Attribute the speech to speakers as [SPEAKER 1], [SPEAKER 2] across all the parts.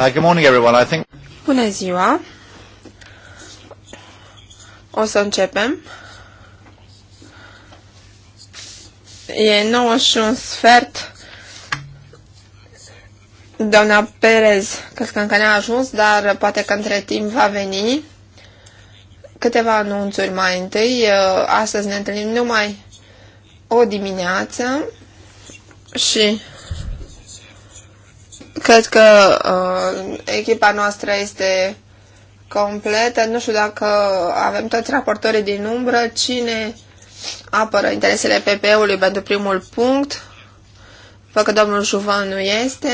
[SPEAKER 1] Uh, good morning everyone. I think...
[SPEAKER 2] Bună ziua! O să începem. E 9 și un sfert. Doamna Perez, cred că încă ne a ajuns, dar poate că între timp va veni. Câteva anunțuri mai întâi. Uh, astăzi ne întâlnim numai o dimineață și Cred că uh, echipa noastră este completă. Nu știu dacă avem toți raportorii din umbră. Cine apără interesele PP-ului pentru primul punct? Văd că domnul Juvan nu este.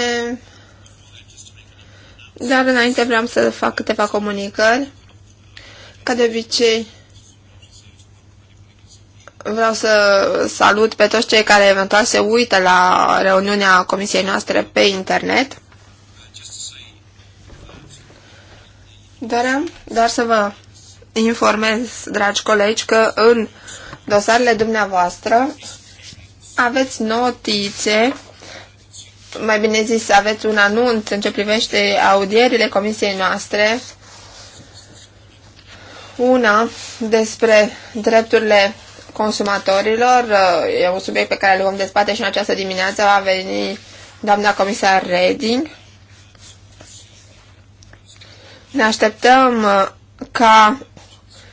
[SPEAKER 2] Dar înainte vreau să fac câteva comunicări. Ca de obicei, vreau să salut pe toți cei care eventual se uită la reuniunea comisiei noastre pe internet. Doream doar să vă informez, dragi colegi, că în dosarele dumneavoastră aveți notițe, mai bine zis, aveți un anunț în ce privește audierile comisiei noastre, una despre drepturile consumatorilor, e un subiect pe care îl vom dezbate și în această dimineață, va veni doamna comisar Reding, ne așteptăm uh, ca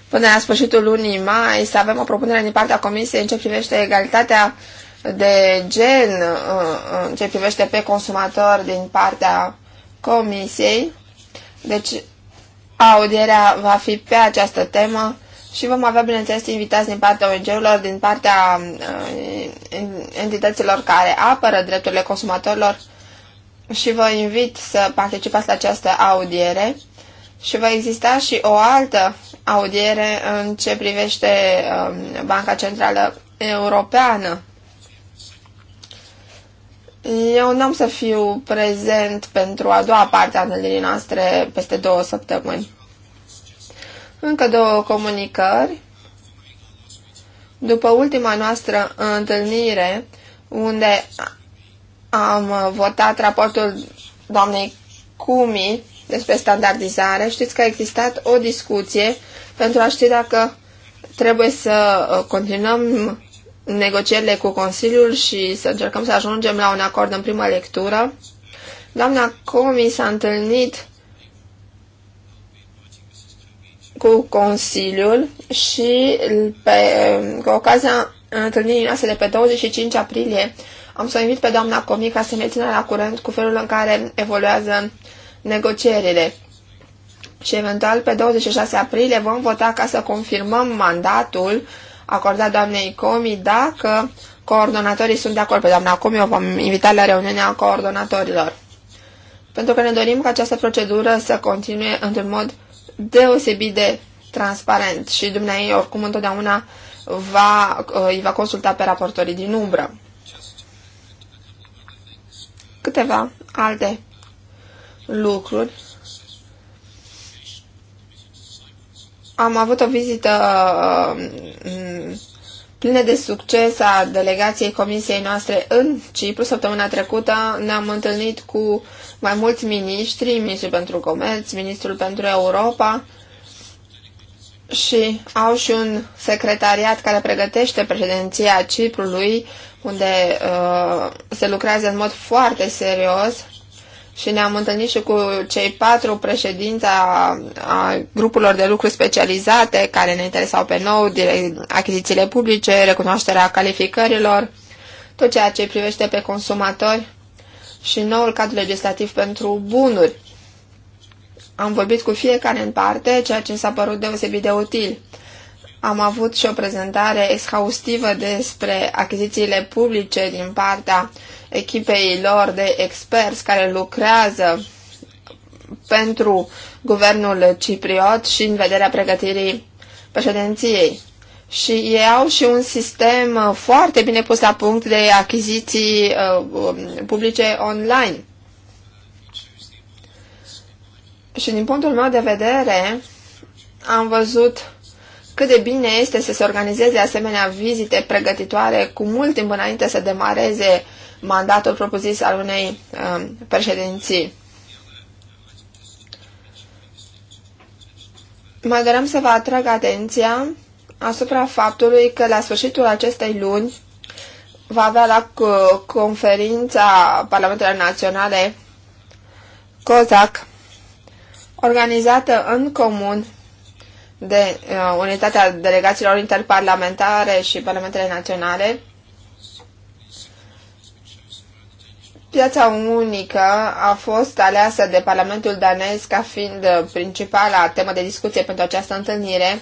[SPEAKER 2] până la sfârșitul lunii mai să avem o propunere din partea Comisiei în ce privește egalitatea de gen, uh, uh, în ce privește pe consumator din partea Comisiei. Deci audierea va fi pe această temă și vom avea, bineînțeles, invitați din partea ONG-urilor, din partea entităților care apără drepturile consumatorilor și vă invit să participați la această audiere și va exista și o altă audiere în ce privește um, Banca Centrală Europeană. Eu nu am să fiu prezent pentru a doua parte a întâlnirii noastre peste două săptămâni. Încă două comunicări. După ultima noastră întâlnire, unde am votat raportul doamnei Cumi despre standardizare, știți că a existat o discuție pentru a ști dacă trebuie să uh, continuăm negocierile cu Consiliul și să încercăm să ajungem la un acord în primă lectură. Doamna Comi s-a întâlnit cu Consiliul și pe, cu ocazia întâlnirii noastre de pe 25 aprilie am să invit pe doamna Comi ca să ne țină la curent cu felul în care evoluează negocierile. Și eventual pe 26 aprilie vom vota ca să confirmăm mandatul acordat doamnei Comi dacă coordonatorii sunt de acord. Pe doamna Comi o vom invita la reuniunea coordonatorilor. Pentru că ne dorim ca această procedură să continue într-un mod deosebit de transparent și dumneavoastră oricum întotdeauna va, îi va consulta pe raportorii din umbră. Câteva alte lucruri. Am avut o vizită uh, plină de succes a delegației comisiei noastre în Cipru. Săptămâna trecută ne-am întâlnit cu mai mulți miniștri, ministrul pentru comerț, ministrul pentru Europa și au și un secretariat care pregătește președinția Ciprului, unde uh, se lucrează în mod foarte serios și ne-am întâlnit și cu cei patru președinți a, a grupurilor de lucru specializate care ne interesau pe nou, achizițiile publice, recunoașterea calificărilor, tot ceea ce privește pe consumatori și noul cadru legislativ pentru bunuri. Am vorbit cu fiecare în parte, ceea ce mi s-a părut deosebit de util. Am avut și o prezentare exhaustivă despre achizițiile publice din partea echipei lor de experți care lucrează pentru guvernul cipriot și în vederea pregătirii președinției. Și ei au și un sistem uh, foarte bine pus la punct de achiziții uh, um, publice online. Și din punctul meu de vedere, am văzut cât de bine este să se organizeze asemenea vizite pregătitoare cu mult timp înainte să demareze mandatul propus al unei um, președinții. Mă doream să vă atrag atenția asupra faptului că la sfârșitul acestei luni va avea loc uh, conferința Parlamentelor Naționale COSAC organizată în comun de uh, unitatea delegațiilor interparlamentare și parlamentele naționale. Piața unică a fost aleasă de Parlamentul danez ca fiind principala temă de discuție pentru această întâlnire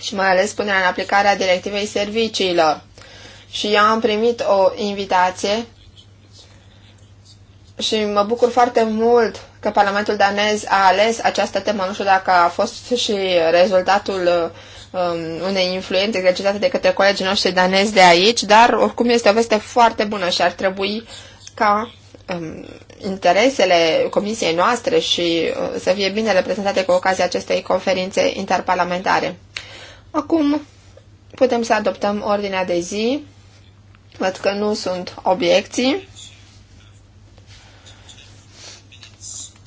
[SPEAKER 2] și mai ales punerea în aplicare a directivei serviciilor. Și eu am primit o invitație și mă bucur foarte mult că Parlamentul danez a ales această temă. Nu știu dacă a fost și rezultatul um, unei influențe exercitate de către colegii noștri danezi de aici, dar oricum este o veste foarte bună și ar trebui ca um, interesele comisiei noastre și uh, să fie bine reprezentate cu ocazia acestei conferințe interparlamentare. Acum putem să adoptăm ordinea de zi. Văd că nu sunt obiecții.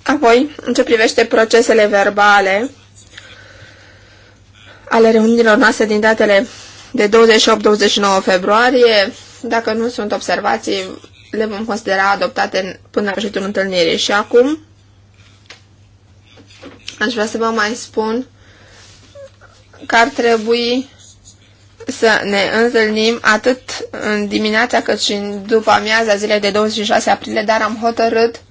[SPEAKER 2] Apoi, în ce privește procesele verbale ale reuniunilor noastre din datele de 28-29 februarie, dacă nu sunt observații, le vom considera adoptate până la sfârșitul întâlnirii. Și acum aș vrea să vă mai spun că ar trebui să ne întâlnim atât în dimineața cât și în după amiaza zilei de 26 aprilie, dar am hotărât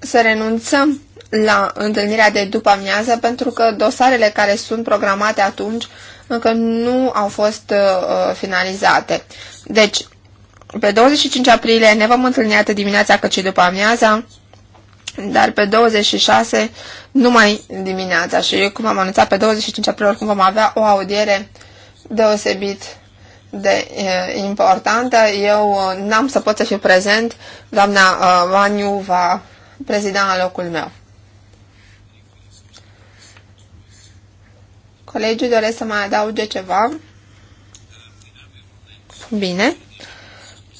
[SPEAKER 2] să renunțăm la întâlnirea de după amiază pentru că dosarele care sunt programate atunci încă nu au fost uh, finalizate. Deci, pe 25 aprilie ne vom întâlni atât dimineața cât și după amiaza, dar pe 26 numai dimineața și eu cum am anunțat pe 25 aprilie oricum vom avea o audiere deosebit de e, uh, importantă. Eu uh, n-am să pot să fiu prezent, doamna uh, Vaniu va prezida în locul meu. Colegii doresc să mai adauge ceva? Bine.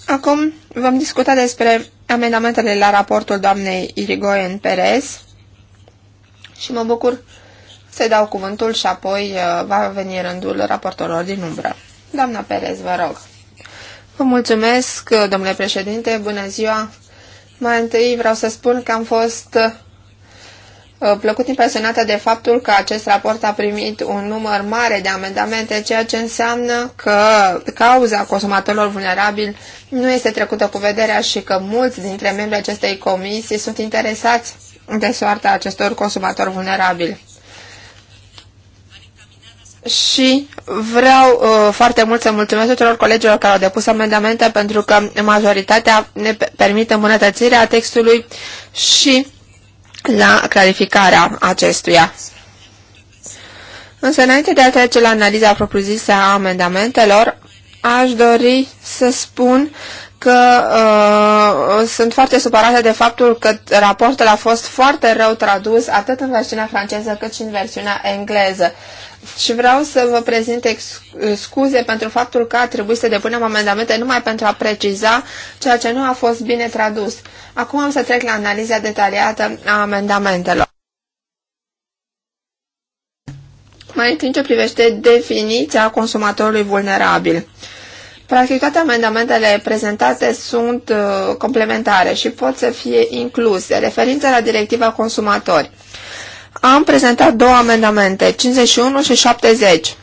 [SPEAKER 2] Acum vom discuta despre amendamentele la raportul doamnei Irigoyen Perez și mă bucur să-i dau cuvântul și apoi uh, va veni rândul raportorilor din umbră. Doamna Perez, vă rog. Vă mulțumesc, domnule președinte, bună ziua mai întâi vreau să spun că am fost uh, plăcut impresionată de faptul că acest raport a primit un număr mare de amendamente, ceea ce înseamnă că cauza consumatorilor vulnerabili nu este trecută cu vederea și că mulți dintre membrii acestei comisii sunt interesați de soarta acestor consumatori vulnerabili și vreau uh, foarte mult să mulțumesc tuturor colegilor care au depus amendamente pentru că majoritatea ne permite îmbunătățirea textului și la clarificarea acestuia. Însă, înainte de a trece la analiza propriu-zisă a amendamentelor, aș dori să spun că uh, sunt foarte supărată de faptul că raportul a fost foarte rău tradus, atât în versiunea franceză cât și în versiunea engleză. Uh, și vreau să vă prezint scuze pentru faptul că a trebuit să depunem amendamente numai pentru a preciza ceea ce nu a fost bine tradus. Acum am să trec la analiza detaliată a amendamentelor. Mai întâi ce privește definiția consumatorului vulnerabil. Practic toate amendamentele prezentate sunt uh, complementare și pot să fie incluse. Referința la directiva consumatori am prezentat două amendamente, 51 și 70.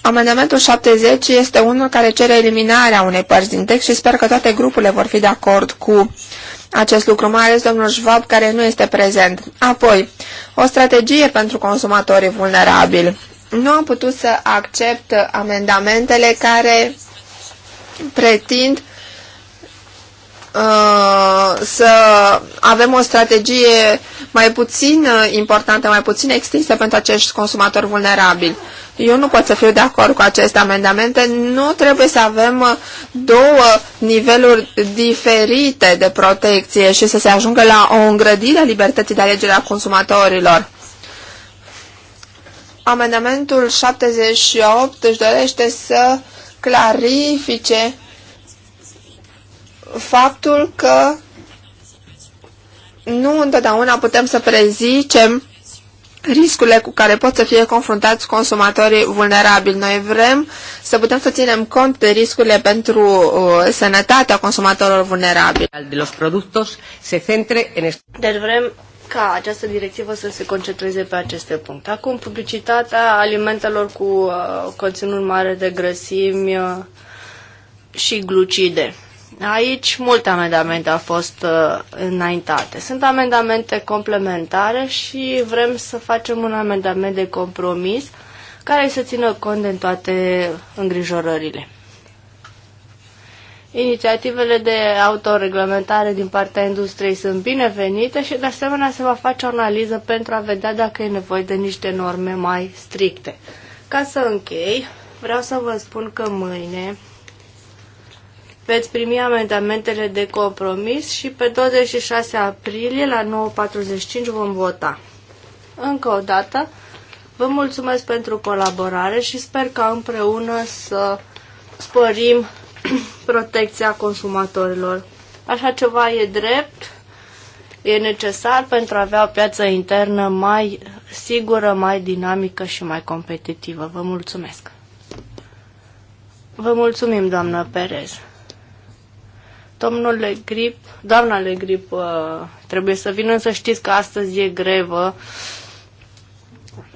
[SPEAKER 2] Amendamentul 70 este unul care cere eliminarea unei părți din text și sper că toate grupurile vor fi de acord cu acest lucru, mai ales domnul Schwab, care nu este prezent. Apoi, o strategie pentru consumatorii vulnerabili. Nu am putut să accept amendamentele care pretind uh, Uh, să avem o strategie mai puțin uh, importantă, mai puțin extinsă pentru acești consumatori vulnerabili. Eu nu pot să fiu de acord cu aceste amendamente. Nu trebuie să avem uh, două niveluri diferite de protecție și să se ajungă la o îngrădire a libertății de alegere a consumatorilor. Amendamentul 78 își dorește să clarifice faptul că nu întotdeauna putem să prezicem riscurile cu care pot să fie confruntați consumatorii vulnerabili. Noi vrem să putem să ținem cont de riscurile pentru uh, sănătatea consumatorilor vulnerabili. De los productos se centre en
[SPEAKER 1] deci vrem ca această directivă să se concentreze pe aceste puncte. Acum, publicitatea alimentelor cu uh, conținut mare de grăsimi uh, și glucide. Aici multe amendamente au fost uh, înaintate. Sunt amendamente complementare și vrem să facem un amendament de compromis care să țină cont de toate îngrijorările. Inițiativele de autoreglementare din partea industriei sunt binevenite și de asemenea se va face o analiză pentru a vedea dacă e nevoie de niște norme mai stricte. Ca să închei, vreau să vă spun că mâine veți primi amendamentele de compromis și pe 26 aprilie la 9.45 vom vota. Încă o dată, vă mulțumesc pentru colaborare și sper ca împreună să sporim protecția consumatorilor. Așa ceva e drept, e necesar pentru a avea o piață internă mai sigură, mai dinamică și mai competitivă. Vă mulțumesc! Vă mulțumim, doamnă Perez! domnule Le Grip, doamna Le Grip, uh, trebuie să vină să știți că astăzi e grevă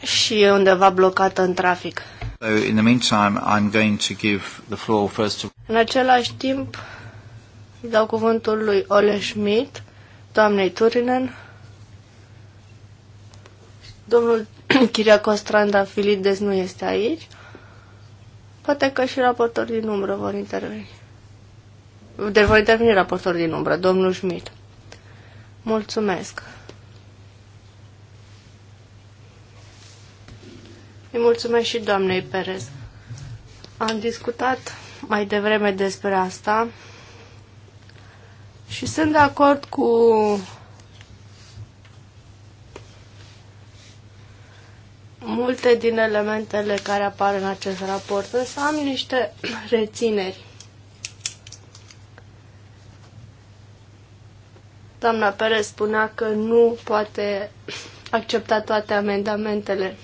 [SPEAKER 1] și e undeva blocată în trafic. In the meantime, I'm going to give the floor first În același timp, îi dau cuvântul lui Ole Schmidt, doamnei Turinen, domnul Chiriacos Filides nu este aici, poate că și raportorii din umbră vor interveni. Deci vor interveni raportor din umbră, domnul Schmidt. Mulțumesc. Îi mulțumesc și doamnei Perez. Am discutat mai devreme despre asta și sunt de acord cu multe din elementele care apar în acest raport, însă am niște rețineri. Doamna Perez spunea că nu poate accepta toate amendamentele.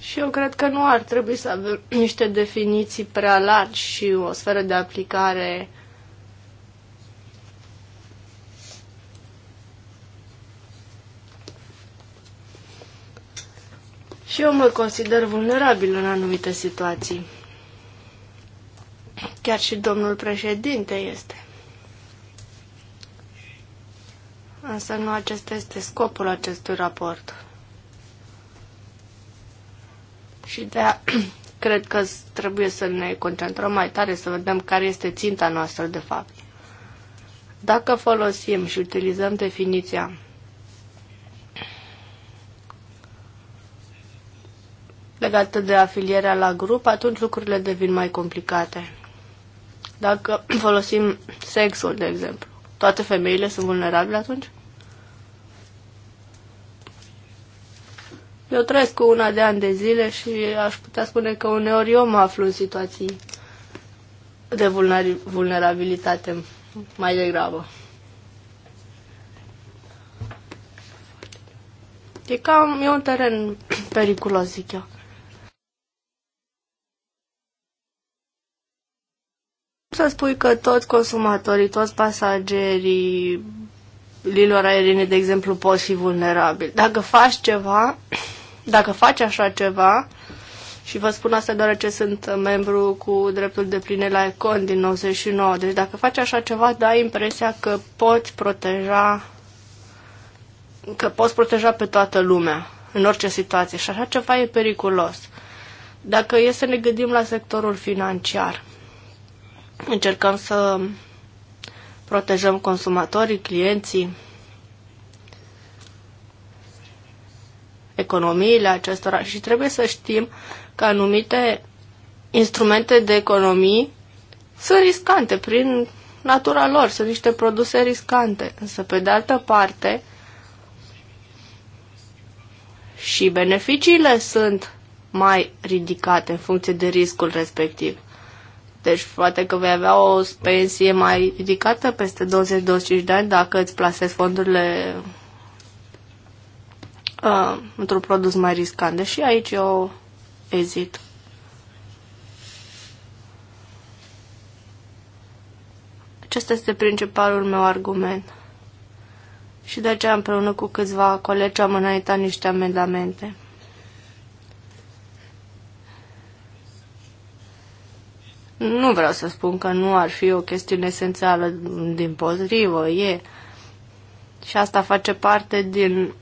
[SPEAKER 1] Și eu cred că nu ar trebui să avem niște definiții prea largi și o sferă de aplicare uh, Și eu mă consider vulnerabil în anumite situații. Chiar și domnul președinte este. Însă nu acesta este scopul acestui raport. Și de cred că trebuie să ne concentrăm mai tare, să vedem care este ținta noastră de fapt. Dacă folosim și utilizăm definiția legată de afilierea la grup, atunci lucrurile devin mai complicate. Dacă folosim sexul, de exemplu, toate femeile sunt vulnerabile atunci? Eu trăiesc cu una de ani de zile și aș putea spune că uneori eu mă aflu în situații de vulnerabilitate mai degrabă. E cam, e un teren periculos, zic eu. să spui că toți consumatorii, toți pasagerii lilor aerine, de exemplu, pot fi vulnerabili. Dacă faci ceva, dacă faci așa ceva, și vă spun asta deoarece sunt membru cu dreptul de pline la Econ din 99, deci dacă faci așa ceva, dai impresia că poți proteja că poți proteja pe toată lumea în orice situație și așa ceva e periculos. Dacă e să ne gândim la sectorul financiar, Încercăm să protejăm consumatorii, clienții, economiile acestora și trebuie să știm că anumite instrumente de economii sunt riscante prin natura lor, sunt niște produse riscante. Însă, pe de altă parte, și beneficiile sunt mai ridicate în funcție de riscul respectiv. Deci poate că vei avea o pensie mai ridicată peste 20-25 de ani dacă îți plasezi fondurile uh, într-un produs mai riscant. Deși aici eu ezit. Acesta este principalul meu argument. Și de aceea împreună cu câțiva colegi am înaintat niște amendamente. Nu vreau să spun că nu ar fi o chestiune esențială, din potrivă, e. Și asta face parte din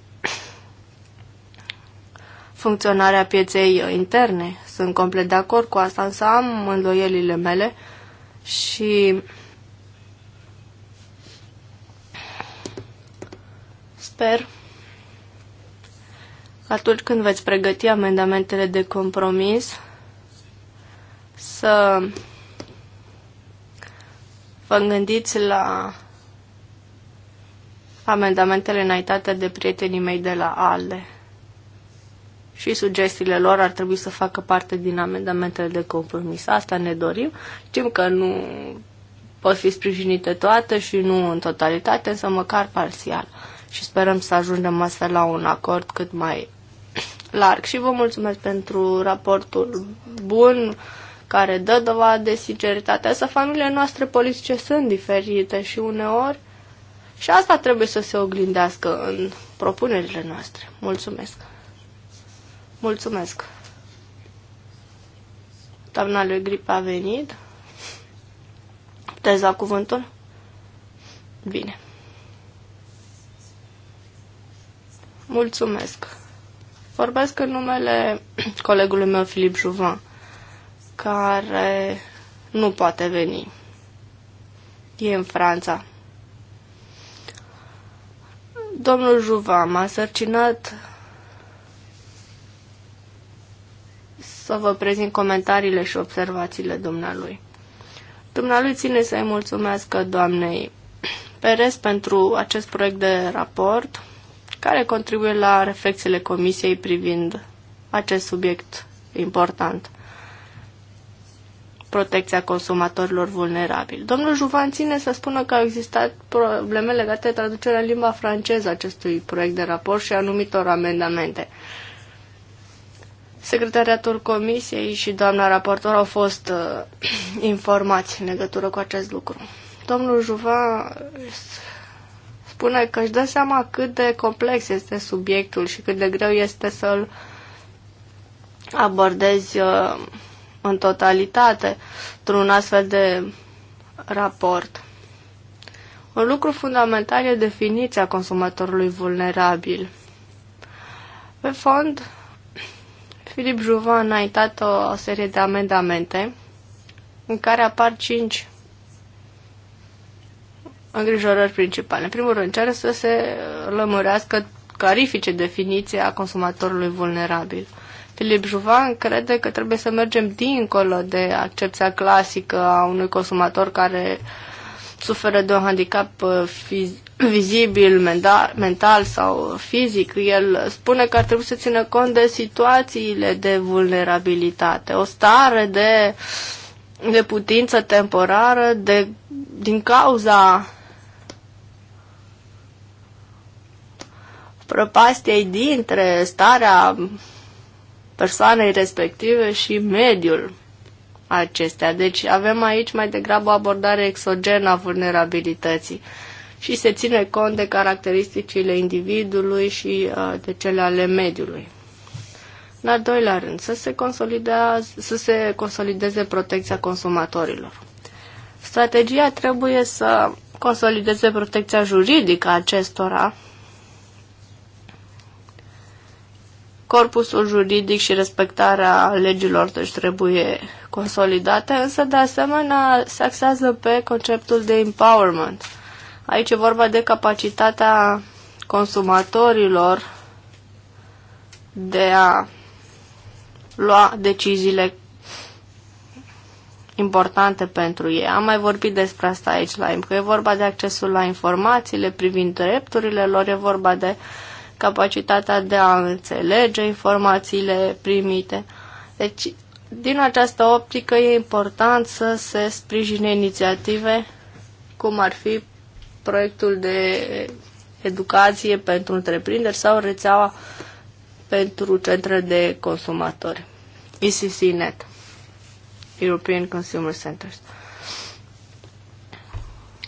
[SPEAKER 1] funcționarea pieței interne. Sunt complet de acord cu asta, însă am îndoielile mele și sper că atunci când veți pregăti amendamentele de compromis să vă gândiți la amendamentele înaintate de prietenii mei de la ALDE și sugestiile lor ar trebui să facă parte din amendamentele de compromis. Asta ne dorim. Știm că nu pot fi sprijinite toate și nu în totalitate, însă măcar parțial. Și sperăm să ajungem astfel la un acord cât mai larg. Și vă mulțumesc pentru raportul bun, care dă dovadă de sinceritate. Însă familiile noastre politice sunt diferite și uneori și asta trebuie să se oglindească în propunerile noastre. Mulțumesc! Mulțumesc! Doamna lui Grip a venit. Puteți la cuvântul? Bine. Mulțumesc. Vorbesc în numele colegului meu, Filip Juvan care nu poate veni. E în Franța. Domnul Juva m-a sărcinat să vă prezint comentariile și observațiile dumnealui. Dumnealui ține să-i mulțumească doamnei Perez pentru acest proiect de raport care contribuie la reflexiile comisiei privind acest subiect important protecția consumatorilor vulnerabili. Domnul Juvan ține să spună că au existat probleme legate de traducerea în limba franceză acestui proiect de raport și anumitor amendamente. Secretariatul Comisiei și doamna raportor au fost uh, informați în legătură cu acest lucru. Domnul Juvan spune că își dă seama cât de complex este subiectul și cât de greu este să-l abordezi uh, în totalitate într-un astfel de raport. Un lucru fundamental e definiția consumatorului vulnerabil. Pe fond, Filip Juvan a înaintat o, serie de amendamente în care apar cinci îngrijorări principale. În primul rând, încearcă să se lămurească clarifice definiția consumatorului vulnerabil. Filip Juvan crede că trebuie să mergem dincolo de accepția clasică a unui consumator care suferă de un handicap uh, vizibil, mental, mental sau fizic. El spune că ar trebui să țină cont de situațiile de vulnerabilitate, o stare de, de putință temporară de, din cauza prăpastiei dintre starea persoanei respective și mediul acestea. Deci avem aici mai degrabă o abordare exogenă a vulnerabilității și se ține cont de caracteristicile individului și uh, de cele ale mediului. În al doilea rând, să se, să se consolideze protecția consumatorilor. Strategia trebuie să consolideze protecția juridică a acestora corpusul juridic și respectarea legilor deci trebuie consolidate, însă de asemenea se axează pe conceptul de empowerment. Aici e vorba de capacitatea consumatorilor de a lua deciziile importante pentru ei. Am mai vorbit despre asta aici la că E vorba de accesul la informațiile privind drepturile lor, e vorba de uh, capacitatea de a înțelege informațiile primite. Deci, din această optică e important să se sprijine inițiative cum ar fi proiectul de educație pentru întreprinderi sau rețeaua pentru centre de consumatori, ECCNet, European Consumer Centers.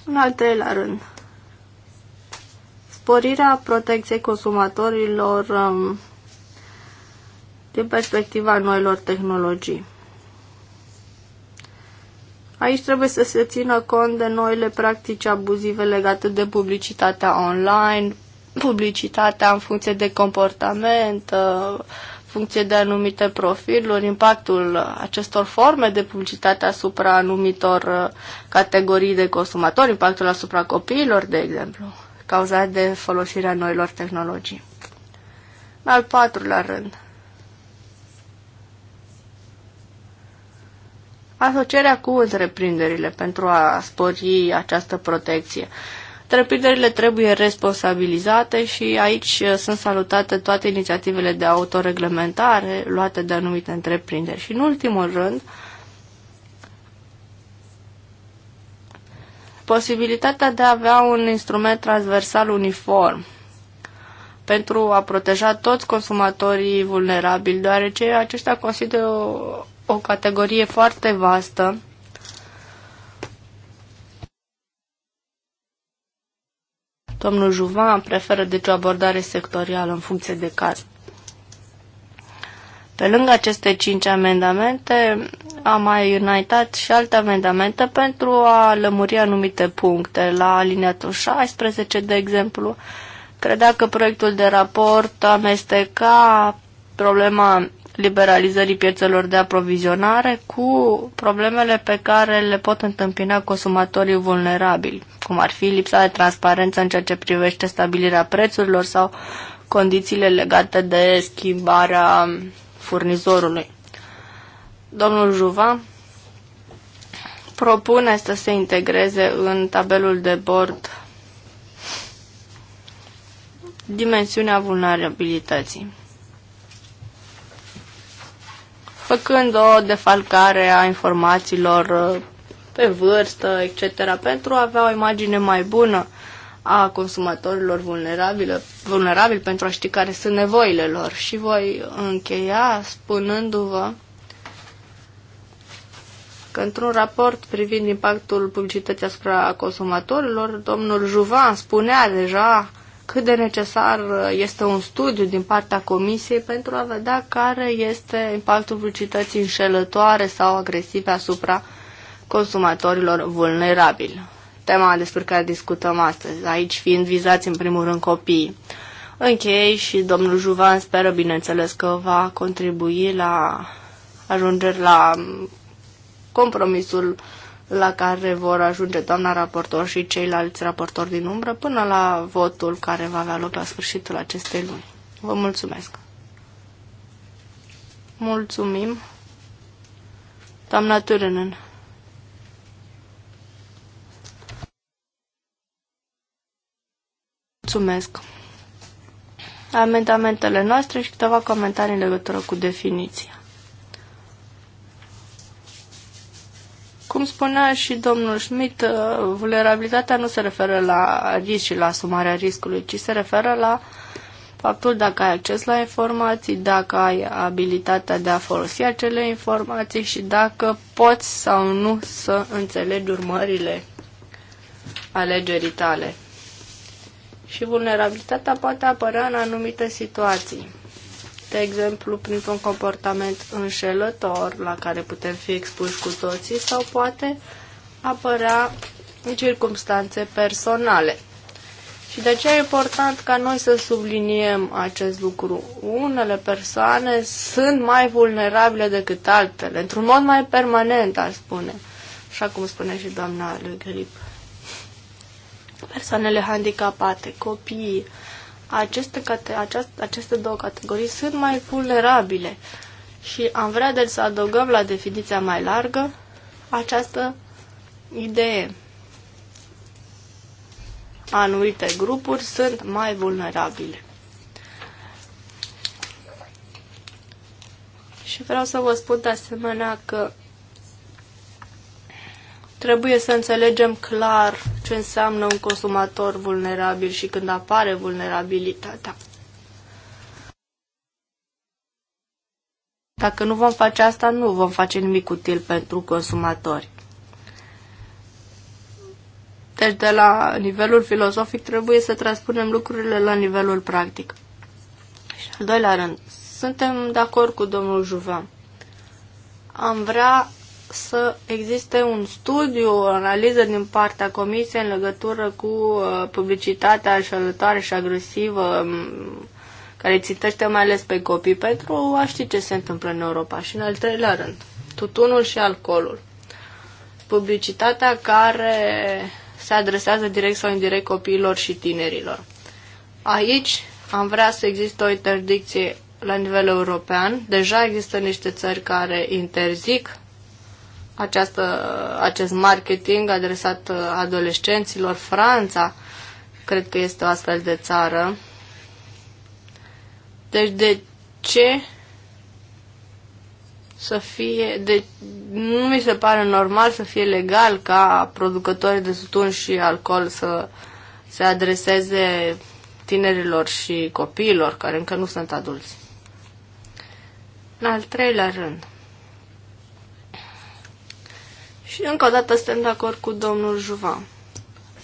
[SPEAKER 1] În al treilea rând, sporirea protecției consumatorilor um, din perspectiva noilor tehnologii. Aici trebuie să se țină cont de noile practici abuzive legate de publicitatea online, publicitatea în funcție de comportament, uh, funcție de anumite profiluri, impactul acestor forme de publicitate asupra anumitor uh, categorii de consumatori, impactul asupra copiilor, de exemplu cauzat de folosirea noilor tehnologii. În al patrulea rând, asocierea cu întreprinderile pentru a spori această protecție. Întreprinderile trebuie responsabilizate și aici uh, sunt salutate toate inițiativele de autoreglementare luate de anumite întreprinderi. Și în ultimul rând, posibilitatea de a avea un instrument transversal uniform pentru a proteja toți consumatorii vulnerabili, deoarece aceștia consideră o, o categorie foarte vastă Domnul Juvan preferă deci o abordare sectorială în funcție de caz. Pe lângă aceste cinci amendamente, a mai înaintat și alte amendamente pentru a lămuri anumite puncte. La alineatul 16, de exemplu, credea că proiectul de raport amesteca problema liberalizării piețelor de aprovizionare cu problemele pe care le pot întâmpina consumatorii vulnerabili, cum ar fi lipsa de transparență în ceea ce privește stabilirea prețurilor sau condițiile legate de schimbarea furnizorului. Domnul Juva propune să se integreze în tabelul de bord dimensiunea vulnerabilității. Făcând o defalcare a informațiilor uh, pe vârstă, etc., pentru a avea o imagine mai bună a consumatorilor vulnerabile, vulnerabili pentru a ști care sunt nevoile lor. Și voi încheia spunându-vă că într-un raport privind impactul publicității asupra consumatorilor, domnul Juvan spunea deja cât de necesar este un studiu din partea comisiei pentru a vedea care este impactul publicității înșelătoare sau agresive asupra consumatorilor vulnerabili. Tema despre care discutăm astăzi, aici fiind vizați în primul rând copiii. Închei și domnul Juvan speră, bineînțeles, că va contribui la ajungeri la compromisul la care vor ajunge doamna raportor și ceilalți raportori din umbră până la votul care va avea loc la sfârșitul acestei luni. Vă mulțumesc! Mulțumim! Doamna Turenen! Mulțumesc! Amendamentele noastre și câteva comentarii în legătură cu definiția. Cum spunea și domnul Schmidt, uh, vulnerabilitatea nu se referă la risc și la asumarea riscului, ci se referă la faptul dacă ai acces la informații, dacă ai abilitatea de a folosi acele informații și dacă poți sau nu să înțelegi urmările alegerii tale. Și vulnerabilitatea poate apărea în anumite situații de exemplu printr-un comportament înșelător la care putem fi expuși cu toții sau poate apărea circumstanțe personale. Și de aceea e important ca noi să subliniem acest lucru. Unele persoane sunt mai vulnerabile decât altele, într-un mod mai permanent, aș spune, așa cum spune și doamna lui Grip. Persoanele handicapate, copiii, aceste, aceast, aceste două categorii sunt mai vulnerabile și am vrea de deci, să adăugăm la definiția mai largă această idee. Anumite grupuri sunt mai vulnerabile. Și vreau să vă spun de asemenea că Trebuie să înțelegem clar ce înseamnă un consumator vulnerabil și când apare vulnerabilitatea. Dacă nu vom face asta, nu vom face nimic util pentru consumatori. Deci de la nivelul filozofic trebuie să transpunem lucrurile la nivelul practic. Și al doilea rând, suntem de acord cu domnul Juvan. Am vrea să existe un studiu, o analiză din partea Comisiei în legătură cu uh, publicitatea înșelătoare și agresivă um, care țintește mai ales pe copii pentru a ști ce se întâmplă în Europa. Și în al treilea rând, tutunul și alcoolul. Publicitatea care se adresează direct sau indirect copiilor și tinerilor. Aici am vrea să existe o interdicție la nivel european. Deja există niște țări care interzic această, acest marketing adresat uh, adolescenților. Franța, cred că este o astfel de țară. Deci de ce să fie, de, nu mi se pare normal să fie legal ca producătorii de sutun și alcool să se adreseze tinerilor și copiilor care încă nu sunt adulți. În al treilea rând, și încă o dată suntem de acord cu domnul Juvan.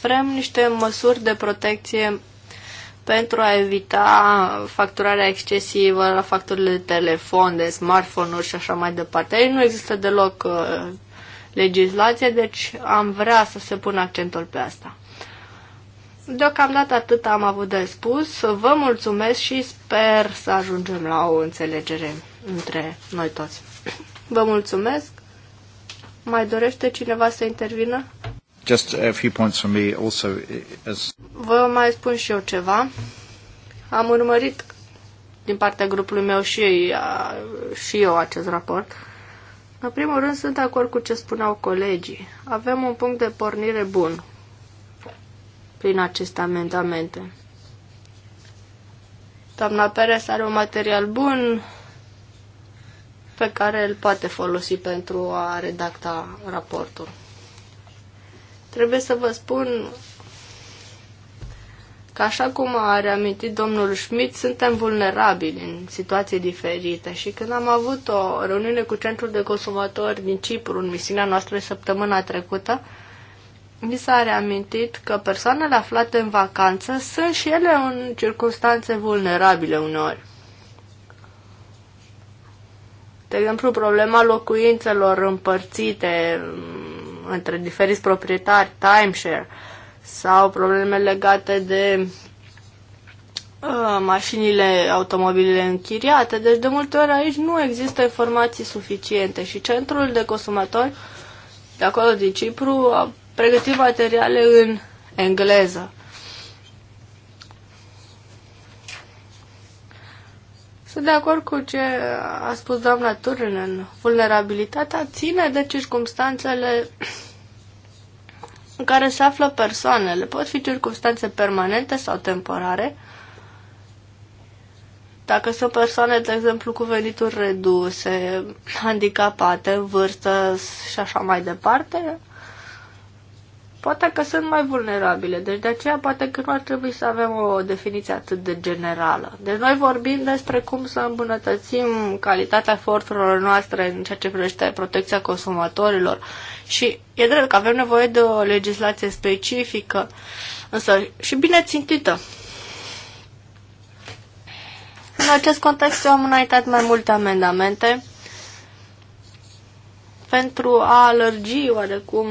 [SPEAKER 1] Vrem niște măsuri de protecție pentru a evita facturarea excesivă la facturile de telefon, de smartphone-uri și așa mai departe. Aici nu există deloc uh, legislație, deci am vrea să se pună accentul pe asta. Deocamdată atât am avut de spus. Vă mulțumesc și sper să ajungem la o înțelegere între noi toți. Vă mulțumesc. Mai dorește cineva să intervină? Just a few points from me also as... Vă mai spun și eu ceva. Am urmărit din partea grupului meu și, și eu acest raport. În primul rând sunt de acord cu ce spuneau colegii. Avem un punct de pornire bun prin aceste amendamente. Doamna Perez are un material bun, pe care îl poate folosi pentru a redacta raportul. Trebuie să vă spun că așa cum a reamintit domnul Schmidt, suntem vulnerabili în situații diferite și când am avut o reuniune cu Centrul de Consumatori din Cipru în misiunea noastră săptămâna trecută, mi s-a reamintit că persoanele aflate în vacanță sunt și ele în circunstanțe vulnerabile uneori. De exemplu, problema locuințelor împărțite mm, între diferiți proprietari, timeshare, sau probleme legate de uh, mașinile, automobilele închiriate. Deci, de multe ori aici nu există informații suficiente și centrul de consumatori de acolo din Cipru a pregătit materiale în engleză. Sunt de acord cu ce a spus doamna Turinen. Vulnerabilitatea ține de circumstanțele în care se află persoanele. Pot fi circunstanțe permanente sau temporare. Dacă sunt persoane, de exemplu, cu venituri reduse, handicapate, vârstă și așa mai departe, poate că sunt mai vulnerabile. Deci de aceea poate că nu ar trebui să avem o definiție atât de generală. Deci noi vorbim despre cum să îmbunătățim calitatea eforturilor noastre în ceea ce privește protecția consumatorilor. Și e drept că avem nevoie de o legislație specifică, însă și bine țintită. În acest context eu am înaintat mai multe amendamente pentru a alergi oarecum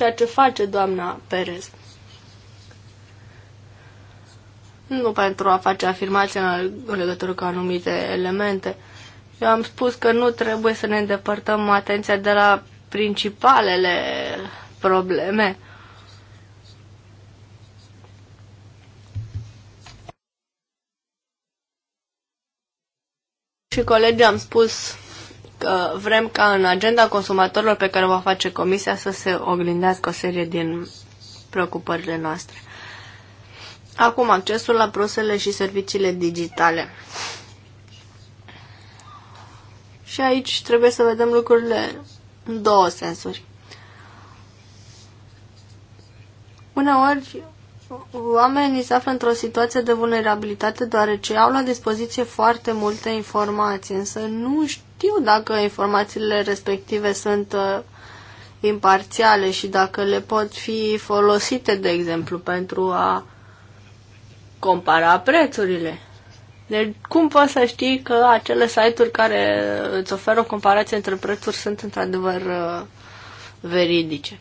[SPEAKER 1] ceea ce face doamna Perez. Nu pentru a face afirmații în legătură cu anumite elemente. Eu am spus că nu trebuie să ne îndepărtăm atenția de la principalele probleme. Și colegii am spus că vrem ca în agenda consumatorilor pe care o va face Comisia să se oglindească o serie din preocupările noastre. Acum, accesul la prosele și serviciile digitale. Și aici trebuie să vedem lucrurile în două sensuri. Uneori, oamenii se află într-o situație de vulnerabilitate deoarece au la dispoziție foarte multe informații, însă nu știu dacă informațiile respective sunt uh, imparțiale și dacă le pot fi folosite, de exemplu, pentru a compara prețurile. Deci, cum poți să știi că acele site-uri care îți oferă o comparație între prețuri sunt într-adevăr uh, veridice?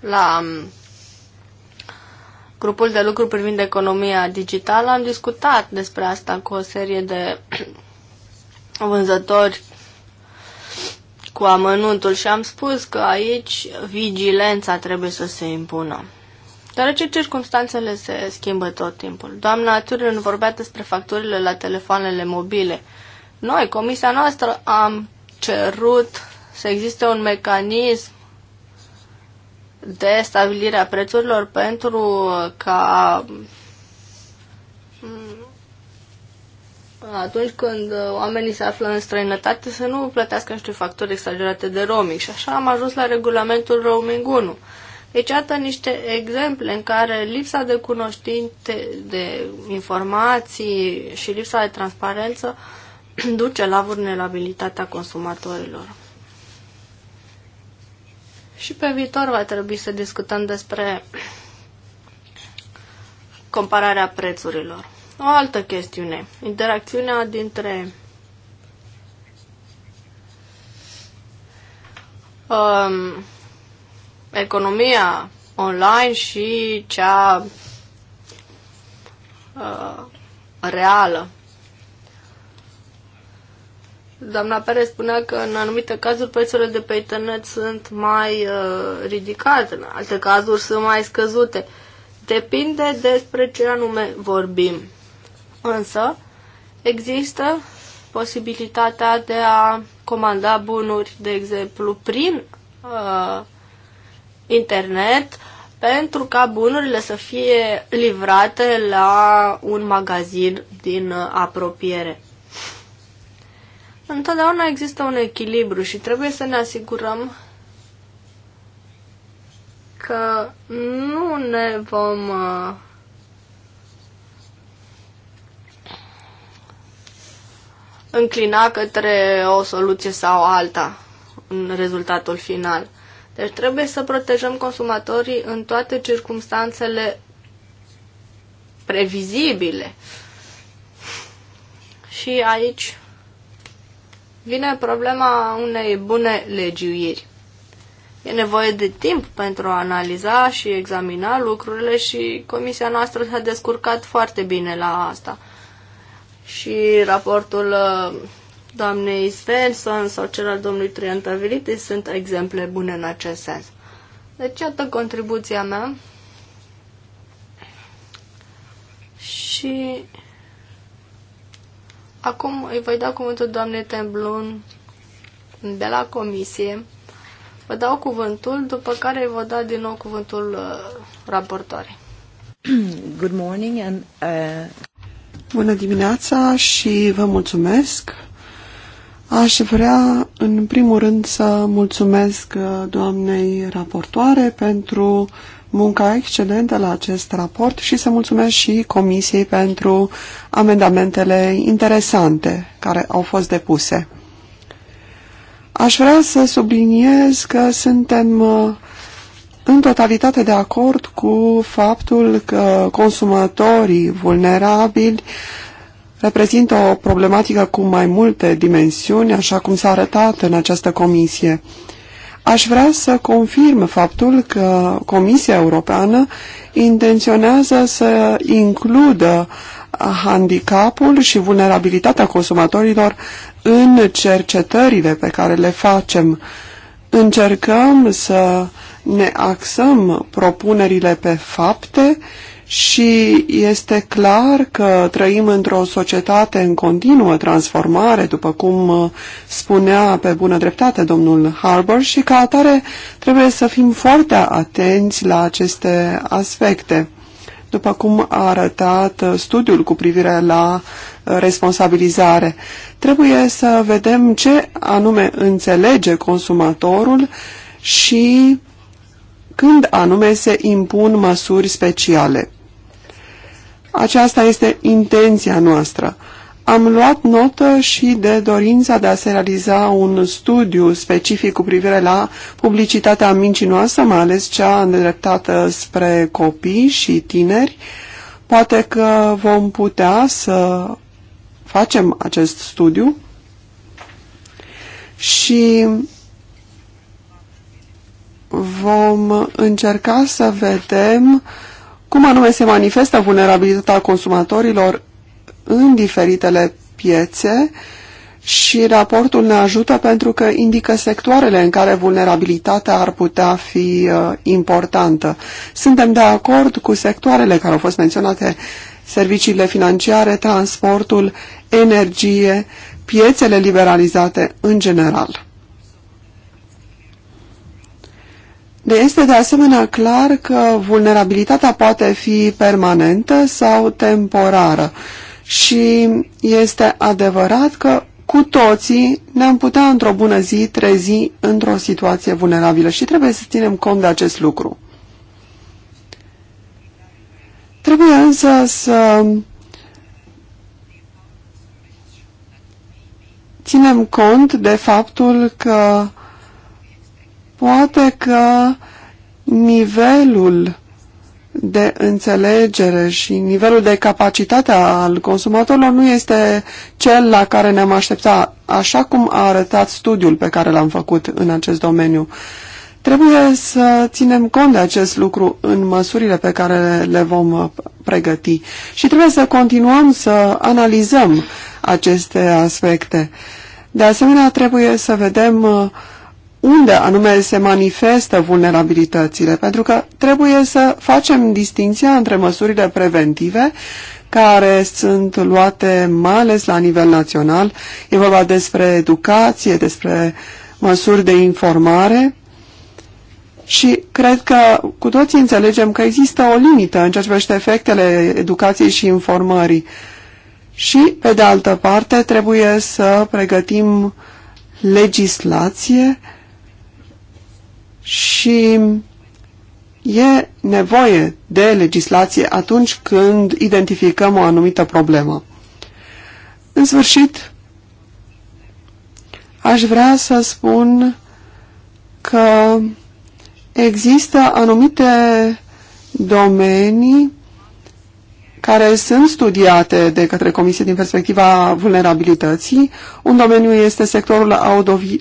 [SPEAKER 1] La um, grupul de lucru privind economia digitală, am discutat despre asta cu o serie de vânzători cu amănuntul și am spus că aici vigilența trebuie să se impună. Deoarece circunstanțele se schimbă tot timpul. Doamna Turin vorbea despre facturile la telefoanele mobile. Noi, comisia noastră, am cerut să existe un mecanism de stabilirea prețurilor pentru ca mm, atunci când oamenii se află în străinătate să nu plătească niște factori exagerate de roaming. Și așa am ajuns la regulamentul roaming 1. Deci, iată niște exemple în care lipsa de cunoștințe, de informații și lipsa de transparență duce la vulnerabilitatea consumatorilor. Și pe viitor va trebui să discutăm despre compararea prețurilor. O altă chestiune, interacțiunea dintre um, economia online și cea uh, reală. Doamna Perez spunea că în anumite cazuri prețurile de pe internet sunt mai uh, ridicate, în alte cazuri sunt mai scăzute. Depinde despre ce anume vorbim. Însă, există posibilitatea de a comanda bunuri, de exemplu, prin uh, internet, pentru ca bunurile să fie livrate la un magazin din uh, apropiere. Întotdeauna există un echilibru și trebuie să ne asigurăm că nu ne vom uh, înclina către o soluție sau alta în rezultatul final. Deci trebuie să protejăm consumatorii în toate circumstanțele previzibile. Și aici vine problema unei bune legiuiri. E nevoie de timp pentru a analiza și examina lucrurile și comisia noastră s-a descurcat foarte bine la asta. Și raportul uh, doamnei Svensson sau cel al domnului Triantavilitis sunt exemple bune în acest sens. Deci, iată contribuția mea. Și Acum îi voi da cuvântul doamnei Temblun de la comisie. Vă dau cuvântul, după care îi voi da din nou cuvântul uh, raportoare.
[SPEAKER 3] Good morning and, uh... Bună dimineața și vă mulțumesc. Aș vrea, în primul rând, să mulțumesc uh, doamnei raportoare pentru munca excelentă la acest raport și să mulțumesc și Comisiei pentru amendamentele interesante care au fost depuse. Aș vrea să subliniez că suntem uh, în totalitate de acord cu faptul că consumatorii vulnerabili reprezintă o problematică cu mai multe dimensiuni, așa cum s-a arătat în această comisie. Aș vrea să confirm faptul că Comisia Europeană intenționează să includă handicapul și vulnerabilitatea consumatorilor în cercetările pe care le facem. Încercăm să ne axăm propunerile pe fapte și este clar că trăim într-o societate în continuă transformare, după cum uh, spunea pe bună dreptate domnul Harbour, și ca atare trebuie să fim foarte atenți la aceste aspecte. După cum a arătat uh, studiul cu privire la uh, responsabilizare, trebuie să vedem ce anume înțelege consumatorul și când anume se impun măsuri speciale. Aceasta este intenția noastră. Am luat notă și de dorința de a se realiza un studiu specific cu privire la publicitatea mincinoasă, mai ales cea îndreptată spre copii și tineri. Poate că vom putea să facem acest studiu și vom încerca să vedem uh, cum anume se manifestă vulnerabilitatea consumatorilor în diferitele piețe și raportul ne ajută pentru că indică sectoarele în care vulnerabilitatea ar putea fi uh, importantă. Suntem de acord cu sectoarele care au fost menționate, serviciile financiare, transportul, energie, piețele liberalizate în general. De este de asemenea clar că vulnerabilitatea poate fi permanentă sau temporară și este adevărat că cu toții ne-am putea într-o bună zi trezi într-o situație vulnerabilă și trebuie să ținem cont de acest lucru. Trebuie însă să ținem cont de faptul că Poate că nivelul de înțelegere și nivelul de capacitate al consumatorilor nu este cel la care ne-am aștepta, așa cum a arătat studiul pe care l-am făcut în acest domeniu. Trebuie să ținem cont de acest lucru în măsurile pe care le vom pregăti și trebuie să continuăm să analizăm aceste aspecte. De asemenea, trebuie să vedem uh, unde anume se manifestă vulnerabilitățile, pentru că trebuie să facem distinția între măsurile preventive care sunt luate mai ales la nivel național. E vorba despre educație, despre măsuri de informare și cred că cu toții înțelegem că există o limită în ceea ce privește efectele educației și informării. Și, pe de altă parte, trebuie să pregătim legislație și e nevoie de legislație atunci când identificăm o anumită problemă. În sfârșit, aș vrea să spun că există anumite domenii care sunt studiate de către Comisie din perspectiva vulnerabilității. Un domeniu este sectorul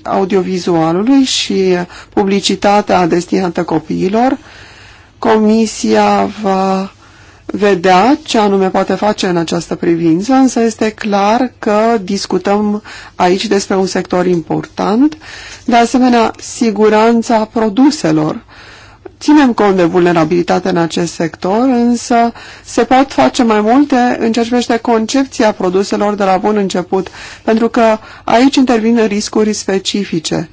[SPEAKER 3] audiovizualului și publicitatea destinată copiilor. Comisia va vedea ce anume poate face în această privință, însă este clar că discutăm aici despre un sector important. De asemenea, siguranța produselor Ținem cont de vulnerabilitate în acest sector, însă se pot face mai multe în ceea ce privește concepția produselor de la bun început, pentru că aici intervin riscuri specifice.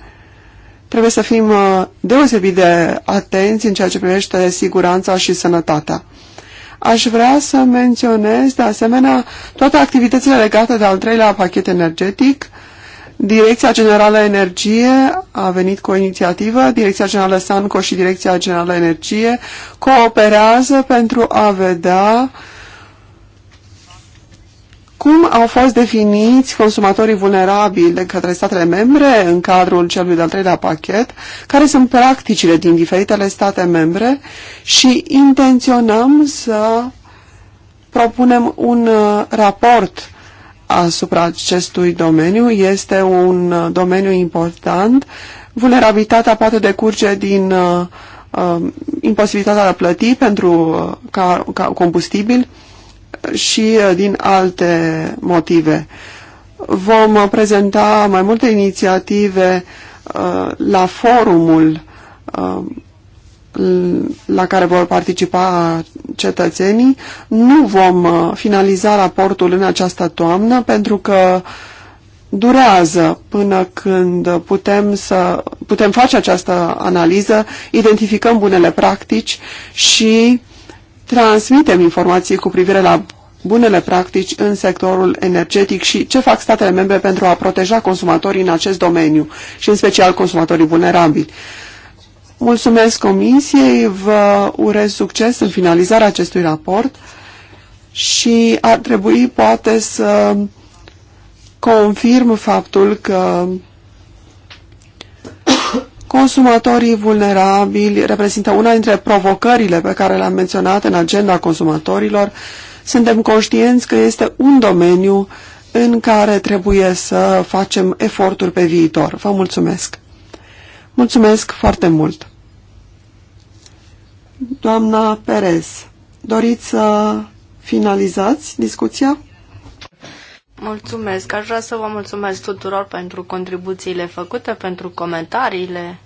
[SPEAKER 3] Trebuie să fim uh, deosebit de atenți în ceea ce privește siguranța și sănătatea. Aș vrea să menționez, de asemenea, toate activitățile legate de al treilea pachet energetic, Direcția Generală Energie a venit cu o inițiativă, Direcția Generală Sanco și Direcția Generală Energie cooperează pentru a vedea cum au fost definiți consumatorii vulnerabili de către statele membre în cadrul celui de-al treilea pachet, care sunt practicile din diferitele state membre și intenționăm să propunem un uh, raport asupra acestui domeniu. Este un domeniu important. Vulnerabilitatea poate decurge din uh, um, imposibilitatea de a plăti pentru uh, ca, ca combustibil și uh, din alte motive. Vom prezenta mai multe inițiative uh, la forumul uh, la care vor participa cetățenii. Nu vom uh, finaliza raportul în această toamnă pentru că durează până când putem să putem face această analiză, identificăm bunele practici și transmitem informații cu privire la bunele practici în sectorul energetic și ce fac statele membre pentru a proteja consumatorii în acest domeniu și în special consumatorii vulnerabili. Mulțumesc Comisiei, vă urez succes în finalizarea acestui raport și ar trebui poate să confirm faptul că consumatorii vulnerabili reprezintă una dintre provocările pe care le-am menționat în agenda consumatorilor. Suntem conștienți că este un domeniu în care trebuie să facem eforturi pe viitor. Vă mulțumesc! Mulțumesc foarte mult! Doamna Perez, doriți să finalizați discuția?
[SPEAKER 1] Mulțumesc. Aș vrea să vă mulțumesc tuturor pentru contribuțiile făcute, pentru comentariile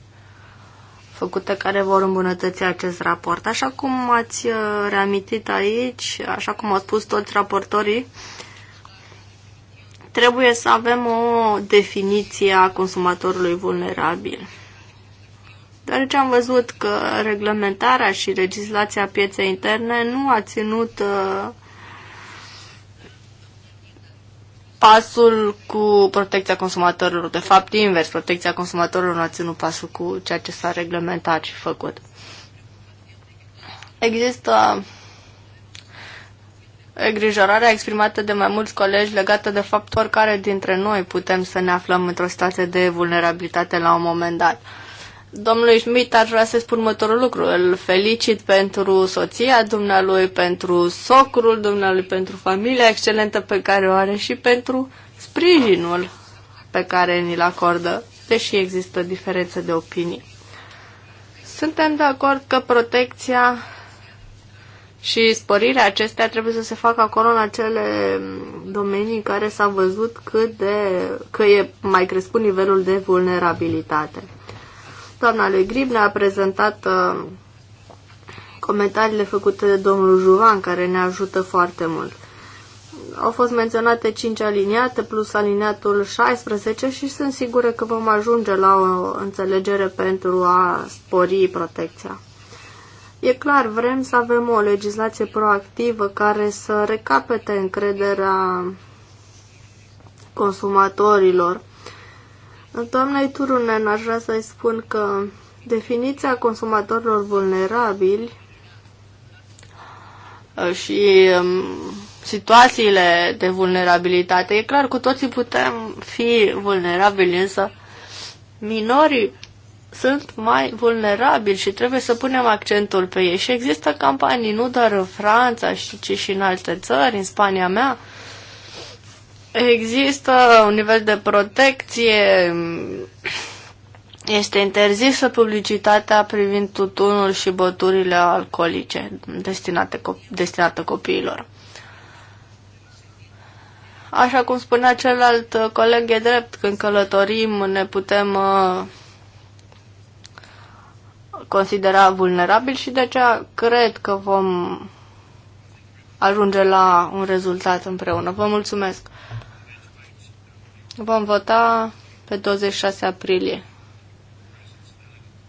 [SPEAKER 1] făcute care vor îmbunătăți acest raport. Așa cum ați uh, reamintit aici, așa cum au spus toți raportorii, trebuie să avem o definiție a consumatorului vulnerabil deoarece am văzut că reglementarea și legislația pieței interne nu a ținut uh, pasul cu protecția consumatorilor. De fapt, invers, protecția consumatorilor nu a ținut pasul cu ceea ce s-a reglementat și făcut. Există Îngrijorarea exprimată de mai mulți colegi legată de faptul care dintre noi putem să ne aflăm într-o situație de vulnerabilitate la un moment dat. Domnului Schmidt ar vrea să spun următorul lucru. Îl felicit pentru soția dumnealui, pentru socrul dumnealui, pentru familia excelentă pe care o are și pentru sprijinul pe care ni-l acordă, deși există diferențe de opinii. Suntem de acord că protecția și sporirea acestea trebuie să se facă acolo în acele domenii în care s-a văzut cât de, că e mai crescut nivelul de vulnerabilitate. Doamna lui Grib ne-a prezentat uh, comentariile făcute de domnul Juvan, care ne ajută foarte mult. Au fost menționate 5 aliniate plus aliniatul 16 și sunt sigură că vom ajunge la o înțelegere pentru a spori protecția. E clar, vrem să avem o legislație proactivă care să recapete încrederea consumatorilor Doamnei Turunen, aș vrea să-i spun că definiția consumatorilor vulnerabili uh, și um, situațiile de vulnerabilitate. E clar, cu toții putem fi vulnerabili, însă minorii sunt mai vulnerabili și trebuie să punem accentul pe ei. Și există campanii nu doar în Franța, ci și în alte țări, în Spania mea, Există un nivel de protecție, este interzisă publicitatea privind tutunul și băturile alcoolice destinate, destinate copiilor. Așa cum spunea celălalt coleg, e drept, când călătorim ne putem uh, considera vulnerabil și de aceea cred că vom ajunge la un rezultat împreună. Vă mulțumesc! Vom vota pe 26 aprilie.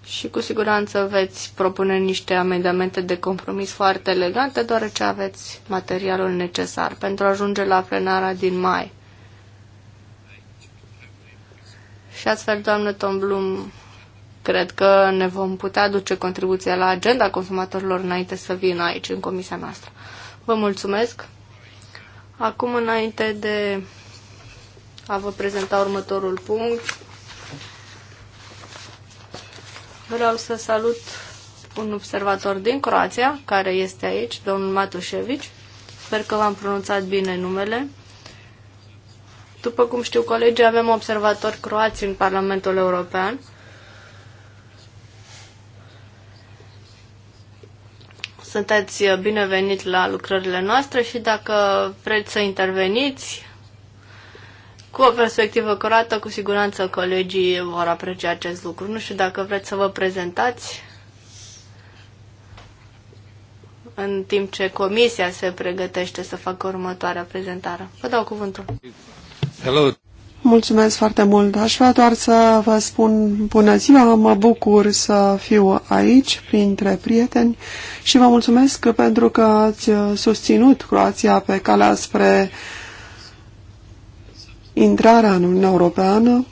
[SPEAKER 1] Și cu siguranță veți propune niște amendamente de compromis foarte elegante, deoarece aveți materialul necesar pentru a ajunge la plenara din mai. Și astfel, doamnă Tom Blum, cred că ne vom putea aduce contribuția la agenda consumatorilor înainte să vină aici, în comisia noastră. Vă mulțumesc! Acum, înainte de a vă prezenta următorul punct. Vreau să salut un observator din Croația, care este aici, domnul Matușevici. Sper că v-am pronunțat bine numele. După cum știu colegii, avem observatori croați în Parlamentul European. Sunteți binevenit la lucrările noastre și dacă vreți să interveniți, cu o perspectivă curată, cu siguranță colegii vor aprecia acest lucru. Nu știu dacă vreți să vă prezentați în timp ce comisia se pregătește să facă următoarea prezentare. Vă dau cuvântul.
[SPEAKER 3] Hello. Mulțumesc foarte mult. Aș vrea doar să vă spun bună ziua, mă bucur să fiu aici printre prieteni și vă mulțumesc pentru că ați susținut Croația pe calea spre uh, intrarea în Uniunea Europeană,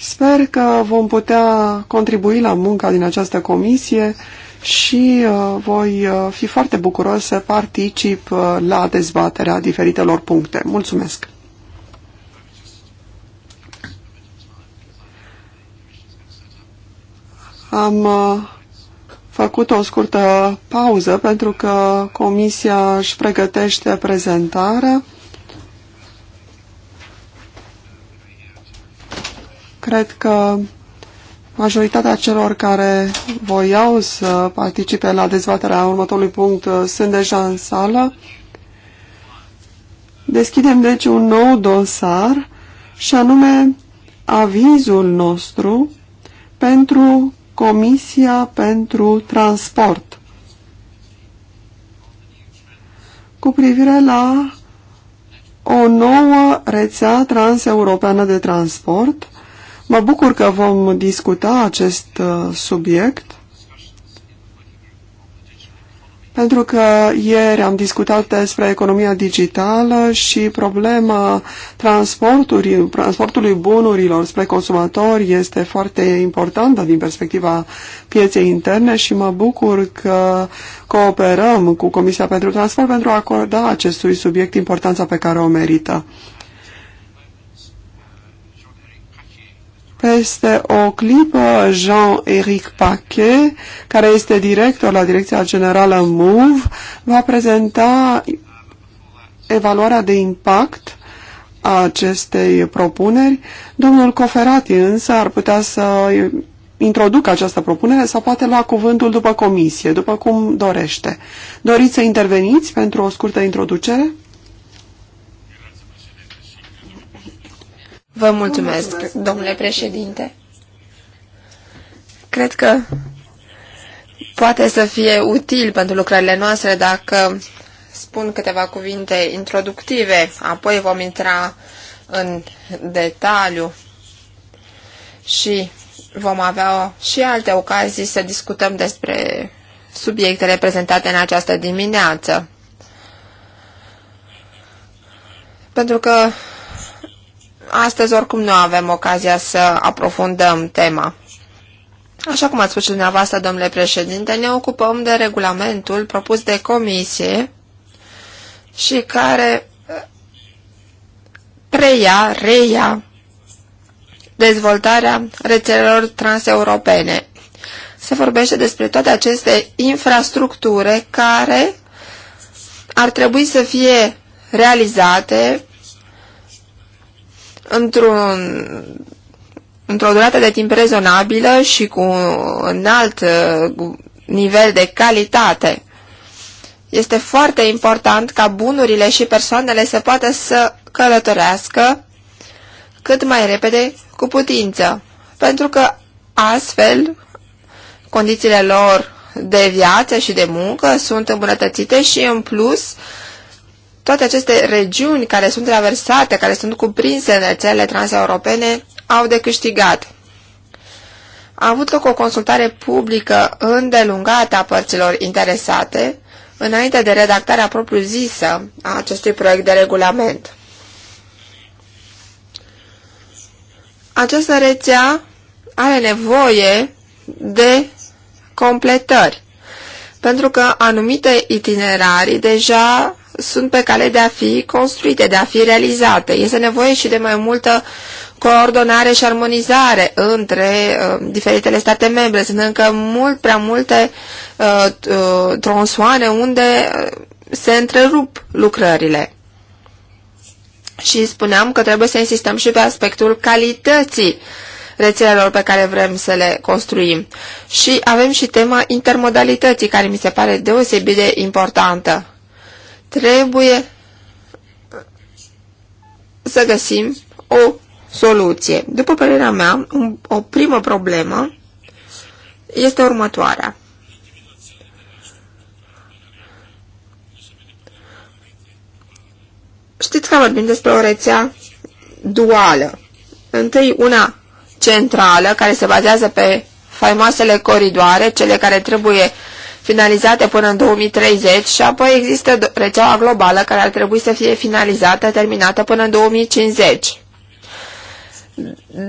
[SPEAKER 3] sper că vom putea contribui la munca din această comisie și uh, voi uh, fi foarte bucuros să particip uh, la dezbaterea diferitelor puncte. Mulțumesc! Am făcut o scurtă pauză pentru că comisia își pregătește prezentarea. Cred că majoritatea celor care voiau să participe la dezbaterea următorului punct uh, sunt deja în sală. Deschidem deci un nou dosar și anume avizul nostru pentru Comisia pentru Transport cu privire la o nouă rețea transeuropeană de transport Mă bucur că vom discuta acest uh, subiect pentru că ieri am discutat despre economia digitală și problema transportului, transportului bunurilor spre consumatori este foarte importantă din perspectiva pieței interne și mă bucur că cooperăm cu Comisia pentru Transport pentru a acorda acestui subiect importanța pe care o merită. Peste o clipă, Jean-Éric Paquet, care este director la Direcția Generală MOVE, va prezenta evaluarea de impact a acestei propuneri. Domnul Coferati însă ar putea să introducă această propunere sau poate lua cuvântul după comisie, după cum dorește. Doriți să interveniți pentru o scurtă introducere?
[SPEAKER 2] Vă mulțumesc, domnule președinte. Cred că poate să fie util pentru lucrările noastre dacă spun câteva cuvinte introductive, apoi vom intra în detaliu și vom avea și alte ocazii să discutăm despre subiectele prezentate în această dimineață. Pentru că Astăzi oricum nu avem ocazia să aprofundăm tema. Așa cum ați spus și dumneavoastră, domnule președinte, ne ocupăm de regulamentul propus de comisie și care uh, preia, reia dezvoltarea rețelelor transeuropene. Se vorbește despre toate aceste infrastructure care ar trebui să fie realizate într-un într-o durată de timp rezonabilă și cu un alt uh, nivel de calitate. Este foarte important ca bunurile și persoanele să poată să călătorească cât mai repede cu putință, pentru că astfel condițiile lor de viață și de muncă sunt îmbunătățite și în plus toate aceste regiuni care sunt traversate, care sunt cuprinse în rețelele transeuropene, au de câștigat. A avut loc o consultare publică îndelungată a părților interesate, înainte de redactarea propriu-zisă a acestui proiect de regulament. Această rețea are nevoie de completări, pentru că anumite itinerarii deja sunt pe cale de a fi construite, de a fi realizate. Este nevoie și de mai multă coordonare și armonizare între uh, diferitele state membre. Sunt încă mult prea multe uh, uh, tronsoane unde uh, se întrerup lucrările. Și spuneam că trebuie să insistăm și pe aspectul calității rețelelor pe care vrem să le construim. Și avem și tema intermodalității, care mi se pare deosebit de importantă. Trebuie să găsim o soluție. După părerea mea, o primă problemă este următoarea. Știți că vorbim despre o rețea duală. Întâi una centrală, care se bazează pe faimoasele coridoare, cele care trebuie finalizate până în 2030 și apoi există rețeaua globală care ar trebui să fie finalizată, terminată până în 2050.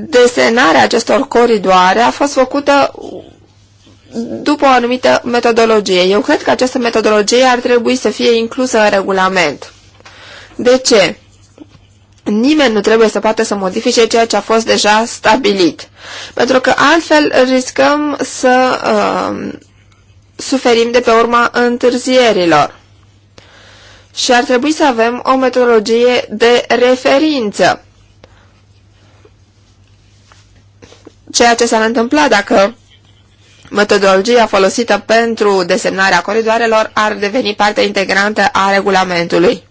[SPEAKER 2] Desenarea acestor coridoare a fost făcută după o anumită metodologie. Eu cred că această metodologie ar trebui să fie inclusă în regulament. De ce? Nimeni nu trebuie să poată să modifice ceea ce a fost deja stabilit. Pentru că altfel riscăm să uh, suferim de pe urma întârzierilor. Și ar trebui să avem o metodologie de referință. Ceea ce s-ar întâmpla dacă metodologia folosită pentru desemnarea coridoarelor ar deveni parte integrantă a regulamentului.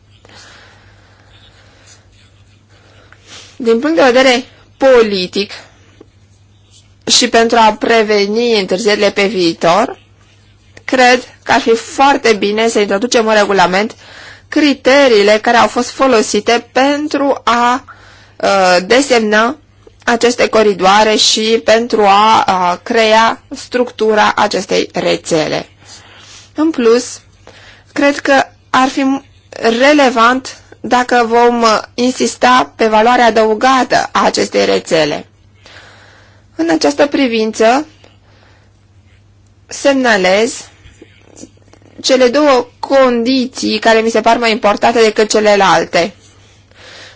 [SPEAKER 2] Din punct de vedere politic și pentru a preveni întârzierile pe viitor, cred că ar fi foarte bine să introducem în regulament criteriile care au fost folosite pentru a uh, desemna aceste coridoare și pentru a, a crea structura acestei rețele. În plus, cred că ar fi relevant dacă vom insista pe valoarea adăugată a acestei rețele. În această privință, semnalez cele două condiții care mi se par mai importante decât celelalte.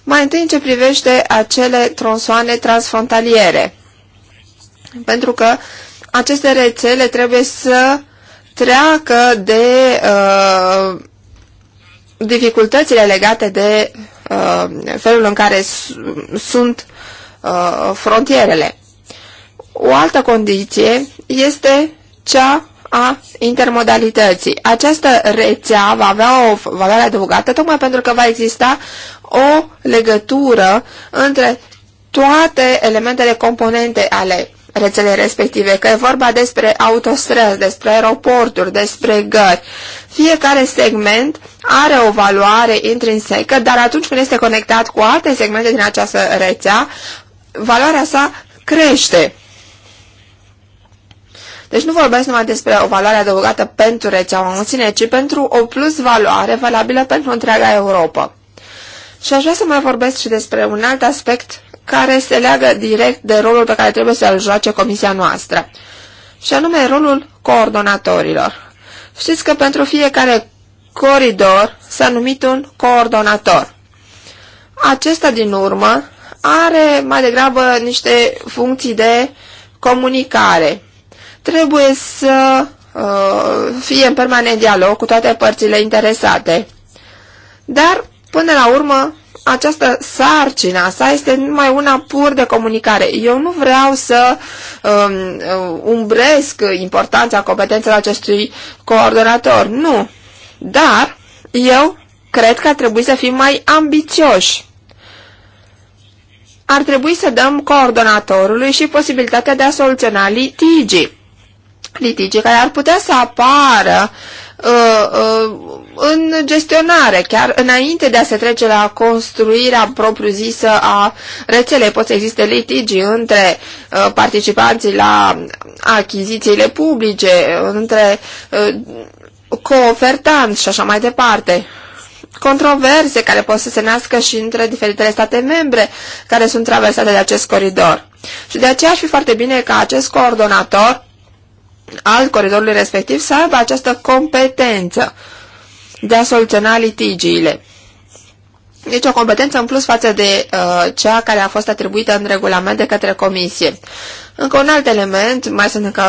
[SPEAKER 2] Mai întâi în ce privește acele tronsoane transfrontaliere, pentru că aceste rețele trebuie să treacă de uh, dificultățile legate de uh, felul în care sunt uh, frontierele. O altă condiție este cea a intermodalității. Această rețea va avea o valoare adăugată tocmai pentru că va exista o legătură între toate elementele componente ale rețelei respective, că e vorba despre autostrăzi, despre aeroporturi, despre gări. Fiecare segment are o valoare intrinsecă, dar atunci când este conectat cu alte segmente din această rețea, valoarea sa crește. Deci nu vorbesc numai despre o valoare adăugată pentru rețeaua în sine, ci pentru o plus valoare valabilă pentru întreaga Europa. Și aș vrea să mai vorbesc și despre un alt aspect care se leagă direct de rolul pe care trebuie să-l joace comisia noastră, și anume rolul coordonatorilor. Știți că pentru fiecare coridor s-a numit un coordonator. Acesta, din urmă, are mai degrabă niște funcții de comunicare trebuie să uh, fie în permanent dialog cu toate părțile interesate. Dar, până la urmă, această sarcină sa este numai una pur de comunicare. Eu nu vreau să um, uh, umbresc importanța competențelor acestui coordonator, nu. Dar eu cred că ar trebui să fim mai ambițioși. Ar trebui să dăm coordonatorului și posibilitatea de a soluționa litigii critici care ar putea să apară uh, uh, în gestionare, chiar înainte de a se trece la construirea propriu-zisă a rețelei. Pot să existe litigi între uh, participanții la achizițiile publice, între uh, coofertanți și așa mai departe controverse care pot să se nască și între diferitele state membre care sunt traversate de acest coridor. Și de aceea ar fi foarte bine ca acest coordonator al coridorului respectiv să aibă această competență de a soluționa litigiile. Deci o competență în plus față de uh, cea care a fost atribuită în regulament de către comisie. Încă un alt element, mai sunt încă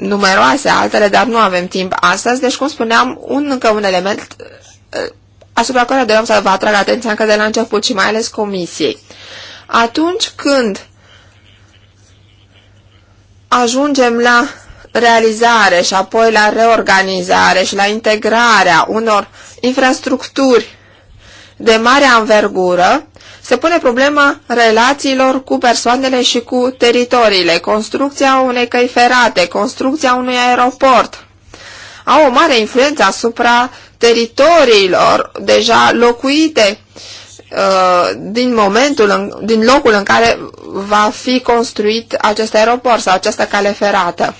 [SPEAKER 2] numeroase altele, dar nu avem timp astăzi, deci cum spuneam, un, încă un element uh, asupra care doream să vă atrag atenția încă de la început și mai ales comisiei. Atunci când ajungem la realizare și apoi la reorganizare și la integrarea unor infrastructuri de mare anvergură, se pune problema relațiilor cu persoanele și cu teritoriile, construcția unei căi ferate, construcția unui aeroport. Au o mare influență asupra teritoriilor deja locuite uh, din momentul, din locul în care va fi construit acest aeroport sau această cale ferată.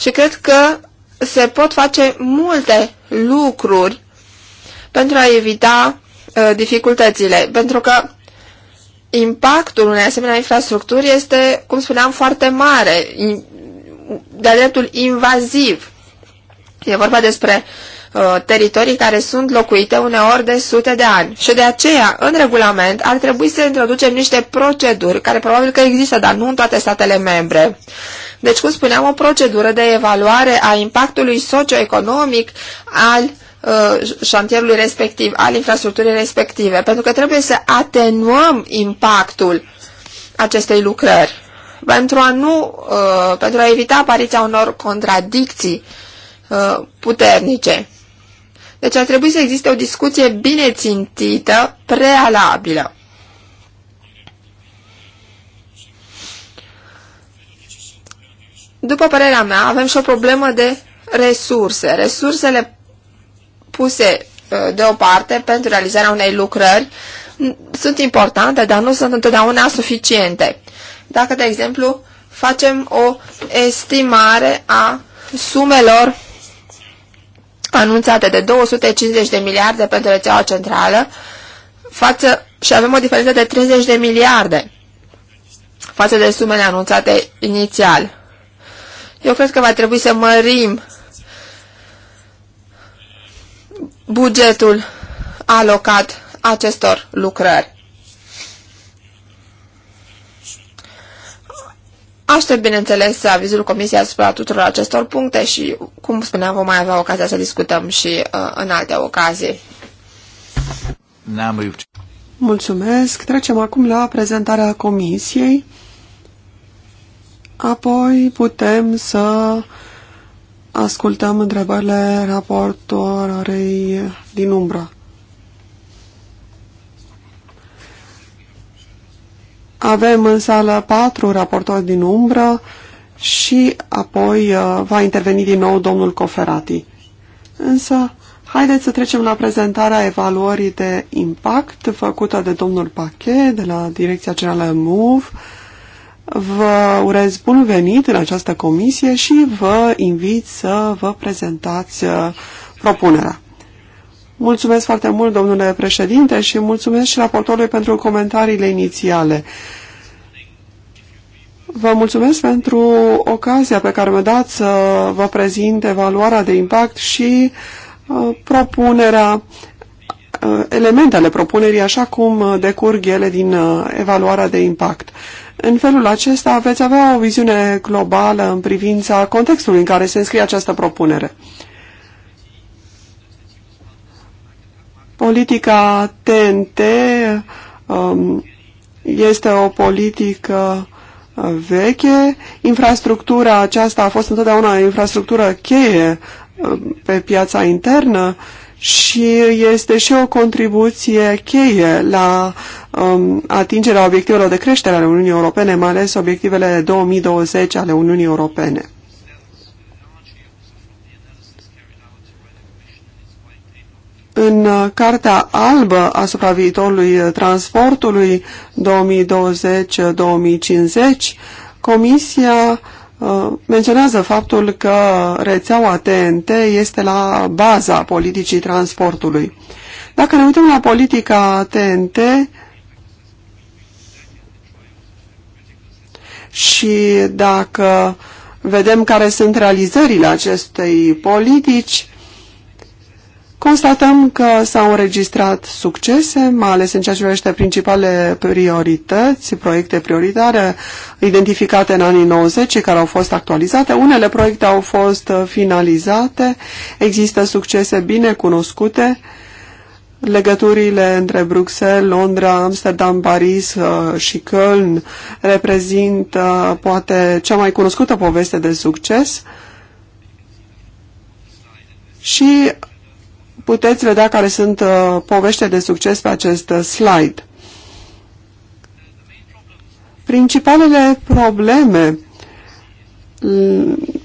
[SPEAKER 2] Și cred că se pot face multe lucruri pentru a evita uh, dificultățile, pentru că impactul unei asemenea infrastructuri este, cum spuneam, foarte mare, de-a dreptul invaziv. E vorba despre Uh, teritorii care sunt locuite uneori de sute de ani. Și de aceea, în regulament, ar trebui să introducem niște proceduri, care probabil că există, dar nu în toate statele membre. Deci, cum spuneam, o procedură de evaluare a impactului socioeconomic al uh, șantierului respectiv, al infrastructurii respective, pentru că trebuie să atenuăm impactul acestei lucrări pentru a nu, uh, pentru a evita apariția unor contradicții puternice. Deci ar trebui să existe o discuție bine țintită, prealabilă. După părerea mea, avem și o problemă de resurse. Resursele puse uh, deoparte pentru realizarea unei lucrări sunt importante, dar nu sunt întotdeauna suficiente. Dacă, de exemplu, facem o estimare a sumelor anunțate de 250 de miliarde pentru rețeaua centrală față, și avem o diferență de 30 de miliarde față de sumele anunțate inițial. Eu cred că va trebui să mărim bugetul alocat acestor lucrări. Aștept, bineînțeles, avizul Comisiei asupra tuturor acestor puncte și, cum spuneam, vom mai avea ocazia să discutăm și uh, în alte ocazii.
[SPEAKER 3] Mulțumesc. Trecem acum la prezentarea Comisiei. Apoi putem să ascultăm întrebările raportorului din umbră. Avem în sală patru raportori din umbră și apoi uh, va interveni din nou domnul Coferati. Însă, haideți să trecem la prezentarea evaluării de impact făcută de domnul Pachet de la Direcția Generală MOVE. Vă urez bun venit în această comisie și vă invit să vă prezentați uh, propunerea. Mulțumesc foarte mult, domnule președinte, și mulțumesc și raportorului pentru comentariile inițiale. Vă mulțumesc pentru ocazia pe care mă dați dat să vă prezint evaluarea de impact și uh, propunerea, uh, elementele propunerii, așa cum decurg ele din uh, evaluarea de impact. În felul acesta veți avea o viziune globală în privința contextului în care se înscrie această propunere. Politica TNT um, este o politică uh, veche. Infrastructura aceasta a fost întotdeauna o infrastructură cheie uh, pe piața internă și este și o contribuție cheie la um, atingerea obiectivelor de creștere ale Uniunii Europene, mai ales obiectivele 2020 ale Uniunii Europene. În uh, Cartea Albă asupra viitorului uh, transportului 2020-2050, Comisia uh, menționează faptul că rețeaua TNT este la baza politicii transportului. Dacă ne uităm la politica TNT și dacă vedem care sunt realizările acestei politici, Constatăm că s-au înregistrat succese, mai ales în ceea ce privește principalele priorități, proiecte prioritare identificate în anii 90 care au fost actualizate. Unele proiecte au fost uh, finalizate, există succese bine cunoscute, Legăturile între Bruxelles, Londra, Amsterdam, Paris uh, și Köln reprezintă poate cea mai cunoscută poveste de succes și puteți vedea care sunt uh, povește de succes pe acest uh, slide. Principalele probleme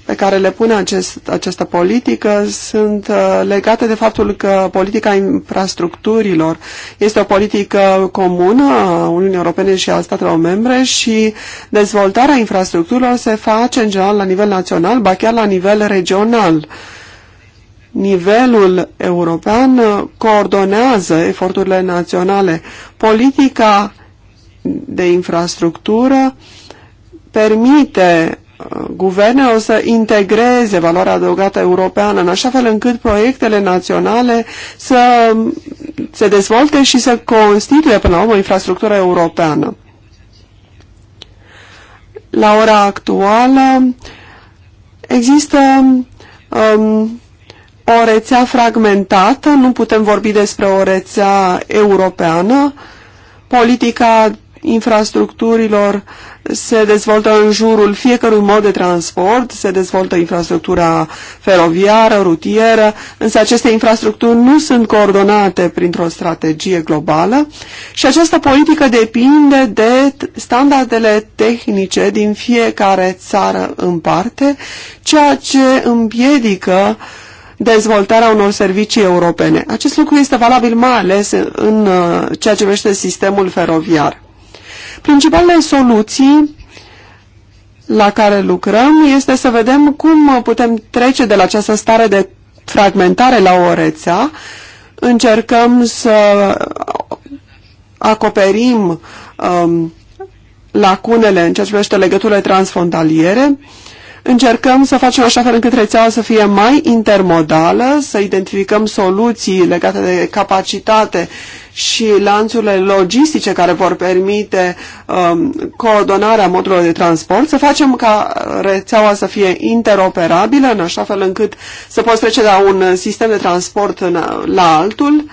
[SPEAKER 3] pe care le pune acest, această politică sunt uh, legate de faptul că politica infrastructurilor este o politică comună a Uniunii Europene și a statelor membre și dezvoltarea infrastructurilor se face în general la nivel național, ba chiar la nivel regional. Uh, nivelul european coordonează eforturile naționale. Politica de infrastructură permite uh, guvernelor să integreze valoarea adăugată europeană în așa fel încât proiectele naționale să se dezvolte și să constituie până la urmă infrastructura europeană. La ora actuală există um, o rețea fragmentată, nu putem vorbi despre o rețea europeană. Politica infrastructurilor se dezvoltă în jurul fiecărui mod de transport, se dezvoltă infrastructura feroviară, rutieră, însă aceste infrastructuri nu sunt coordonate printr-o strategie globală și această politică depinde de standardele tehnice din fiecare țară în parte, ceea ce împiedică uh, dezvoltarea unor servicii europene. Acest lucru este valabil mai ales în uh, ceea ce privește sistemul feroviar. Principalele soluții la care lucrăm este să vedem cum putem trece de la această stare de fragmentare la o rețea. Încercăm să acoperim um, lacunele în ceea ce privește legăturile transfrontaliere. Uh, Încercăm să facem așa fel încât rețeaua să fie mai intermodală, să identificăm soluții legate de capacitate și lanțurile logistice care vor permite um, coordonarea modurilor de transport, să facem ca rețeaua să fie interoperabilă, în așa fel încât să poți trece de la un sistem de transport la altul, uh,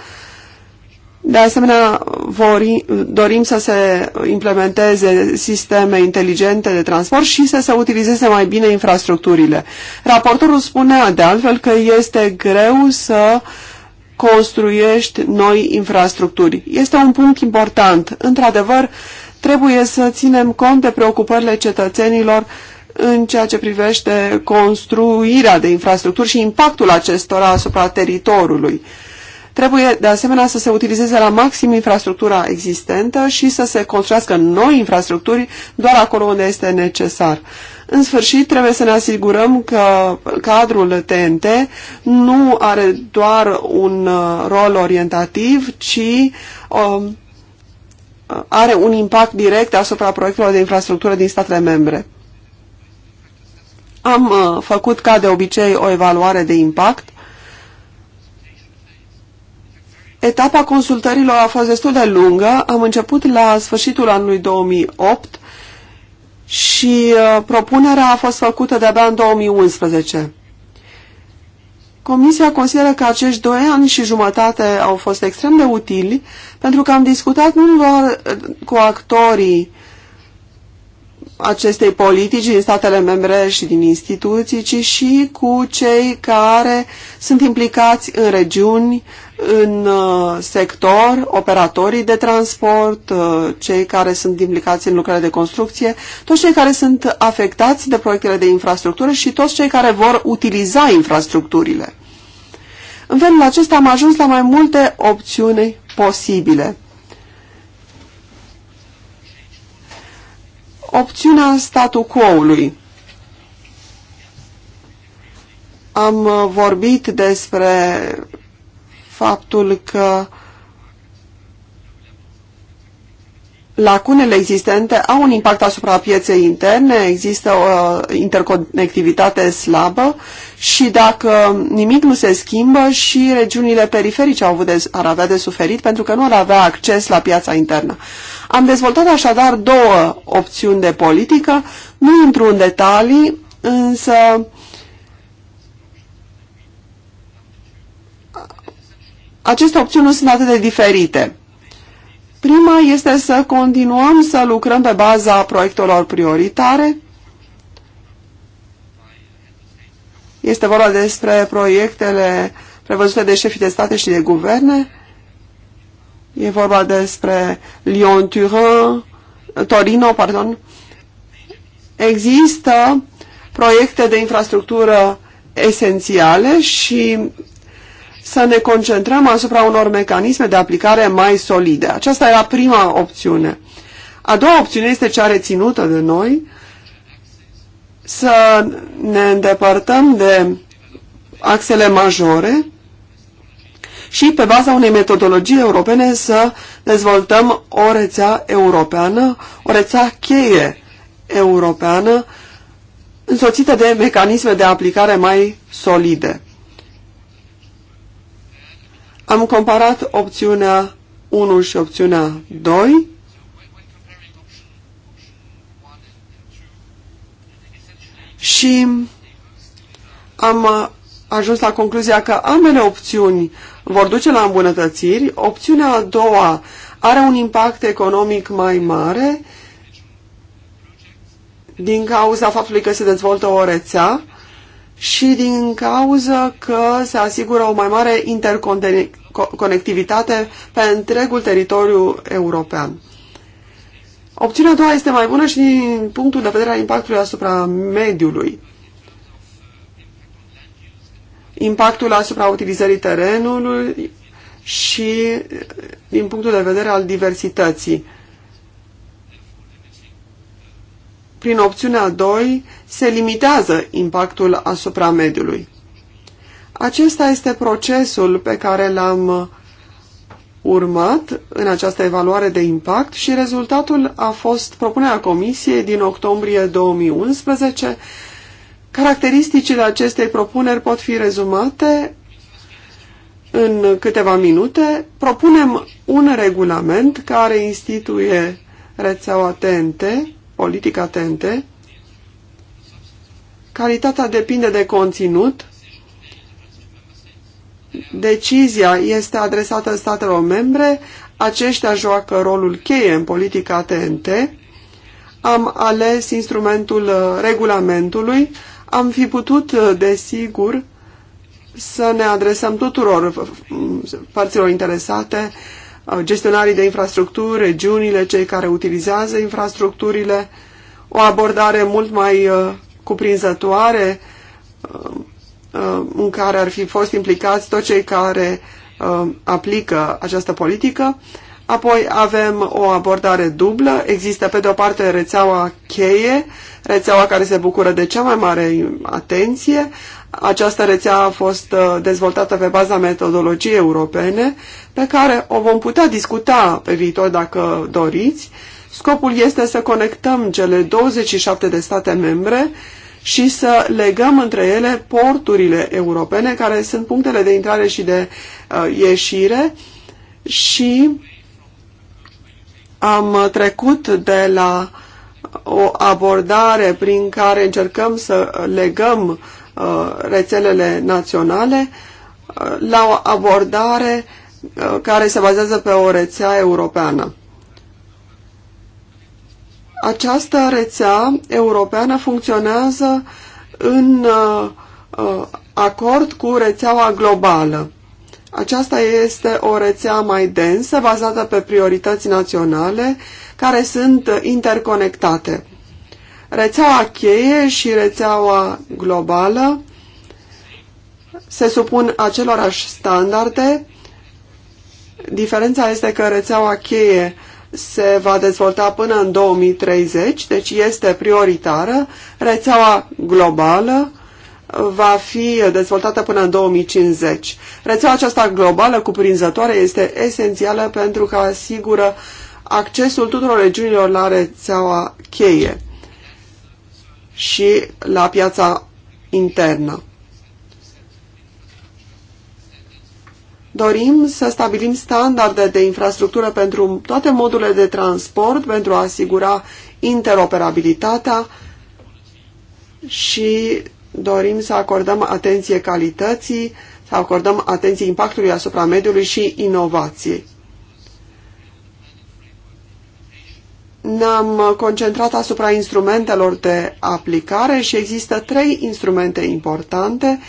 [SPEAKER 3] de asemenea, vori, dorim să se implementeze sisteme inteligente de transport și să se utilizeze mai bine infrastructurile. Raportorul spunea, de altfel, că este greu să construiești noi infrastructuri. Este un punct important. Într-adevăr, trebuie să ținem cont de preocupările cetățenilor în ceea ce privește construirea de infrastructuri și impactul acestora asupra teritoriului. Trebuie de asemenea să se utilizeze la maxim infrastructura existentă și să se construiască noi infrastructuri doar acolo unde este necesar. În sfârșit, trebuie să ne asigurăm că cadrul TNT nu are doar un uh, rol orientativ, ci um, uh, are un impact direct asupra proiectelor de infrastructură din statele membre. Am uh, făcut ca de obicei o evaluare de impact Etapa consultărilor a fost destul de lungă. Am început la sfârșitul anului 2008 și uh, propunerea a fost făcută de-abia în 2011. Comisia consideră că acești doi ani și jumătate au fost extrem de utili pentru că am discutat nu doar uh, cu actorii acestei politici din statele membre și din instituții, ci și cu cei care sunt implicați în regiuni, în uh, sector, operatorii de transport, uh, cei care sunt implicați în lucrările de construcție, toți cei care sunt afectați de proiectele de infrastructură și toți cei care vor utiliza infrastructurile. În felul acesta am ajuns la mai multe opțiuni posibile. Opțiunea statu quo-ului. Am uh, vorbit despre faptul că lacunele existente au un impact asupra pieței interne, există o uh, interconectivitate slabă și dacă nimic nu se schimbă și regiunile periferice au avut de, ar avea de suferit pentru că nu ar avea acces la piața internă. Am dezvoltat așadar două opțiuni de politică, nu intru în detalii, însă aceste opțiuni nu sunt atât de diferite. Prima este să continuăm să lucrăm pe baza proiectelor prioritare. Este vorba despre proiectele prevăzute de șefii de state și de guverne. E vorba despre Lyon-Turin, Torino, pardon. Există proiecte de infrastructură esențiale și să ne concentrăm asupra unor mecanisme de aplicare mai solide. Aceasta era prima opțiune. A doua opțiune este cea reținută de noi, să ne îndepărtăm de axele majore și pe baza unei metodologii europene să dezvoltăm o rețea europeană, o rețea cheie europeană, însoțită de mecanisme de aplicare mai solide. Am comparat opțiunea 1 și opțiunea 2. Și am ajuns la concluzia că ambele opțiuni vor duce la îmbunătățiri. Opțiunea a doua are un impact economic mai mare din cauza faptului că se dezvoltă o rețea și din cauza că se asigură o mai mare interconectivitate pe întregul teritoriu european. Opțiunea a doua este mai bună și din punctul de vedere al impactului asupra mediului. Impactul asupra utilizării terenului și din punctul de vedere al diversității. Prin opțiunea 2 se limitează impactul asupra mediului. Acesta este procesul pe care l-am urmat în această evaluare de impact și rezultatul a fost propunerea Comisiei din octombrie 2011. Caracteristicile acestei propuneri pot fi rezumate în câteva minute. Propunem un regulament care instituie rețeaua TNT politica atente. calitatea depinde de conținut, decizia este adresată statelor membre, aceștia joacă rolul cheie în politica TNT, am ales instrumentul uh, regulamentului, am fi putut, uh, desigur, să ne adresăm tuturor uh, părților interesate, gestionarii de infrastructuri, regiunile, cei care utilizează infrastructurile, o abordare mult mai uh, cuprinzătoare uh, uh, în care ar fi fost implicați toți cei care aplică această politică. Apoi avem o abordare dublă. Există pe de o parte rețeaua cheie, rețeaua care se bucură de cea mai mare atenție, această rețea a fost uh, dezvoltată pe baza metodologiei europene, pe care o vom putea discuta pe viitor dacă doriți. Scopul este să conectăm cele 27 de state membre și să legăm între ele porturile europene, care sunt punctele de intrare și de uh, ieșire și am trecut de la o abordare prin care încercăm să legăm Uh, rețelele naționale uh, la o abordare uh, care se bazează pe o rețea europeană. Această rețea europeană funcționează în acord cu rețeaua globală. Aceasta este o rețea mai densă, bazată pe priorități naționale, care sunt interconectate. Rețeaua cheie și rețeaua globală se supun acelorași standarde. Diferența este că rețeaua cheie se va dezvolta până în 2030, deci este prioritară. Rețeaua globală va fi dezvoltată până în 2050. Rețeaua aceasta globală cuprinzătoare este esențială pentru că asigură accesul tuturor regiunilor la rețeaua cheie și la piața internă. Dorim să stabilim standarde de infrastructură pentru toate modurile de transport, pentru a asigura interoperabilitatea și dorim să acordăm atenție calității, să acordăm atenție impactului asupra mediului și inovației. ne-am concentrat asupra instrumentelor de aplicare și există trei instrumente importante,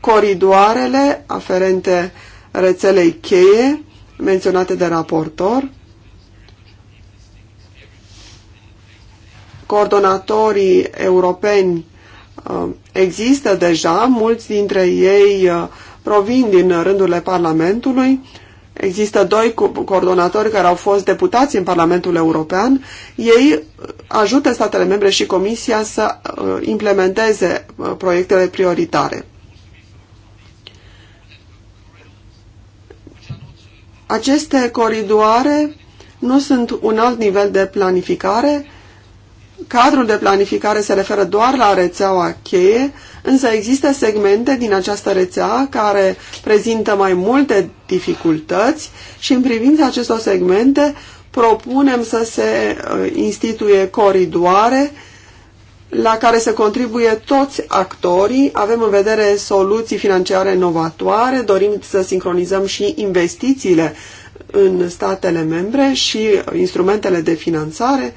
[SPEAKER 3] coridoarele aferente rețelei cheie, menționate de raportor, coordonatorii europeni uh, există deja, mulți dintre ei uh, provin din rândurile Parlamentului, Există doi coordonatori care au fost deputați în Parlamentul European. Ei ajută statele membre și Comisia să uh, implementeze uh, proiectele prioritare. Aceste coridoare nu sunt un alt nivel de planificare. Cadrul de planificare se referă doar la rețeaua cheie, însă există segmente din această rețea care prezintă mai multe dificultăți și în privința acestor segmente propunem să se uh, instituie coridoare la care să contribuie toți actorii. Avem în vedere soluții financiare novatoare, dorim să sincronizăm și investițiile în statele membre și instrumentele de finanțare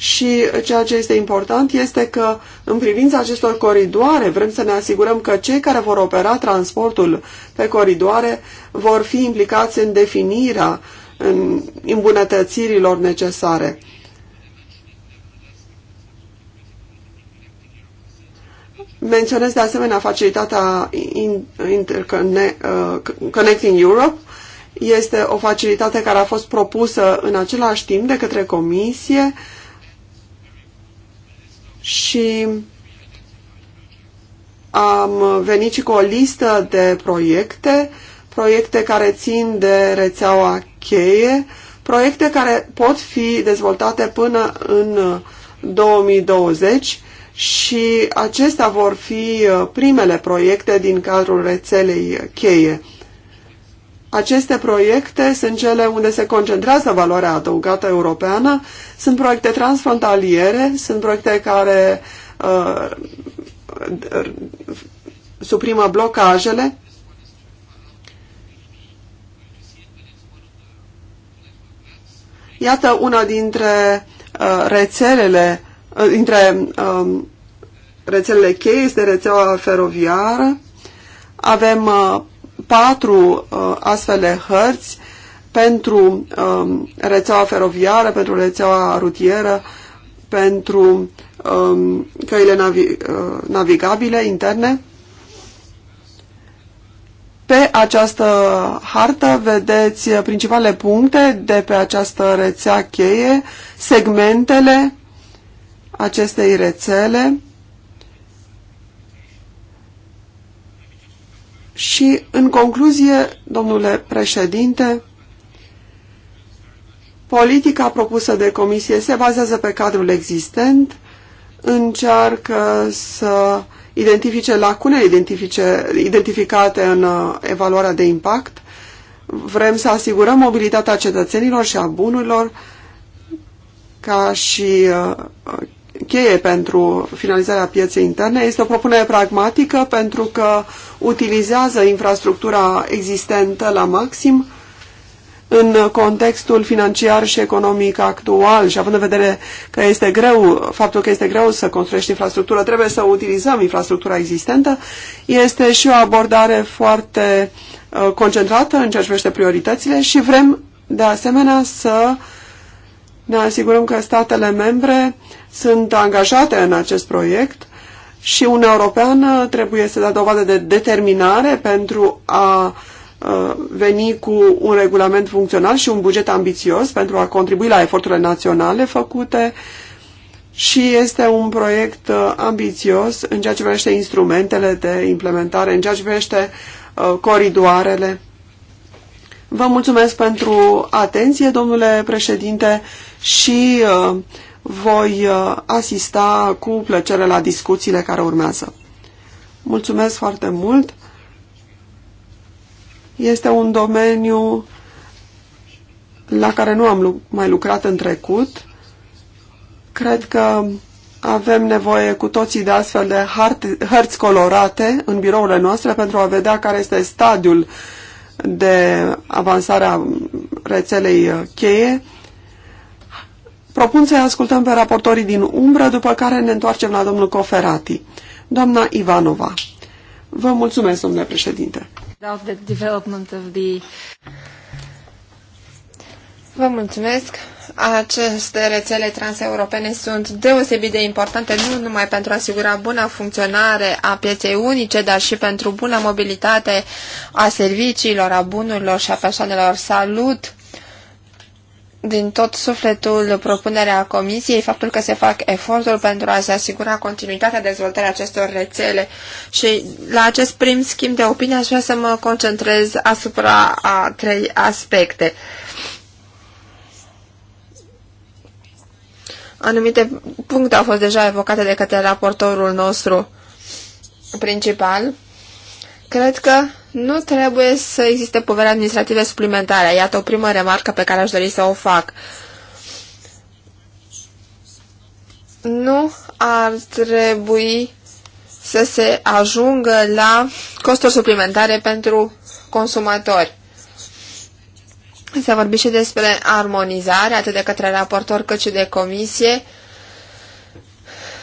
[SPEAKER 3] și ceea ce este important este că în privința acestor coridoare vrem să ne asigurăm că cei care vor opera transportul pe coridoare vor fi implicați în definirea în îmbunătățirilor necesare. Menționez de asemenea facilitatea uh, Connecting Europe. Este o facilitate care a fost propusă în același timp de către Comisie uh, și am venit și cu o listă de proiecte, proiecte care țin de rețeaua cheie, proiecte care pot fi dezvoltate până în 2020 și acestea vor fi primele proiecte din cadrul rețelei cheie. Aceste proiecte sunt cele unde se concentrează valoarea adăugată europeană, sunt proiecte transfrontaliere, sunt proiecte care uh, suprimă blocajele. Iată una dintre uh, rețelele, uh, dintre um, rețelele cheie, este rețeaua feroviară. Avem uh, patru uh, astfel de hărți pentru um, rețeaua feroviară, pentru rețeaua rutieră, pentru um, căile navi uh, navigabile interne. Pe această hartă vedeți principalele puncte de pe această rețea cheie, segmentele acestei rețele, Și, în concluzie, domnule președinte, politica propusă de comisie se bazează pe cadrul existent, încearcă să identifice lacune identifice, identificate în uh, evaluarea de impact, vrem să asigurăm mobilitatea cetățenilor și a bunurilor ca și uh, cheie pentru finalizarea pieței interne. Este o propunere pragmatică pentru că utilizează infrastructura existentă la maxim în contextul financiar și economic actual și având în vedere că este greu, faptul că este greu să construiești infrastructură, trebuie să utilizăm infrastructura existentă, este și o abordare foarte uh, concentrată în ceea ce privește prioritățile și vrem de asemenea să uh, ne asigurăm că statele membre sunt angajate în acest proiect și Uniunea Europeană trebuie să dea dovadă de determinare pentru a veni cu un regulament funcțional și un buget ambițios pentru a contribui la eforturile naționale făcute și este un proiect ambițios în ceea ce privește instrumentele de implementare, în ceea ce privește coridoarele. Vă mulțumesc pentru atenție, domnule președinte, și uh, voi uh, asista cu plăcere la discuțiile care urmează. Mulțumesc foarte mult! Este un domeniu la care nu am mai lucrat în trecut. Cred că avem nevoie cu toții de astfel de hărți colorate în birourile noastre pentru a vedea care este stadiul de avansare a rețelei cheie. Propun să-i ascultăm pe raportorii din umbră, după care ne întoarcem la domnul Coferati. Doamna Ivanova. Vă mulțumesc, domnule președinte.
[SPEAKER 2] Vă mulțumesc. Aceste rețele transeuropene sunt deosebit de importante nu numai pentru a asigura buna funcționare a pieței unice, dar și pentru buna mobilitate a serviciilor, a bunurilor și a persoanelor. Salut din tot sufletul propunerea Comisiei, faptul că se fac eforturi pentru a se asigura continuitatea dezvoltării acestor rețele. Și la acest prim schimb de opinie aș vrea să mă concentrez asupra a trei aspecte. Anumite puncte au fost deja evocate de către raportorul nostru principal. Cred că nu trebuie să existe povere administrative suplimentare. Iată o primă remarcă pe care aș dori să o fac. Nu ar trebui să se ajungă la costuri suplimentare pentru consumatori. Se a și despre armonizare, atât de către raportor cât și de comisie,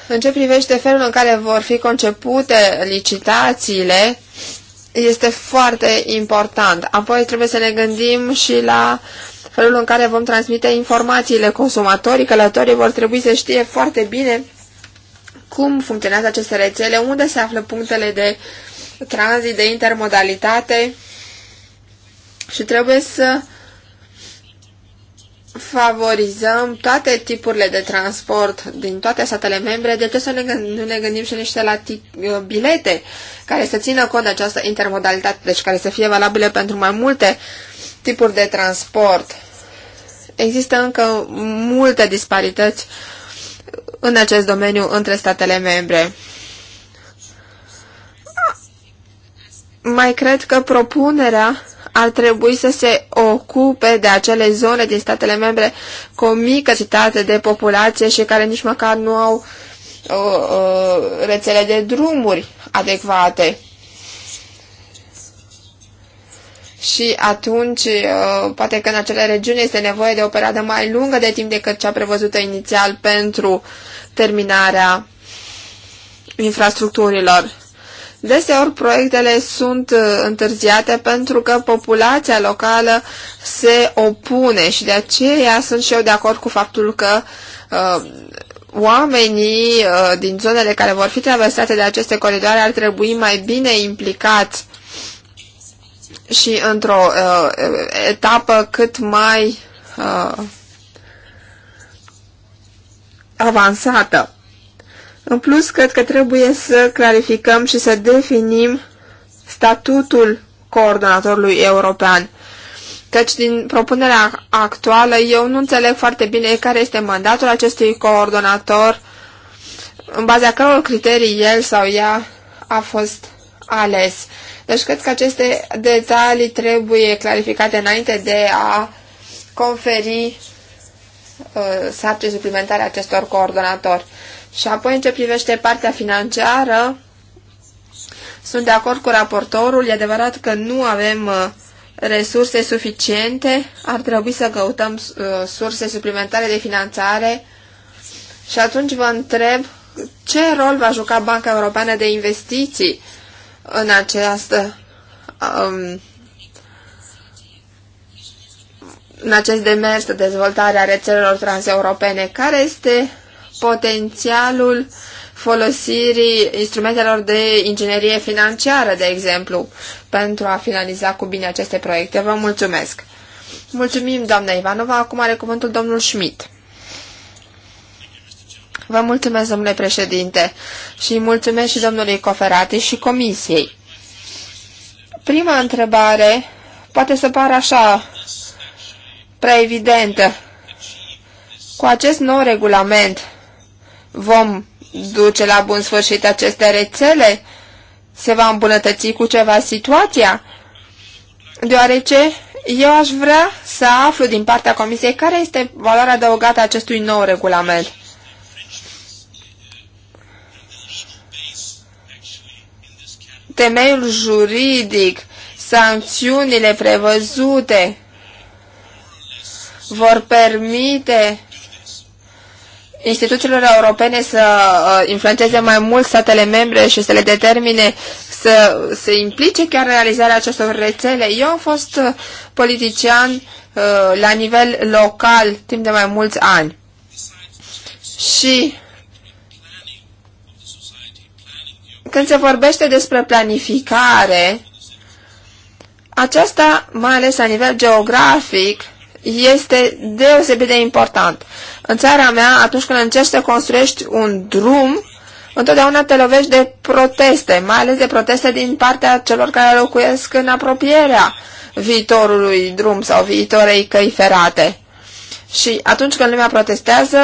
[SPEAKER 2] în ce privește felul în care vor fi concepute licitațiile este foarte important. Apoi trebuie să ne gândim și la felul în care vom transmite informațiile. Consumatorii, călătorii vor trebui să știe foarte bine cum funcționează aceste rețele, unde se află punctele de tranzit, de intermodalitate și trebuie să favorizăm toate tipurile de transport din toate statele membre, de ce să ne, nu ne gândim și niște la uh, bilete care să țină cont de această intermodalitate, deci care să fie valabile pentru mai multe tipuri de transport? Există încă multe disparități în acest domeniu între statele membre. Mai cred că propunerea ar trebui să se ocupe de acele zone din statele membre cu o mică citate de populație și care nici măcar nu au o, o, rețele de drumuri adecvate. Și atunci, poate că în acele regiuni este nevoie de o perioadă mai lungă de timp decât cea prevăzută inițial pentru terminarea infrastructurilor. Deseori proiectele sunt uh, întârziate pentru că populația locală se opune și de aceea sunt și eu de acord cu faptul că uh, oamenii uh, din zonele care vor fi traversate de aceste coridoare ar trebui mai bine implicați și într-o uh, etapă cât mai uh, avansată. În plus, cred că trebuie să clarificăm și să definim statutul coordonatorului european. Căci din propunerea actuală eu nu înțeleg foarte bine care este mandatul acestui coordonator, în baza căror criterii el sau ea a fost ales. Deci cred că aceste detalii trebuie clarificate înainte de a conferi uh, sarcini suplimentare acestor coordonatori. Și apoi, în ce privește partea financiară, sunt de acord cu raportorul, e adevărat că nu avem uh, resurse suficiente, ar trebui să căutăm uh, surse suplimentare de finanțare și atunci vă întreb ce rol va juca Banca Europeană de Investiții în această um, în acest demers de dezvoltare a rețelelor transeuropene, care este potențialul folosirii instrumentelor de inginerie financiară, de exemplu, pentru a finaliza cu bine aceste proiecte. Vă mulțumesc! Mulțumim, doamna Ivanova. Acum are cuvântul domnul Schmidt. Vă mulțumesc, domnule președinte, și mulțumesc și domnului Coferati și comisiei. Prima întrebare poate să pară așa prea evidentă. Cu acest nou regulament Vom duce la bun sfârșit aceste rețele? Se va îmbunătăți cu ceva situația? Deoarece eu aș vrea să aflu din partea Comisiei care este valoarea adăugată a acestui nou regulament. Temeiul juridic, sancțiunile prevăzute vor permite instituțiilor europene să uh, influențeze mai mult statele membre și să le determine să se implice chiar realizarea acestor rețele. Eu am fost uh, politician uh, la nivel local timp de mai mulți ani și când se vorbește despre planificare, aceasta, mai ales la nivel geografic, este deosebit de important. În țara mea, atunci când încerci să construiești un drum, întotdeauna te lovești de proteste, mai ales de proteste din partea celor care locuiesc în apropierea viitorului drum sau viitorei căi ferate. Și atunci când lumea protestează,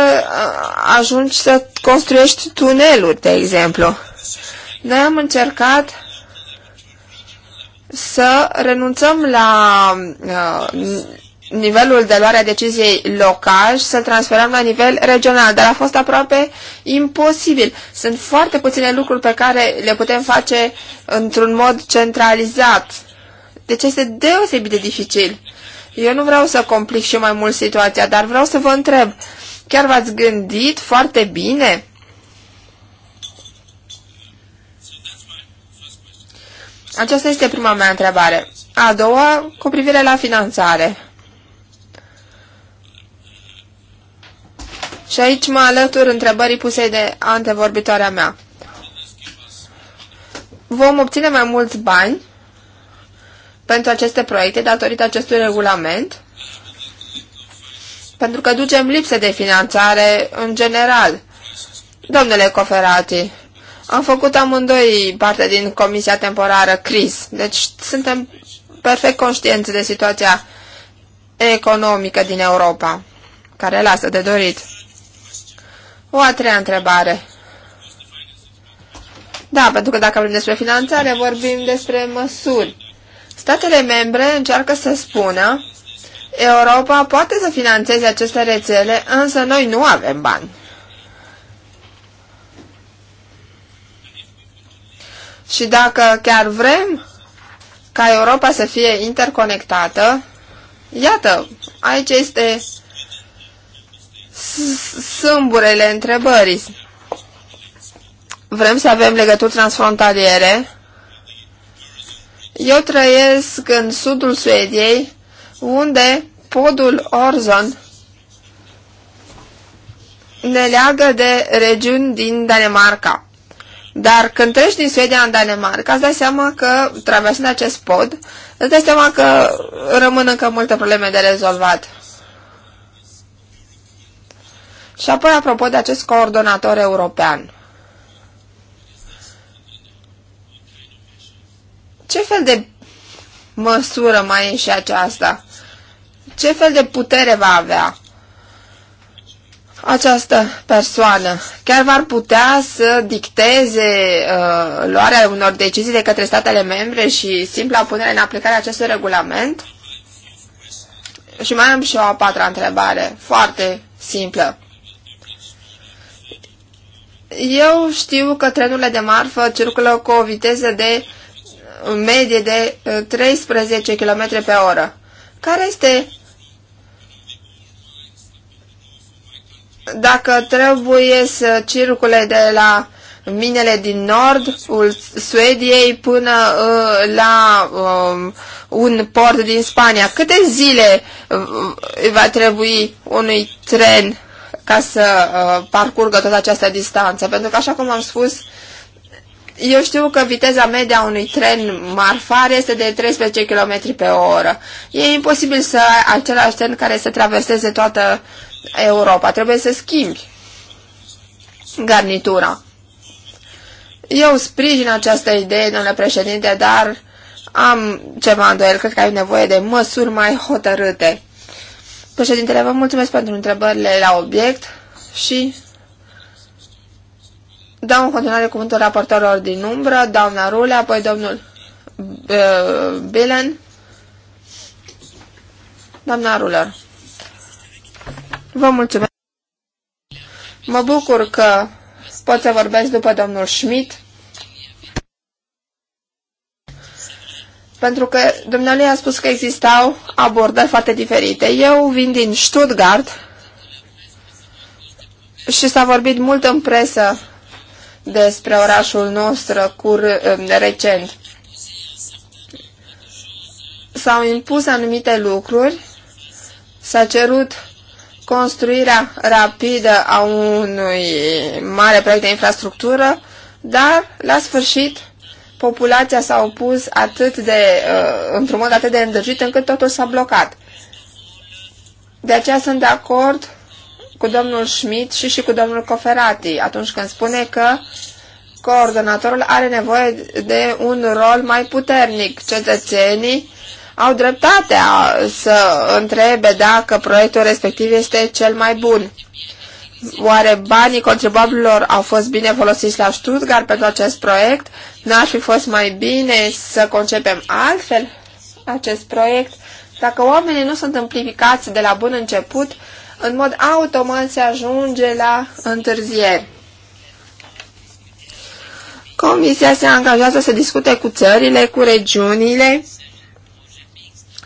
[SPEAKER 2] ajungi să construiești tuneluri, de exemplu. Noi am încercat să renunțăm la uh, nivelul de luare a deciziei local și să transferăm la nivel regional, dar a fost aproape imposibil. Sunt foarte puține lucruri pe care le putem face într-un mod centralizat. Deci este deosebit de dificil. Eu nu vreau să complic și mai mult situația, dar vreau să vă întreb, chiar v-ați gândit foarte bine? Aceasta este prima mea întrebare. A doua, cu privire la finanțare. Și aici mă alătur întrebării puse de antevorbitoarea mea. Vom obține mai mulți bani pentru aceste proiecte datorită acestui regulament? Pentru că ducem lipsă de finanțare în general. Domnule Coferati, am făcut amândoi parte din Comisia Temporară CRIS, deci suntem perfect conștienți de situația economică din Europa, care lasă de dorit. O a treia întrebare. Da, pentru că dacă vorbim despre finanțare, vorbim despre măsuri. Statele membre încearcă să spună Europa poate să financeze aceste rețele, însă noi nu avem bani. Și dacă chiar vrem ca Europa să fie interconectată, iată, aici este sâmburele întrebării. Vrem să avem legături transfrontaliere? Eu trăiesc în sudul Suediei, unde podul Orzon ne leagă de regiuni din Danemarca. Dar când treci din Suedia în Danemarca, îți dai seama că, traversând acest pod, îți dai seama că rămân încă multe probleme de rezolvat. Și apoi, apropo de acest coordonator european, ce fel de măsură mai e și aceasta? Ce fel de putere va avea această persoană? Chiar va putea să dicteze uh, luarea unor decizii de către statele membre și simpla punere în aplicare a acestui regulament? Și mai am și o a patra întrebare, foarte simplă. Eu știu că trenurile de marfă circulă cu o viteză de medie de 13 uh, km pe oră. Care este dacă trebuie să circule de la minele din nordul Suediei până uh, la um, un port din Spania. Câte zile uh, va trebui unui tren ca să uh, parcurgă toată această distanță. Pentru că, așa cum am spus, eu știu că viteza media unui tren marfar este de 13 km pe oră. E imposibil să ai același tren care să traverseze toată Europa. Trebuie să schimbi garnitura. Eu sprijin această idee, domnule președinte, dar am ceva îndoiel. Cred că ai nevoie de măsuri mai hotărâte. Președintele, vă mulțumesc pentru întrebările la obiect și dau în continuare cuvântul raportorilor din umbră, doamna Rule, apoi domnul uh, Bilen. Doamna Ruler, vă mulțumesc. Mă bucur că pot să vorbesc după domnul Schmidt pentru că dumnealui a spus că existau abordări foarte diferite. Eu vin din Stuttgart și s-a vorbit mult în presă despre orașul nostru cur recent. S-au impus anumite lucruri, s-a cerut construirea rapidă a unui mare proiect de infrastructură, dar la sfârșit populația s-a opus atât de, uh, într-un mod atât de îndrăgit încât totul s-a blocat. De aceea sunt de acord cu domnul Schmidt și și cu domnul Coferati atunci când spune că coordonatorul are nevoie de un rol mai puternic. Cetățenii au dreptatea să întrebe dacă proiectul respectiv este cel mai bun. Oare banii contribuabililor au fost bine folosiți la Stuttgart pentru acest proiect? N-ar fi fost mai bine să concepem altfel acest proiect? Dacă oamenii nu sunt implicați de la bun început, în mod automat se ajunge la întârzieri. Comisia se angajează să discute cu țările, cu regiunile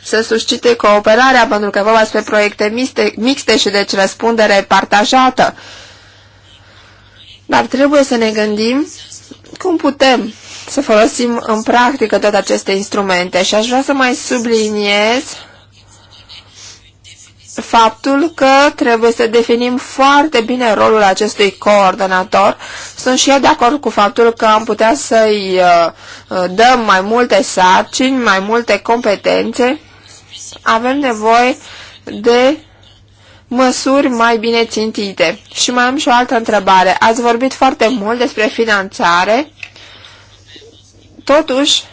[SPEAKER 2] să suscite cooperarea, pentru că vorba despre proiecte mixte, mixte și deci răspundere partajată. Dar trebuie să ne gândim cum putem să folosim în practică toate aceste instrumente și aș vrea să mai subliniez faptul că trebuie să definim foarte bine rolul acestui coordonator. Sunt și eu de acord cu faptul că am putea să-i uh, dăm mai multe sarcini, mai multe competențe avem nevoie de măsuri mai bine țintite. Și mai am și o altă întrebare. Ați vorbit foarte mult despre finanțare, totuși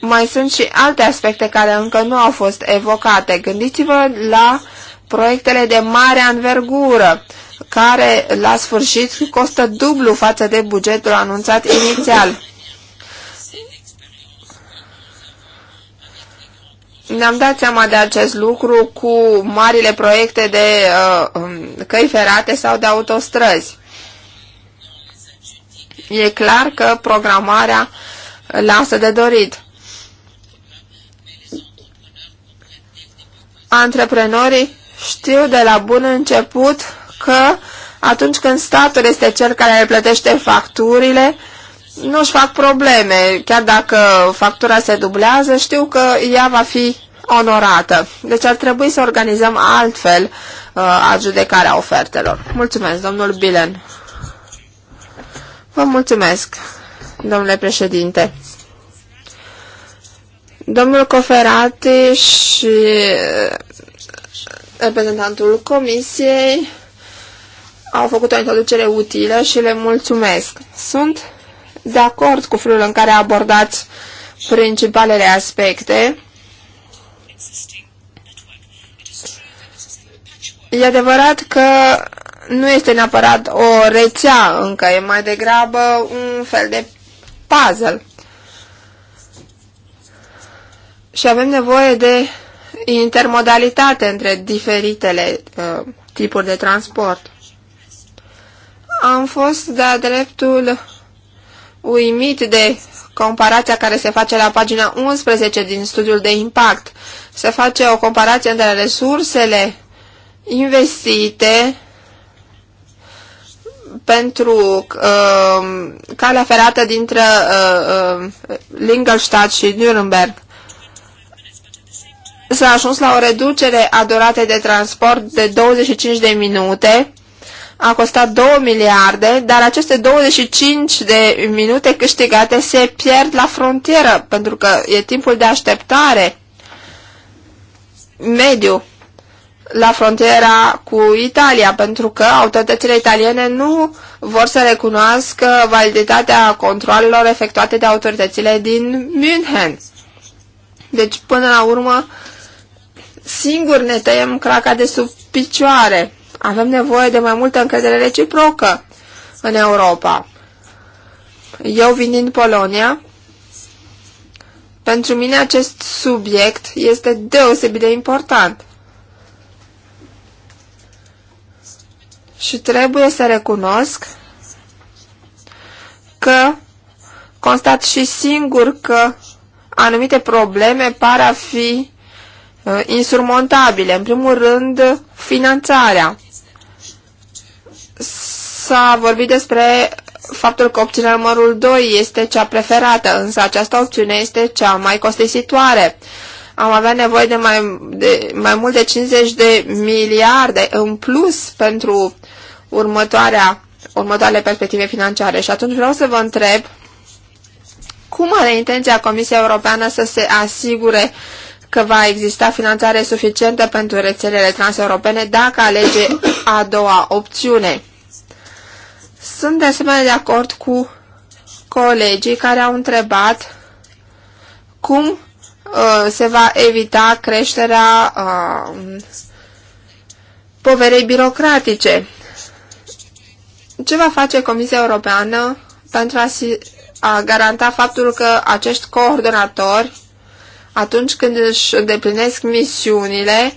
[SPEAKER 2] mai sunt și alte aspecte care încă nu au fost evocate. Gândiți-vă la proiectele de mare anvergură, care la sfârșit costă dublu față de bugetul anunțat inițial. Ne-am dat seama de acest lucru cu marile proiecte de uh, um, căi ferate sau de autostrăzi. E clar că programarea lasă de dorit. Antreprenorii știu de la bun început că atunci când statul este cel care le plătește facturile, nu-și fac probleme. Chiar dacă factura se dublează, știu că ea va fi onorată. Deci ar trebui să organizăm altfel uh, adjudecarea ofertelor. Mulțumesc, domnul Bilen. Vă mulțumesc, domnule președinte. Domnul Coferati și uh, reprezentantul comisiei au făcut o introducere utilă și le mulțumesc. Sunt de acord cu felul în care abordați principalele aspecte. E adevărat că nu este neapărat o rețea încă, e mai degrabă un fel de puzzle. Și avem nevoie de intermodalitate între diferitele uh, tipuri de transport. Am fost de-a dreptul uimit de comparația care se face la pagina 11 din studiul de impact. Se face o comparație între resursele investite pentru uh, calea ferată dintre uh, uh, Lingelstadt și Nuremberg. S-a ajuns la o reducere a duratei de transport de 25 de minute a costat 2 miliarde, dar aceste 25 de minute câștigate se pierd la frontieră, pentru că e timpul de așteptare mediu la frontiera cu Italia, pentru că autoritățile italiene nu vor să recunoască validitatea controlelor efectuate de autoritățile din München. Deci, până la urmă, singur ne tăiem craca de sub picioare. Avem nevoie de mai multă încredere reciprocă în Europa. Eu vin din Polonia. Pentru mine acest subiect este deosebit de important. Și trebuie să recunosc că constat și singur că anumite probleme par a fi uh, insurmontabile. În primul rând, finanțarea. S-a vorbit despre faptul că opțiunea numărul 2 este cea preferată, însă această opțiune este cea mai costisitoare. Am avea nevoie de mai, de mai mult de 50 de miliarde în plus pentru următoarea, următoarele perspective financiare. Și atunci vreau să vă întreb cum are intenția Comisia Europeană să se asigure că va exista finanțare suficientă pentru rețelele transeuropene dacă alege a doua opțiune. Sunt de asemenea de acord cu colegii care au întrebat cum uh, se va evita creșterea uh, poverei birocratice. Ce va face Comisia Europeană pentru a, si a garanta faptul că acești coordonatori, atunci când își îndeplinesc misiunile,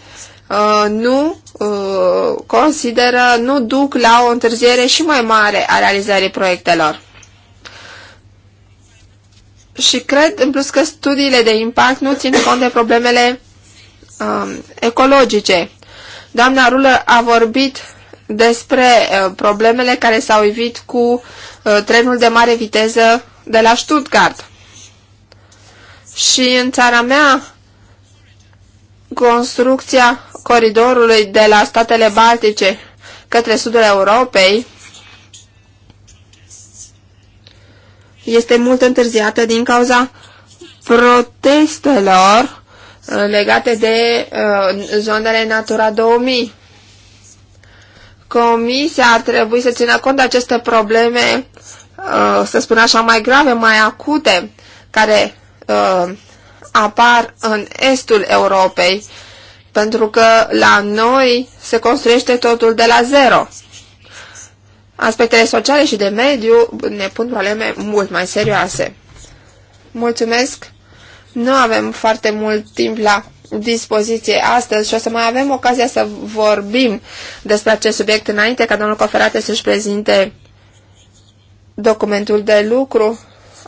[SPEAKER 2] Uh, nu uh, consideră, nu duc la o întârziere și mai mare a realizării proiectelor. Și cred, în plus, că studiile de impact nu țin cont de problemele um, ecologice. Doamna Rulă a vorbit despre uh, problemele care s-au evit cu uh, trenul de mare viteză de la Stuttgart. Și în țara mea, construcția coridorului de la statele Baltice către sudul Europei este mult întârziată din cauza protestelor uh, legate de uh, zonele Natura 2000. Comisia ar trebui să țină cont de aceste probleme, uh, să spun așa, mai grave, mai acute, care uh, apar în estul Europei pentru că la noi se construiește totul de la zero. Aspectele sociale și de mediu ne pun probleme mult mai serioase. Mulțumesc! Nu avem foarte mult timp la dispoziție astăzi și o să mai avem ocazia să vorbim despre acest subiect înainte ca domnul Coferate să-și prezinte documentul de lucru.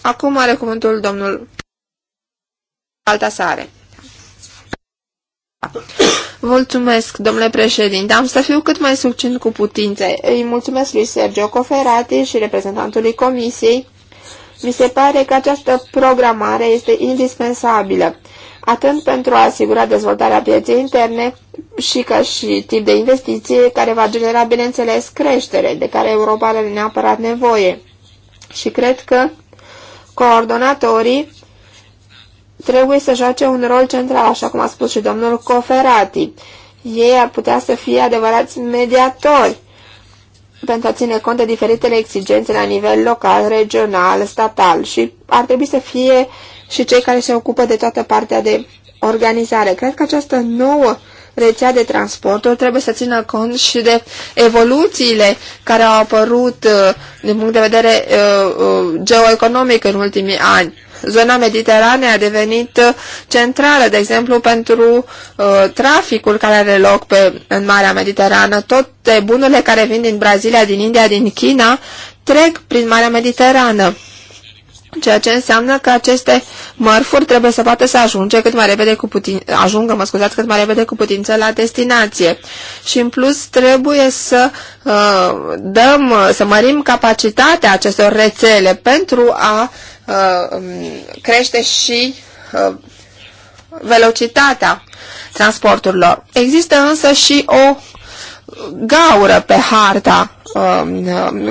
[SPEAKER 2] Acum are cuvântul domnul Altasare. Mulțumesc, domnule președinte. Am să fiu cât mai succint cu putințe. Îi mulțumesc lui Sergio Coferati și reprezentantului comisiei. Mi se pare că această programare este indispensabilă, atât pentru a asigura dezvoltarea pieței interne și ca și tip de investiție care va genera, bineînțeles, creștere, de care Europa are neapărat nevoie. Și cred că coordonatorii trebuie să joace un rol central, așa cum a spus și domnul Coferati. Ei ar putea să fie adevărați mediatori pentru a ține cont de diferitele exigențe la nivel local, regional, statal și ar trebui să fie și cei care se ocupă de toată partea de organizare. Cred că această nouă rețea de transporturi trebuie să țină cont și de evoluțiile care au apărut uh, din punct de vedere uh, uh, geoeconomic în ultimii ani. Zona mediteranei a devenit centrală, de exemplu, pentru uh, traficul care are loc pe, în Marea Mediterană. Toate bunurile care vin din Brazilia, din India, din China, trec prin Marea Mediterană ceea ce înseamnă că aceste mărfuri trebuie să poată să ajunge cât mai repede cu putin, ajungă, mă scuzați, cât mai repede cu putință la destinație. Și în plus trebuie să uh, dăm, să mărim capacitatea acestor rețele pentru a uh, crește și uh, velocitatea transporturilor. Există însă și o gaură pe harta uh,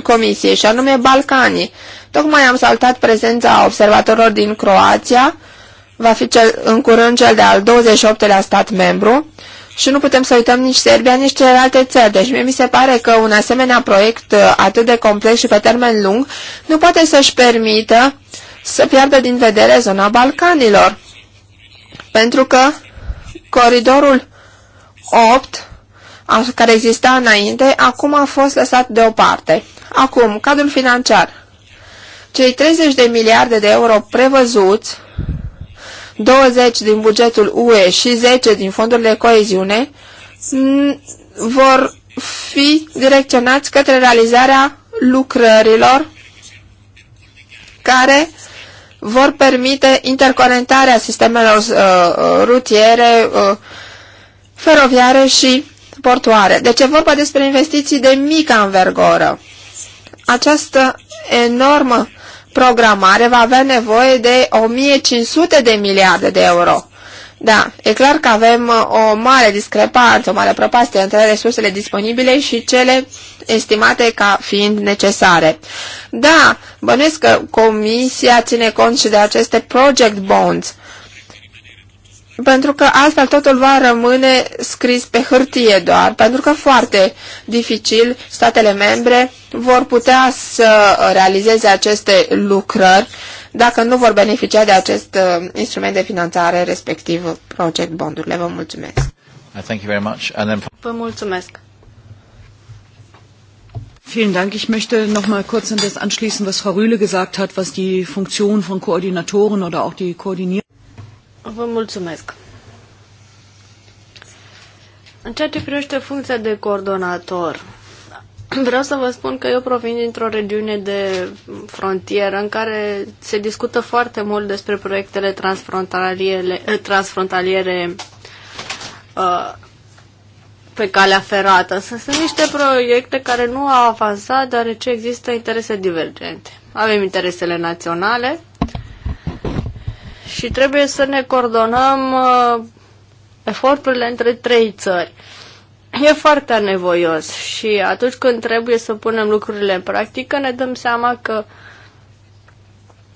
[SPEAKER 2] comisiei, și anume Balcanii Tocmai am saltat prezența observatorilor din Croația, va fi cel, în curând cel de-al 28-lea stat membru, și nu putem să uităm nici Serbia, nici celelalte țări. Deci mie mi se pare că un asemenea proiect uh, atât de complex și pe termen lung nu poate să-și permită să piardă din vedere zona Balcanilor. Pentru că coridorul 8, care exista înainte, acum a fost lăsat deoparte. Acum, cadrul financiar. Cei 30 de miliarde de euro prevăzuți, 20 din bugetul UE și 10 din fondurile coeziune, vor fi direcționați către realizarea lucrărilor care vor permite interconectarea sistemelor uh, uh, rutiere, uh, feroviare și portoare. Deci e vorba despre investiții de mică învergoră. Această enormă programare va avea nevoie de 1500 de miliarde de euro. Da, e clar că avem uh, o mare discrepanță, o mare propastie între resursele disponibile și cele estimate ca fiind necesare. Da, bănuiesc că Comisia ține cont și de aceste project bonds, pentru că altfel totul va rămâne scris pe hârtie doar, pentru că foarte dificil statele membre vor putea să realizeze aceste lucrări dacă nu vor beneficia de acest uh, instrument de finanțare, respectiv project bondurile. Vă mulțumesc! Uh, thank you very much. And then...
[SPEAKER 1] Vă mulțumesc!
[SPEAKER 3] Vielen Dank. Ich möchte noch mal kurz an das anschließen, was Frau Rühle gesagt hat,
[SPEAKER 1] was die Funktion von Koordinatoren oder auch die Koordinierung Vă mulțumesc. În ceea ce privește funcția de coordonator, vreau să vă spun că eu provin dintr-o regiune de frontieră în care se discută foarte mult despre proiectele transfrontaliere, eh, uh, pe calea ferată. Sunt, sunt niște proiecte care nu au avansat deoarece există interese divergente. Avem interesele naționale și trebuie să ne coordonăm uh, eforturile între trei țări. E foarte nevoios și atunci când trebuie să punem lucrurile în practică, ne dăm seama că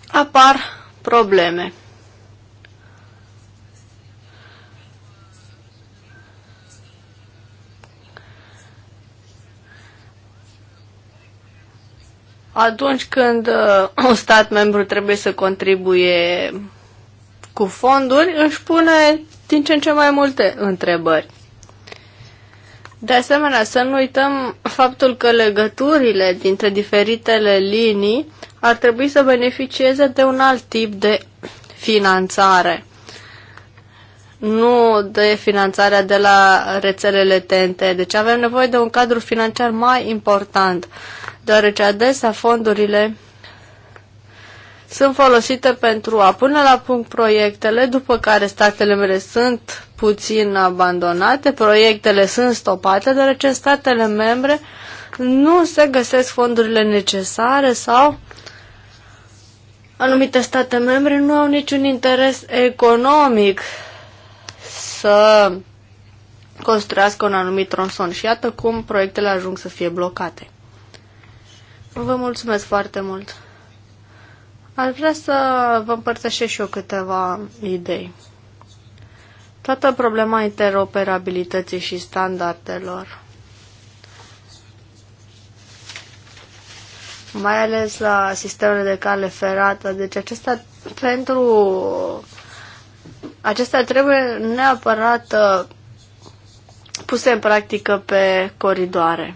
[SPEAKER 1] apar probleme. Atunci când uh, un stat membru trebuie să contribuie cu fonduri își pune din ce în ce mai multe întrebări. De asemenea, să nu uităm faptul că legăturile dintre diferitele linii ar trebui să beneficieze de un alt tip de finanțare. Nu de finanțarea de la rețelele TNT. Deci avem nevoie de un cadru financiar mai important, deoarece adesea fondurile sunt folosite pentru a pune la punct proiectele, după care statele membre sunt puțin abandonate, proiectele sunt stopate, deoarece statele membre nu se găsesc fondurile necesare sau anumite state membre nu au niciun interes economic să construiască un anumit tronson și iată cum proiectele ajung să fie blocate. Vă mulțumesc foarte mult! Aș vrea să vă împărtășesc și eu câteva idei. Toată problema interoperabilității și standardelor, mai ales la sistemele de cale ferată, deci acestea pentru acestea trebuie neapărat uh, puse în practică pe coridoare.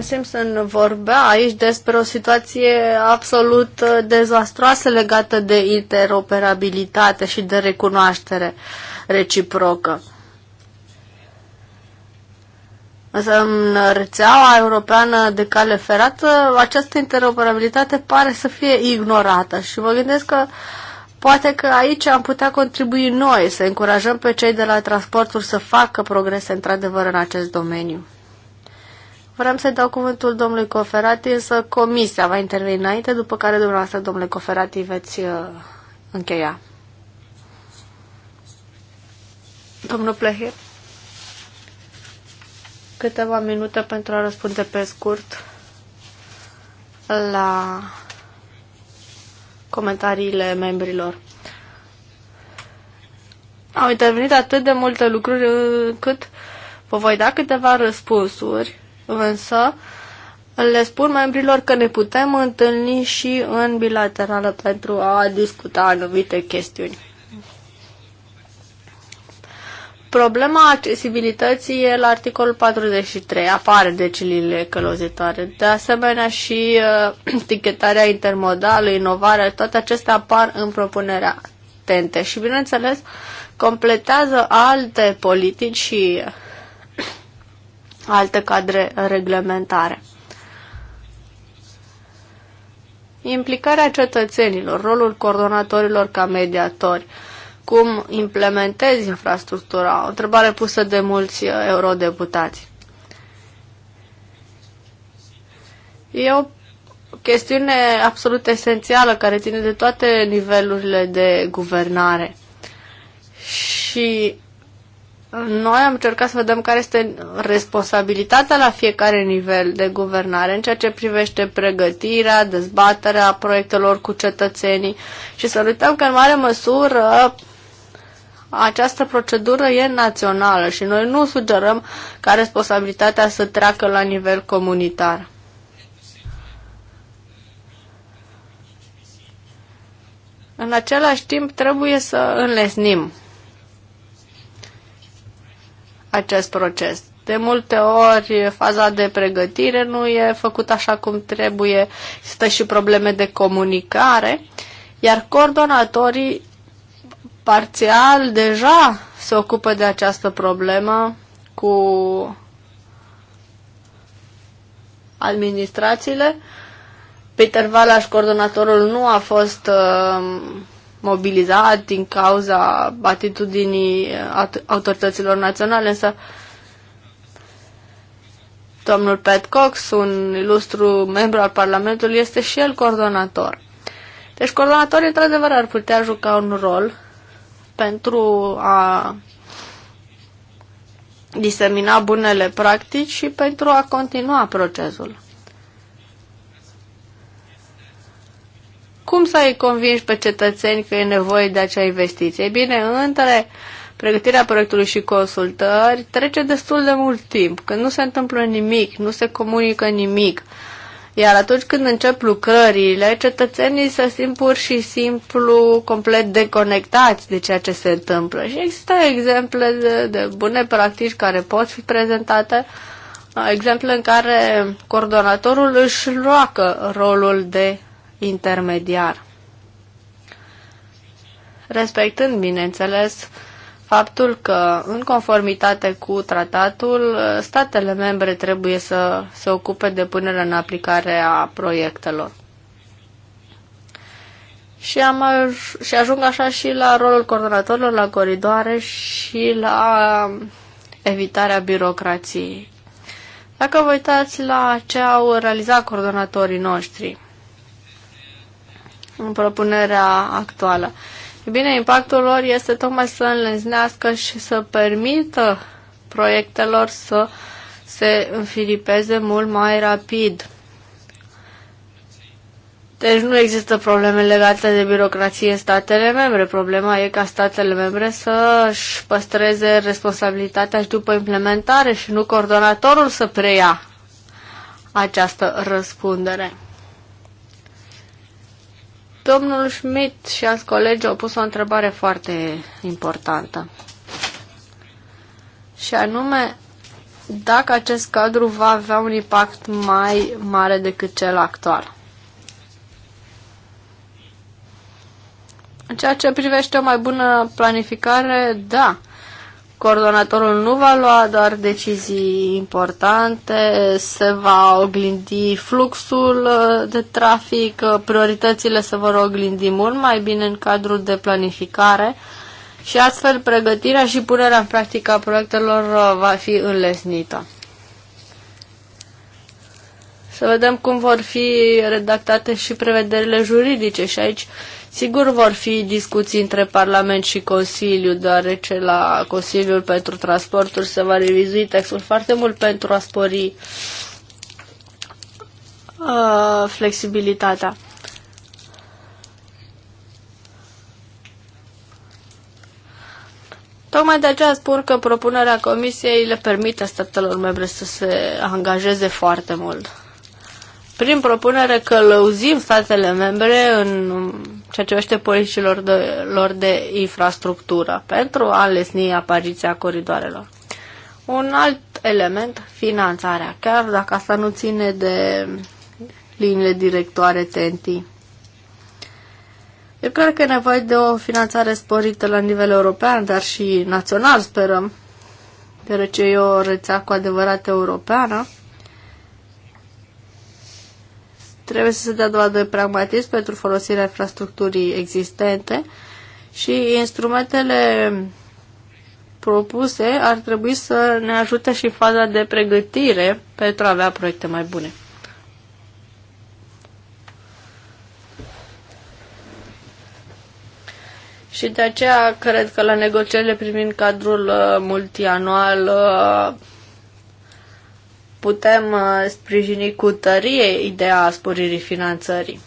[SPEAKER 1] Simpson vorbea aici despre o situație absolut uh, dezastroasă legată de interoperabilitate și de recunoaștere reciprocă. Însă în rețeaua europeană de cale ferată această interoperabilitate pare să fie ignorată și mă gândesc că poate că aici am putea contribui noi să încurajăm pe cei de la transporturi să facă progrese într-adevăr în acest domeniu. Vreau să dau cuvântul domnului Coferati, însă comisia va interveni înainte, după care dumneavoastră, domnule Coferati, veți uh, încheia. Domnul Plehir, câteva minute pentru a răspunde pe scurt la comentariile membrilor. Au intervenit atât de multe lucruri încât vă voi da câteva răspunsuri însă le spun membrilor că ne putem întâlni și în bilaterală pentru a discuta anumite chestiuni. Problema accesibilității e la articolul 43, apare deciliile călăuzitoare. De asemenea și uh, tichetarea intermodală, inovarea, toate acestea apar în propunerea TENTE și, bineînțeles, completează alte politici și alte cadre reglementare. Implicarea cetățenilor, rolul coordonatorilor ca mediatori, cum implementezi infrastructura, o întrebare pusă de mulți uh, eurodeputați. E o chestiune absolut esențială care ține de toate nivelurile de guvernare. Și noi am încercat să vedem care este responsabilitatea la fiecare nivel de guvernare în ceea ce privește pregătirea, dezbaterea proiectelor cu cetățenii și să uităm că în mare măsură această procedură e națională și noi nu sugerăm ca responsabilitatea să treacă la nivel comunitar. În același timp trebuie să înlesnim acest proces. De multe ori faza de pregătire nu e făcută așa cum trebuie, există și probleme de comunicare, iar coordonatorii parțial deja se ocupă de această problemă cu administrațiile. Peter Valaș, coordonatorul, nu a fost uh, mobilizat din cauza atitudinii autorităților naționale, însă domnul Pat Cox, un ilustru membru al Parlamentului, este și el coordonator. Deci coordonatorii, într-adevăr, ar putea juca un rol pentru a disemina bunele practici și pentru a continua procesul. Cum să-i convingi pe cetățeni că e nevoie de acea investiție? Ei bine, între pregătirea proiectului și consultări trece destul de mult timp, când nu se întâmplă nimic, nu se comunică nimic. Iar atunci când încep lucrările, cetățenii se simt pur și simplu complet deconectați de ceea ce se întâmplă. Și există exemple de, de bune practici care pot fi prezentate, exemple în care coordonatorul își roacă rolul de intermediar. Respectând, bineînțeles, faptul că, în conformitate cu tratatul, statele membre trebuie să se ocupe de punerea în aplicare a proiectelor. Și, am aj- și ajung așa și la rolul coordonatorilor la coridoare și la evitarea birocrației. Dacă vă uitați la ce au realizat coordonatorii noștri, în propunerea actuală. E bine, impactul lor este tocmai să înlăznească și să permită proiectelor să se înfilipeze mult mai rapid. Deci nu există probleme legate de birocrație în statele membre. Problema e ca statele membre să-și păstreze responsabilitatea și după implementare și nu coordonatorul să preia această răspundere. Domnul Schmidt și alți colegi au pus o întrebare foarte importantă. Și anume, dacă acest cadru va avea un impact mai mare decât cel actual. În ceea ce privește o mai bună planificare, da. Coordonatorul nu va lua doar decizii importante, se va oglindi fluxul uh, de trafic, uh, prioritățile se vor oglindi mult mai bine în cadrul de planificare și astfel pregătirea și punerea în practică a proiectelor uh, va fi înlesnită. Să vedem cum vor fi redactate și prevederile juridice și aici Sigur vor fi discuții între Parlament și Consiliu, deoarece la Consiliul pentru Transporturi se va revizui textul foarte mult pentru a spori uh, flexibilitatea. Tocmai de aceea spun că propunerea Comisiei le permite statelor membre să se angajeze foarte mult. Prin propunere că lăuzim statele membre în ceea ce privește politicilor de, lor de infrastructură pentru a lesni apariția coridoarelor. Un alt element, finanțarea, chiar dacă asta nu ține de liniile directoare TNT. Eu cred că e nevoie de o finanțare sporită la nivel european, dar și național, sperăm, deoarece e o rețea cu adevărat europeană Trebuie să se dea doar de pragmatism pentru folosirea infrastructurii existente și instrumentele propuse ar trebui să ne ajute și faza de pregătire pentru a avea proiecte mai bune. Și de aceea cred că la negocierile privind cadrul uh, multianual uh, putem uh, sprijini cu tărie ideea sporirii finanțării.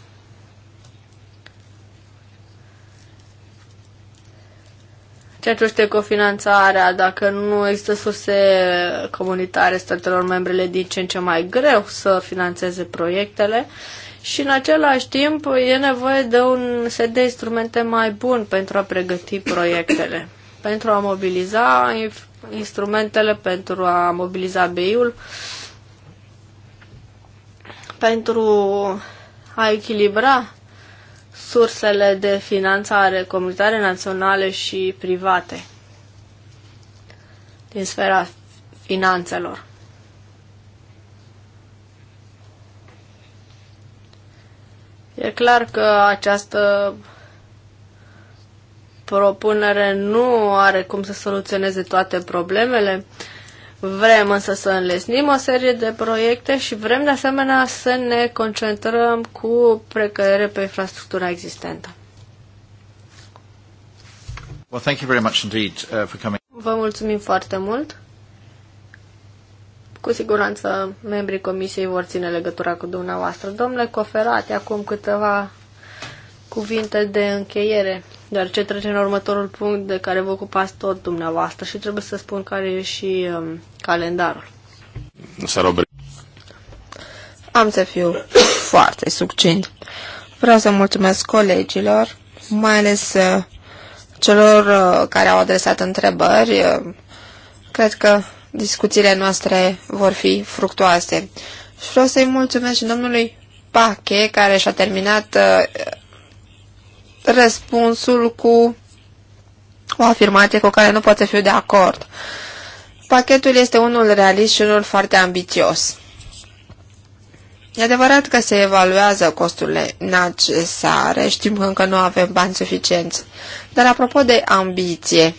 [SPEAKER 1] Ceea ce cofinanțarea, dacă nu există surse comunitare, statelor membrele din ce în ce mai greu să finanțeze proiectele și în același timp e nevoie de un set de instrumente mai bun pentru a pregăti proiectele, pentru a mobiliza instrumentele, pentru a mobiliza BI-ul. Uh, pentru a echilibra sursele de finanțare comunitare, naționale și private din sfera finanțelor. E clar că această propunere nu are cum să soluționeze toate problemele, Vrem însă să înlesnim o serie de proiecte și vrem de asemenea să ne concentrăm cu precădere pe infrastructura existentă. Well, thank you very much indeed, uh, for coming. Vă mulțumim foarte mult. Cu siguranță membrii comisiei vor ține legătura cu dumneavoastră. Domnule Coferate, acum câteva cuvinte de încheiere, dar ce trece în următorul punct de care vă ocupați tot dumneavoastră și trebuie să spun care e și um, calendarul.
[SPEAKER 2] Am să fiu foarte succint. Vreau să mulțumesc colegilor, mai ales uh, celor uh, care au adresat întrebări. Uh, cred că discuțiile noastre vor fi fructuoase. Și vreau să-i mulțumesc și domnului Pache, care și-a terminat răspunsul cu o afirmație cu care nu poate fi de acord. Pachetul este unul realist și unul foarte ambițios. E adevărat că se evaluează costurile necesare, știm că încă nu avem bani suficienți. Dar apropo de ambiție,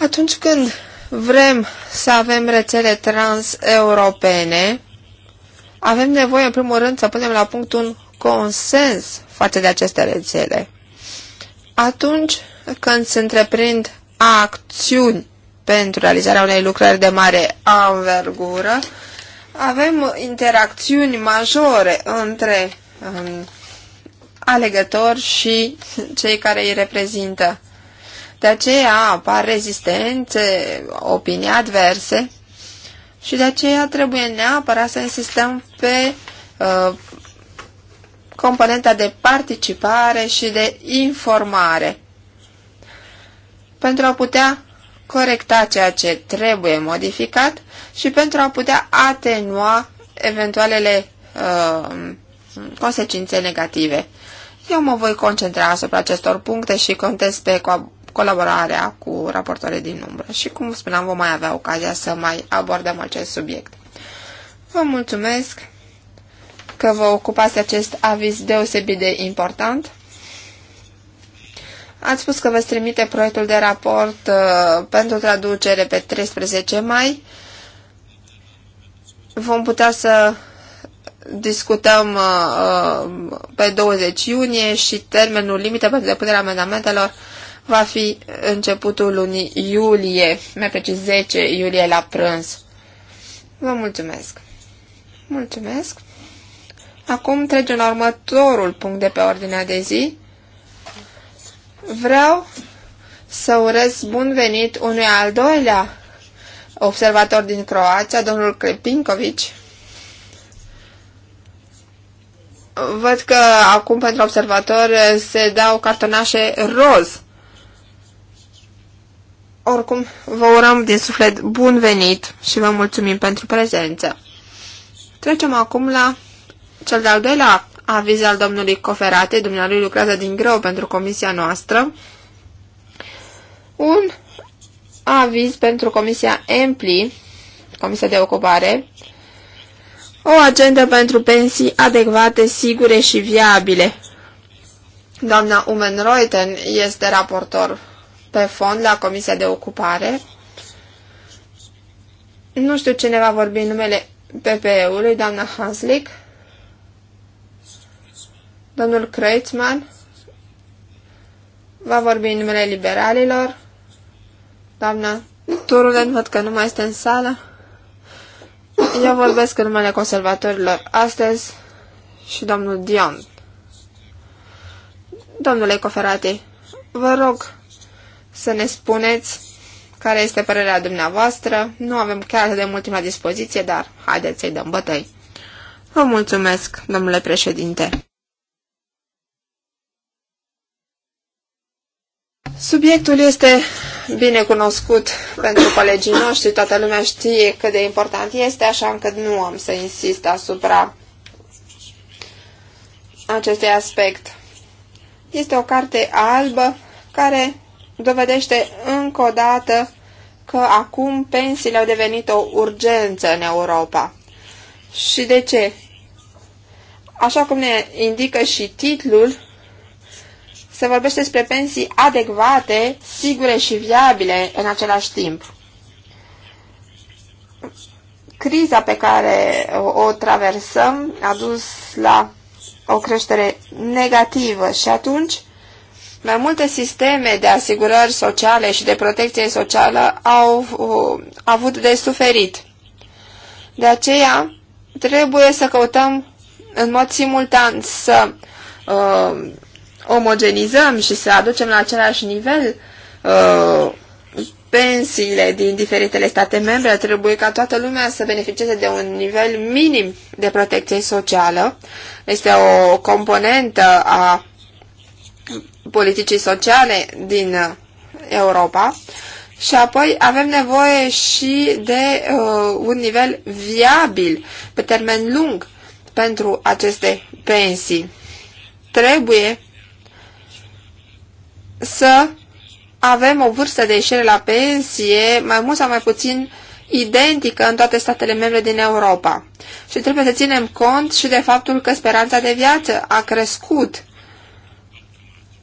[SPEAKER 2] atunci când vrem să avem rețele transeuropene, avem nevoie, în primul rând, să punem la punct un consens față de aceste rețele. Atunci când se întreprind acțiuni pentru realizarea unei lucrări de mare anvergură, avem interacțiuni majore între um, alegători și cei care îi reprezintă. De aceea apar rezistențe, opinii adverse și de aceea trebuie neapărat să insistăm pe uh, componenta de participare și de informare pentru a putea corecta ceea ce trebuie modificat și pentru a putea atenua eventualele uh, consecințe negative. Eu mă voi concentra asupra acestor puncte și contez pe co colaborarea cu raportoare din umbră și, cum spuneam, vom mai avea ocazia să mai abordăm acest subiect. Vă mulțumesc! că vă ocupați acest aviz deosebit de important. Ați spus că veți trimite proiectul de raport uh, pentru traducere pe 13 mai. Vom putea să discutăm uh, uh pe 20 iunie și termenul limită pentru depunerea amendamentelor va fi începutul lunii iulie, mai precis 10 iulie la prânz. Vă mulțumesc! Mulțumesc! Acum trecem la următorul punct de pe ordinea de zi. Vreau să urez bun venit unui al doilea observator din Croația, domnul Krepinkovic. Văd că acum pentru observator se dau cartonașe roz. Oricum, vă urăm din suflet bun venit și vă mulțumim pentru prezență. Trecem acum la cel de-al doilea aviz al domnului Coferate, dumnealui lucrează din greu pentru comisia noastră, un aviz pentru comisia EMPLI, Comisia de Ocupare, o agendă pentru pensii adecvate, sigure și viabile. Doamna Umen Reuten este raportor pe fond la Comisia de Ocupare. Nu știu cine va vorbi în numele PPE-ului, doamna Hanslick. Domnul Kreutzmann va vorbi în numele liberalilor. Doamna Turulen, văd că nu mai este în sală. Eu vorbesc în numele conservatorilor astăzi și domnul Dion. Domnule Coferati, vă rog să ne spuneți care este părerea dumneavoastră. Nu avem chiar de mult la dispoziție, dar haideți să-i dăm bătăi. Vă mulțumesc, domnule președinte. Subiectul este bine cunoscut pentru colegii noștri, toată lumea știe cât de important este, așa încât nu am să insist asupra acestui aspect. Este o carte albă care dovedește încă o dată că acum pensiile au devenit o urgență în Europa. Și de ce? Așa cum ne indică și titlul, se vorbește despre pensii adecvate, sigure și viabile în același timp. Criza pe care o traversăm a dus la o creștere negativă și atunci mai multe sisteme de asigurări sociale și de protecție socială au uh, avut de suferit. De aceea trebuie să căutăm în mod simultan să uh, omogenizăm și să aducem la același nivel uh, pensiile din diferitele state membre, trebuie ca toată lumea să beneficieze de un nivel minim de protecție socială. Este o componentă a politicii sociale din uh, Europa. Și apoi avem nevoie și de uh, un nivel viabil pe termen lung pentru aceste pensii. Trebuie să avem o vârstă de ieșire la pensie mai mult sau mai puțin identică în toate statele membre din Europa. Și trebuie să ținem cont și de faptul că speranța de viață a crescut.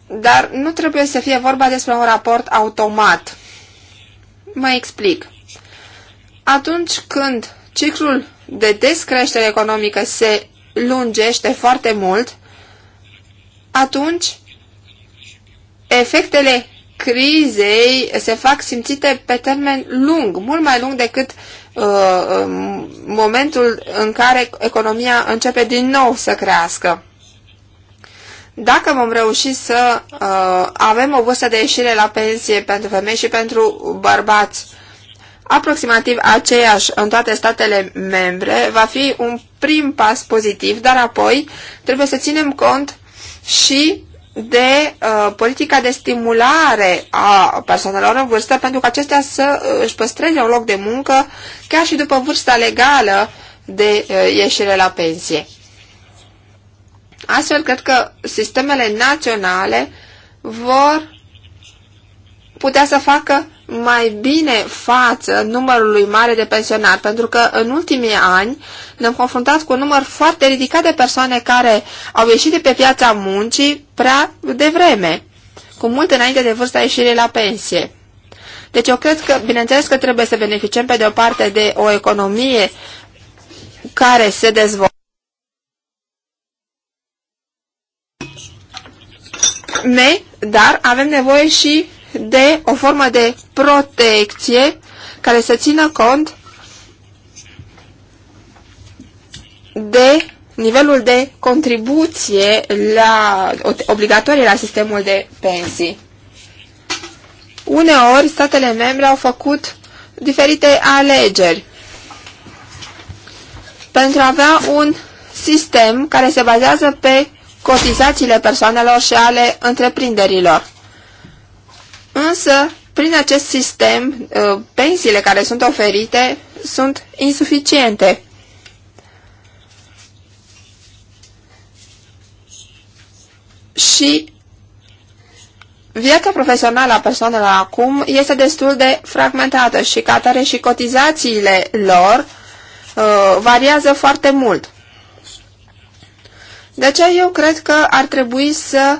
[SPEAKER 2] Dar nu trebuie să fie vorba despre un raport automat. Mă explic. Atunci când ciclul de descreștere economică se lungește foarte mult, atunci efectele crizei se fac simțite pe termen lung, mult mai lung decât uh, um, momentul în care economia începe din nou să crească. Dacă vom reuși să uh, avem o vârstă de ieșire la pensie pentru femei și pentru bărbați aproximativ aceeași în toate statele membre, va fi un prim pas pozitiv, dar apoi trebuie să ținem cont și de uh, politica de stimulare a persoanelor în vârstă pentru că acestea să uh, își păstreze un loc de muncă chiar și după vârsta legală de uh, ieșire la pensie. Astfel, cred că sistemele naționale vor putea să facă mai bine față numărului mare de pensionari, pentru că în ultimii ani ne-am confruntat cu un număr foarte ridicat de persoane care au ieșit de pe piața muncii prea devreme, cu mult înainte de vârsta ieșirii la pensie. Deci eu cred că, bineînțeles că trebuie să beneficiem pe de o parte de o economie care se dezvoltă, ne, dar avem nevoie și de o formă de protecție care să țină cont de nivelul de contribuție la, obligatorie la sistemul de pensii. Uneori, statele membre au făcut diferite alegeri pentru a avea un sistem care se bazează pe cotizațiile persoanelor și ale întreprinderilor. Însă, prin acest sistem, uh, pensiile care sunt oferite sunt insuficiente. Și viața profesională a persoanelor acum este destul de fragmentată și catare și cotizațiile lor uh, variază foarte mult. De aceea eu cred că ar trebui să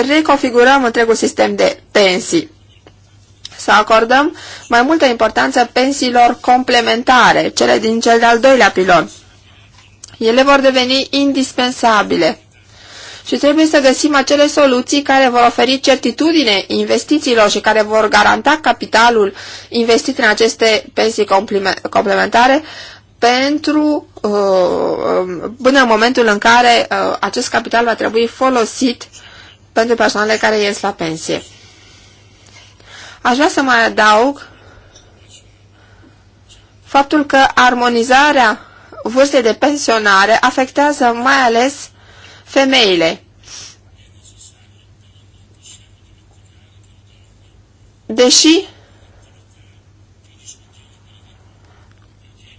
[SPEAKER 2] reconfigurăm întregul sistem de pensii. Să acordăm mai multă importanță pensiilor complementare, cele din cel de-al doilea pilon. Ele vor deveni indispensabile și trebuie să găsim acele soluții care vor oferi certitudine investițiilor și care vor garanta capitalul investit în aceste pensii complementare pentru uh, um, până în momentul în care uh, acest capital va trebui folosit pentru persoanele care ies la pensie. Aș vrea să mai adaug faptul că armonizarea vârstei de pensionare afectează mai ales femeile. Deși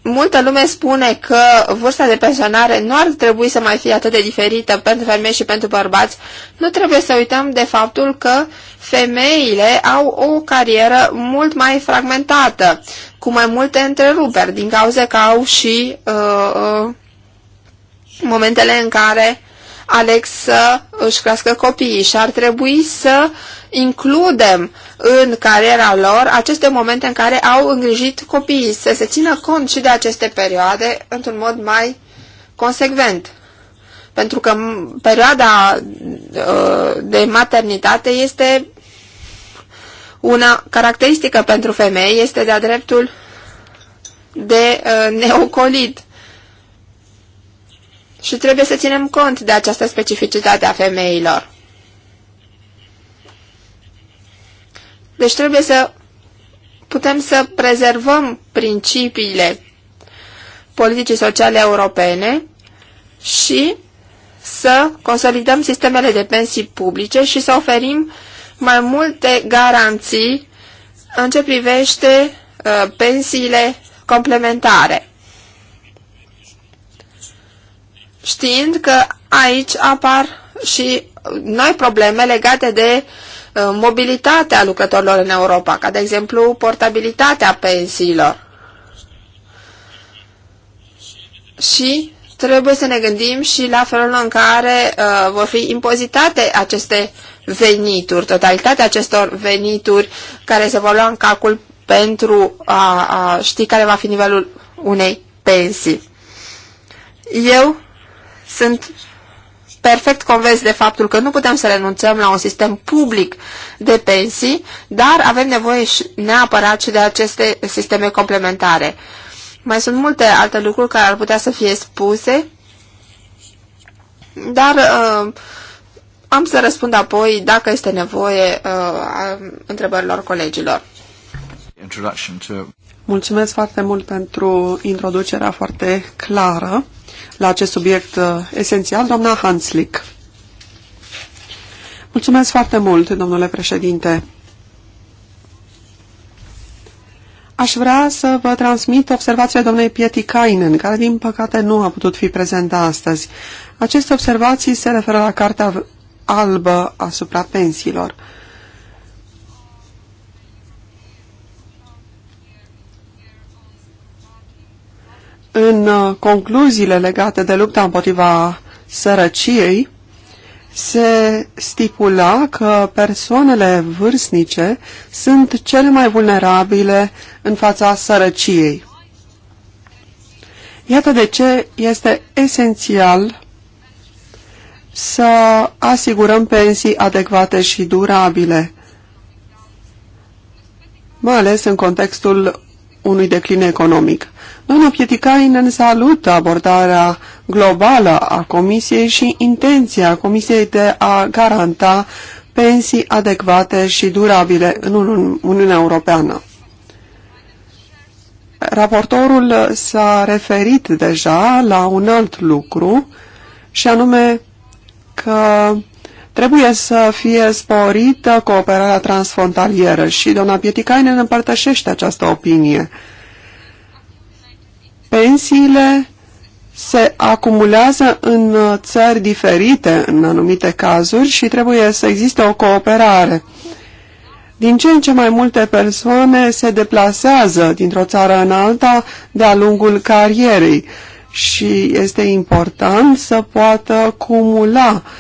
[SPEAKER 2] multă lume spune că vârsta de pensionare nu ar trebui să mai fie atât de diferită pentru femei și pentru bărbați, nu trebuie să uităm de faptul că femeile au o carieră mult mai fragmentată, cu mai multe întreruperi, din cauza că au și uh, uh momentele în care aleg să își crească copiii și ar trebui să includem uh, în cariera lor aceste momente în care au îngrijit copiii, să se țină cont și de aceste perioade într-un mod mai consecvent. Pentru că perioada uh, de maternitate este una caracteristică pentru femei, este de-a dreptul de uh, neocolit. Și trebuie să ținem cont de această specificitate a femeilor. Deci trebuie să putem să prezervăm principiile politicii sociale europene și să consolidăm sistemele de pensii publice și să oferim mai multe garanții în ce privește uh, pensiile complementare. Știind că aici apar și noi probleme legate de uh, Uh, mobilitatea lucrătorilor în Europa, ca de exemplu portabilitatea pensiilor. Și trebuie să ne gândim și la felul în care uh, vor fi impozitate aceste venituri, totalitatea acestor venituri care se vor lua în calcul pentru a, a ști care va fi nivelul unei pensii. Eu sunt perfect convins de faptul că nu putem să renunțăm la un sistem public de pensii, dar avem nevoie și neapărat și de aceste sisteme complementare. Mai sunt multe alte lucruri care ar putea să fie spuse, dar uh, am să răspund apoi, dacă este nevoie, uh, a întrebărilor colegilor. Mulțumesc foarte mult pentru
[SPEAKER 3] introducerea foarte clară la acest subiect uh, esențial, doamna Hanslick. Mulțumesc foarte mult, domnule președinte. Aș vrea să vă transmit observațiile domnului Pieti Kainen, care din păcate nu a putut fi prezentă astăzi. Aceste observații se referă la Cartea Albă asupra pensiilor. În uh, concluziile legate de lupta împotriva sărăciei, se stipula că persoanele vârstnice sunt cele mai vulnerabile în fața sărăciei. Iată de ce este esențial să asigurăm pensii adecvate și durabile, mai ales în contextul unui declin economic. Doamna Pieticainen salută abordarea globală a Comisiei și intenția Comisiei de a garanta pensii adecvate și durabile în Uniunea Europeană. Raportorul s-a referit deja la un alt lucru și anume că Trebuie să fie sporită cooperarea transfrontalieră și doamna Pieticainen împărtășește această opinie. Pensiile se acumulează în țări diferite în anumite cazuri și trebuie să existe o cooperare. Din ce în ce mai multe persoane se deplasează dintr-o țară în alta de-a lungul carierei și este important să poată cumula uh,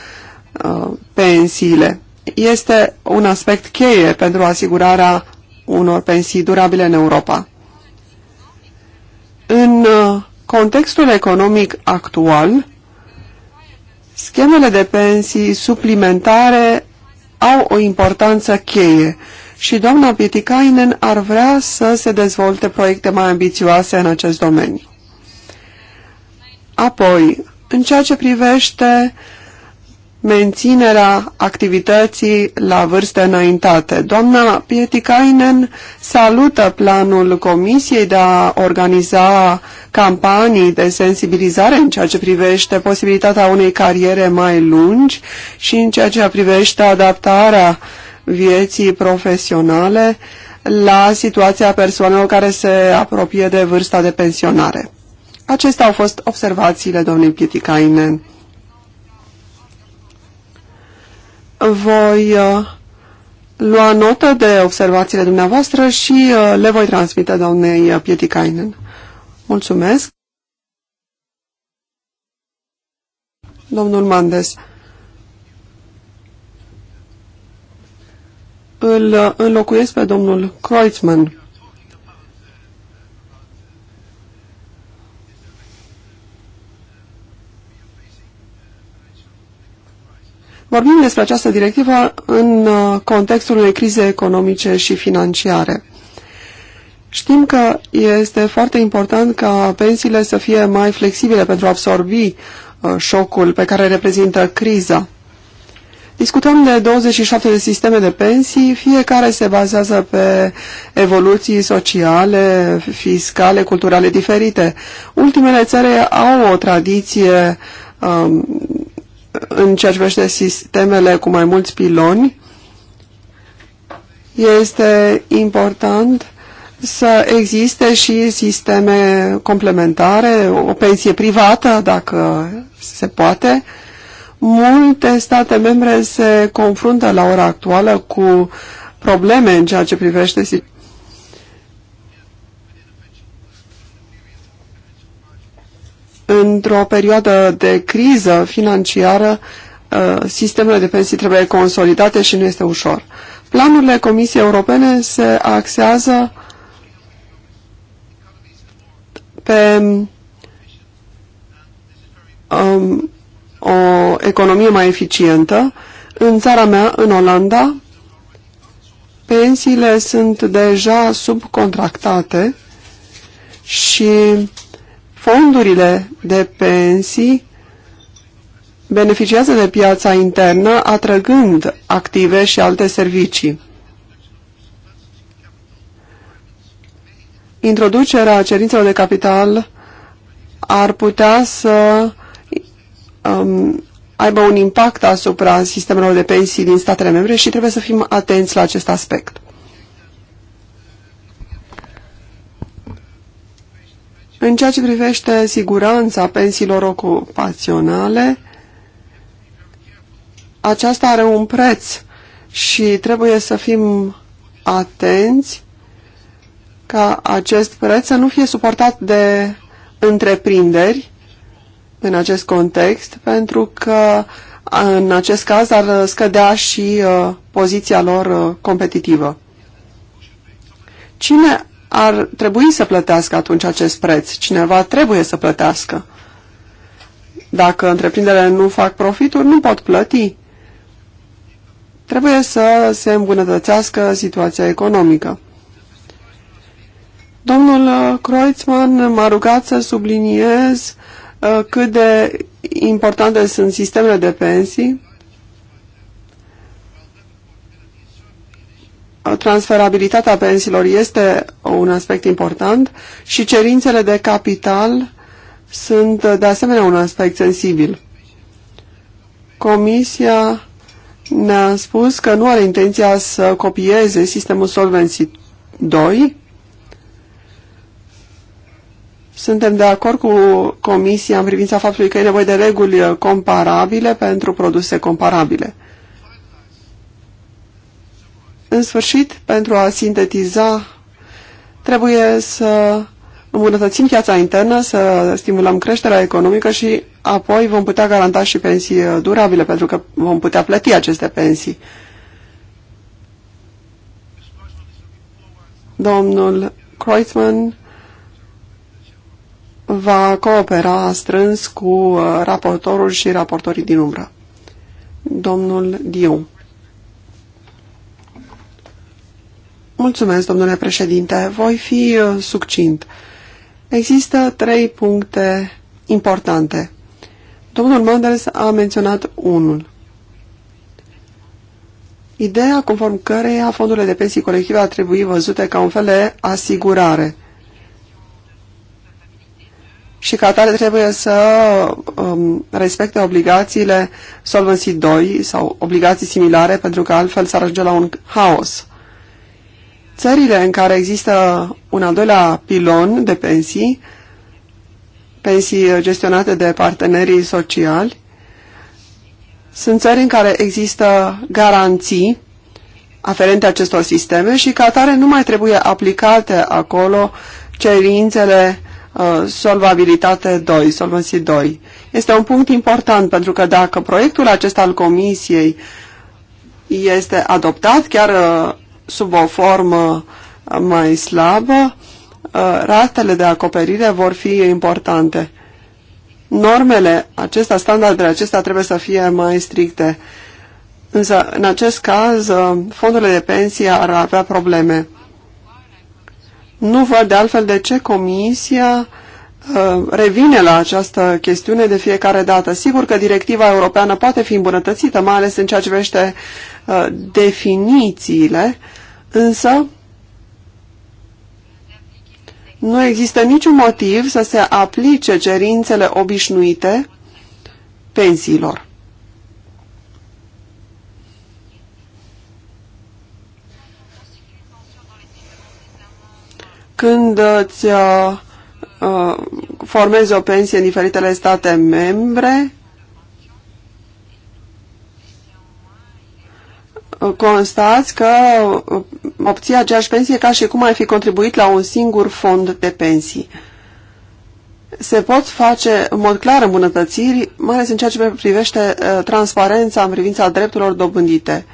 [SPEAKER 3] Uh, pensiile. Este un aspect cheie pentru asigurarea unor pensii durabile în Europa. În uh, contextul economic actual, schemele de pensii suplimentare au o importanță cheie și doamna Pietikainen ar vrea să se dezvolte proiecte mai ambițioase în acest domeniu. Apoi, în ceea ce privește menținerea activității la vârste înaintate. Doamna Pietikainen salută planul Comisiei de a organiza campanii de sensibilizare în ceea ce privește posibilitatea unei cariere mai lungi și în ceea ce privește adaptarea vieții profesionale la situația persoanelor care se apropie de vârsta de pensionare. Acestea au fost observațiile domnului Pietikainen. voi uh, lua notă de observațiile dumneavoastră și uh, le voi transmite doamnei Pietikainen. Mulțumesc. Domnul Mandes. Îl uh, înlocuiesc pe domnul Kreutzmann. Vorbim despre această directivă în uh, contextul unei crize economice și financiare. Știm că este foarte important ca pensiile să fie mai flexibile pentru a absorbi uh, șocul pe care reprezintă criza. Discutăm de 27 de sisteme de pensii, fiecare se bazează pe evoluții sociale, fiscale, culturale diferite. Ultimele țări au o tradiție um, în ceea ce privește sistemele cu mai mulți piloni, este important să existe și sisteme complementare, o pensie privată, dacă se poate. Multe state membre se confruntă la ora actuală cu probleme în ceea ce privește Într-o perioadă de criză financiară, uh, sistemele de pensii trebuie consolidate și nu este ușor. Planurile Comisiei Europene se axează pe um, o economie mai eficientă. În țara mea, în Olanda, pensiile sunt deja subcontractate și fondurile de pensii beneficiază de piața internă, atrăgând active și alte servicii. Introducerea cerințelor de capital ar putea să um, aibă un impact asupra sistemelor de pensii din statele membre și trebuie să fim atenți la acest aspect. În ceea ce privește siguranța pensiilor ocupaționale, aceasta are un preț și trebuie să fim atenți ca acest preț să nu fie suportat de întreprinderi în acest context, pentru că în acest caz ar scădea și uh, poziția lor uh, competitivă. Cine ar trebui să plătească atunci acest preț. Cineva trebuie să plătească. Dacă întreprinderile nu fac profituri, nu pot plăti. Trebuie să se îmbunătățească situația economică. Domnul Kreutzmann m-a rugat să subliniez uh, cât de importante sunt sistemele de pensii transferabilitatea pensiilor este un aspect important și cerințele de capital sunt de asemenea un aspect sensibil. Comisia ne-a spus că nu are intenția să copieze sistemul Solvency 2. Suntem de acord cu Comisia în privința faptului că e nevoie de reguli comparabile pentru produse comparabile. În sfârșit, pentru a sintetiza, trebuie să îmbunătățim piața internă, să stimulăm creșterea economică și apoi vom putea garanta și pensii uh, durabile, pentru că vom putea plăti aceste pensii. Domnul Kreutzmann va coopera strâns cu uh, raportorul și raportorii din umbră. Domnul Dion. Mulțumesc, domnule președinte. Voi fi uh, succint. Există trei puncte importante. Domnul Manders a menționat unul. Ideea conform căreia fondurile de pensii colective ar trebui văzute ca un fel de asigurare și ca atare trebuie să um, respecte obligațiile Solvency 2 sau obligații similare pentru că altfel s-ar ajunge la un haos. Țările în care există un al doilea pilon de pensii, pensii gestionate de partenerii sociali, sunt țări în care există garanții aferente acestor sisteme și ca atare nu mai trebuie aplicate acolo cerințele uh, solvabilitate 2, solvency 2. Este un punct important pentru că dacă proiectul acesta al Comisiei este adoptat, chiar uh, sub o formă mai slabă, uh, ratele de acoperire vor fi importante. Normele acestea, standardele acestea trebuie să fie mai stricte. Însă, în acest caz, uh, fondurile de pensie ar avea probleme. Nu văd de altfel de ce Comisia uh, revine la această chestiune de fiecare dată. Sigur că directiva europeană poate fi îmbunătățită, mai ales în ceea ce privește definițiile, Însă, nu există niciun motiv să se aplice cerințele obișnuite pensiilor. Când îți uh, uh formezi o pensie în diferitele state membre, constați că uh, obții aceeași pensie ca și cum ai fi contribuit la un singur fond de pensii. Se pot face în mod clar îmbunătățiri, mai ales în ceea ce privește uh, transparența în privința drepturilor dobândite.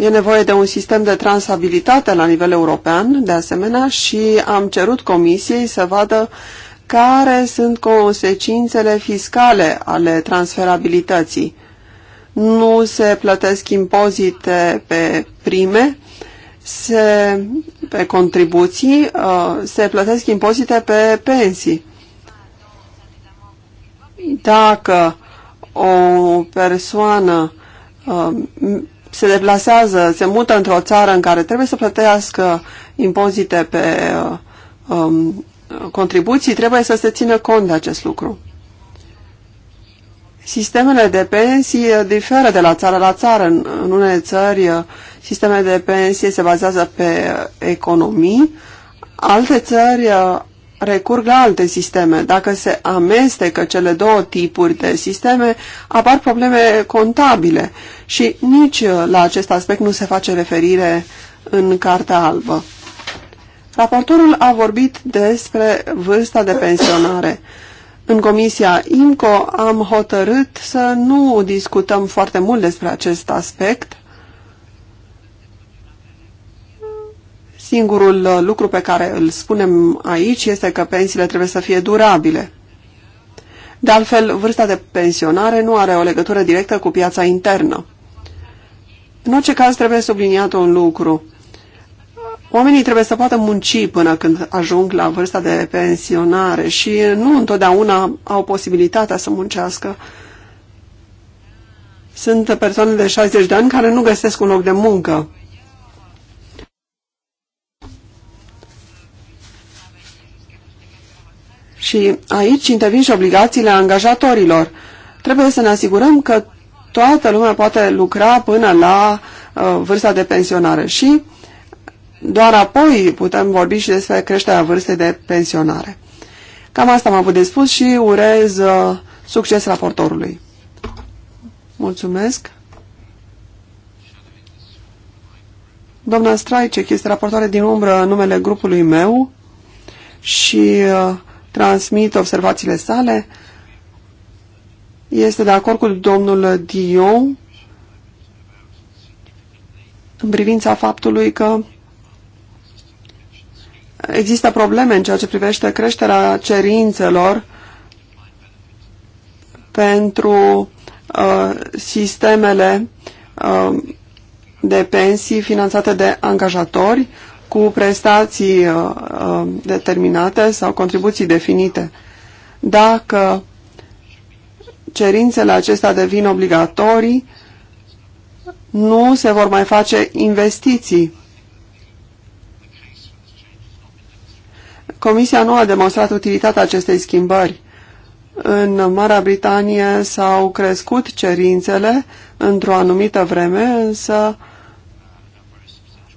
[SPEAKER 3] E nevoie de un sistem de transabilitate la nivel european, de asemenea, și am cerut Comisiei să vadă care sunt consecințele fiscale ale transferabilității nu se plătesc impozite pe prime, se, pe contribuții, uh, se plătesc impozite pe pensii. Dacă o persoană uh, se deplasează, se mută într-o țară în care trebuie să plătească impozite pe uh, um, contribuții, trebuie să se țină cont de acest lucru. Sistemele de pensii uh, diferă de la țară la țară. În unele țări, uh, sistemele de pensie se bazează pe uh, economii, alte țări recurg la alte sisteme. Dacă se amestecă cele două tipuri de sisteme, apar probleme contabile și nici la acest aspect nu se face referire în Cartea Albă. Raportorul a vorbit despre vârsta de pensionare. În Comisia IMCO am hotărât să nu discutăm foarte mult despre acest aspect. Singurul uh, lucru pe care îl spunem aici este că pensiile trebuie să fie durabile. De altfel, vârsta de pensionare nu are o legătură directă cu piața internă. În orice caz, trebuie subliniat un lucru. Oamenii trebuie să poată munci până când ajung la vârsta de pensionare și nu întotdeauna au posibilitatea să muncească. Sunt persoane de 60 de ani care nu găsesc un loc de muncă. Și aici intervin și obligațiile angajatorilor. Trebuie să ne asigurăm că toată lumea poate lucra până la uh, vârsta de pensionare și uh, doar apoi putem vorbi și despre creșterea vârstei de pensionare. Cam asta am avut de spus și urez uh, succes raportorului. Mulțumesc. Doamna Straicek este raportoare din umbră numele grupului meu și uh, transmit observațiile sale. Este de acord cu domnul Dion în privința faptului că Există probleme în ceea ce privește creșterea cerințelor pentru uh, sistemele uh, de pensii finanțate de angajatori cu prestații uh, uh determinate sau contribuții definite. Dacă cerințele acestea devin obligatorii, nu se vor mai face investiții. Comisia nu a demonstrat utilitatea acestei schimbări. În Marea Britanie s-au crescut cerințele într-o anumită vreme, însă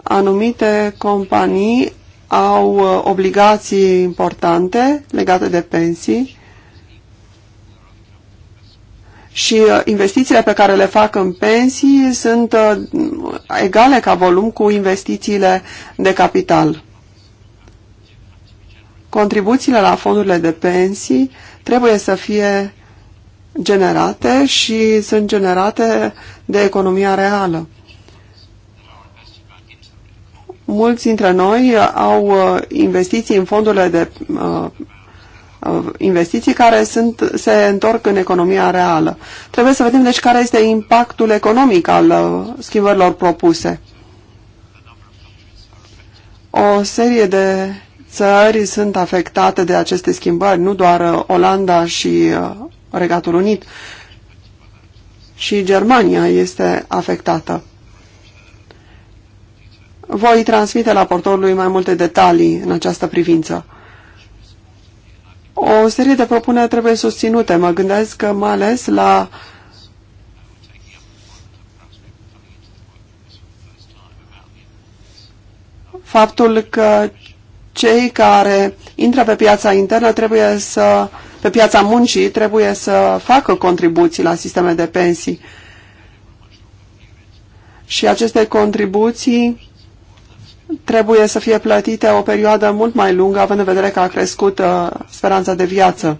[SPEAKER 3] anumite companii au uh, obligații importante legate de pensii și uh, investițiile pe care le fac în pensii sunt uh, egale ca volum cu investițiile de capital contribuțiile la fondurile de pensii trebuie să fie generate și sunt generate de economia reală. Mulți dintre noi au uh, investiții în fondurile de uh, uh, investiții care sunt, se întorc în economia reală. Trebuie să vedem deci care este impactul economic al schimbărilor propuse. O serie de țări sunt afectate de aceste schimbări, nu doar uh, Olanda și uh, Regatul Unit, și Germania este afectată. Voi transmite la portorului mai multe detalii în această privință. O serie de propuneri trebuie susținute. Mă gândesc că mai ales la faptul că cei care intră pe piața internă trebuie să, pe piața muncii, trebuie să facă contribuții la sisteme de pensii. Și aceste contribuții trebuie să fie plătite o perioadă mult mai lungă, având în vedere că a crescut uh, speranța de viață.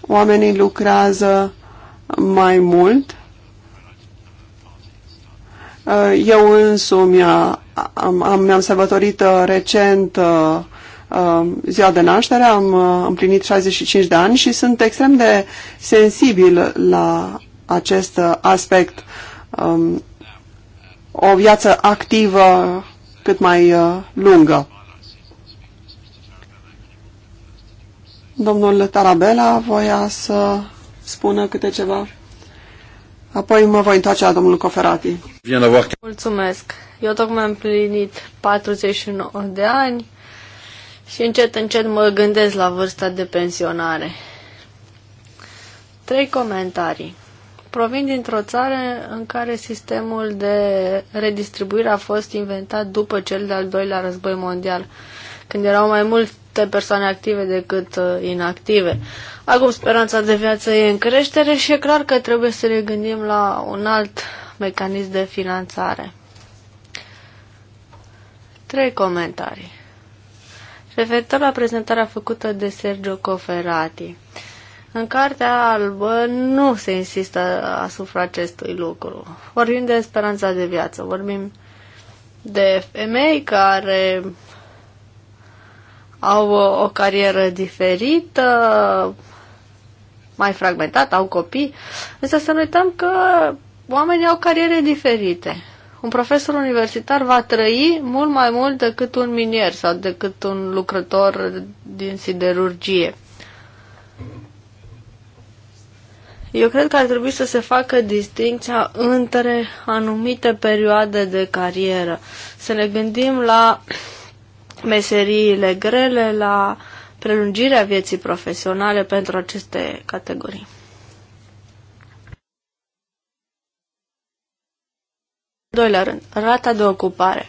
[SPEAKER 3] Oamenii lucrează mai mult Uh, eu însumi uh, am, mi-am sărbătorit uh, recent ziua de naștere, am împlinit 65 de ani și sunt extrem de sensibil la acest aspect. Um, o viață activă cât mai lungă. Domnul Tarabela voia să spună câte ceva. Apoi mă voi întoarce la domnul Coferati.
[SPEAKER 1] Mulțumesc. Eu tocmai am plinit 49 de ani și încet, încet mă gândesc la vârsta de pensionare. Trei comentarii. Provin dintr-o țară în care sistemul de redistribuire a fost inventat după cel de-al doilea război mondial, când erau mai mulți multe persoane active decât uh, inactive. Acum speranța de viață e în creștere și e clar că trebuie să ne gândim la un alt mecanism de finanțare. Trei comentarii. Referitor la prezentarea făcută de Sergio Coferati. În cartea albă nu se insistă asupra acestui lucru. Vorbim de speranța de viață, vorbim de femei care au o carieră diferită, mai fragmentată, au copii, însă să nu uităm că oamenii au cariere diferite. Un profesor universitar va trăi mult mai mult decât un minier sau decât un lucrător din siderurgie. Eu cred că ar trebui să se facă distinția între anumite perioade de carieră. Să ne gândim la meseriile grele, la prelungirea vieții profesionale pentru aceste categorii. doilea rând, rata de ocupare.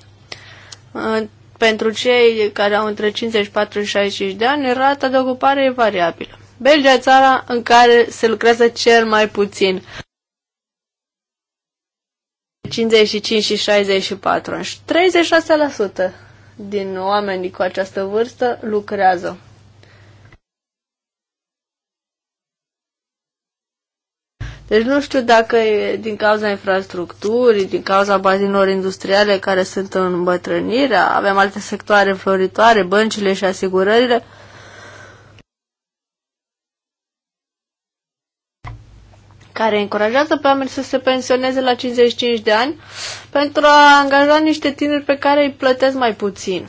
[SPEAKER 1] Pentru cei care au între 54 și 65 de ani, rata de ocupare e variabilă. Belgia e țara în care se lucrează cel mai puțin. 55 și 64 ani. 36% din oamenii cu această vârstă lucrează. Deci nu știu dacă e din cauza infrastructurii, din cauza bazinilor industriale care sunt în îmbătrânire, avem alte sectoare floritoare, băncile și asigurările, care încurajează pe oameni să se pensioneze la 55 de ani pentru a angaja niște tineri pe care îi plătesc mai puțin.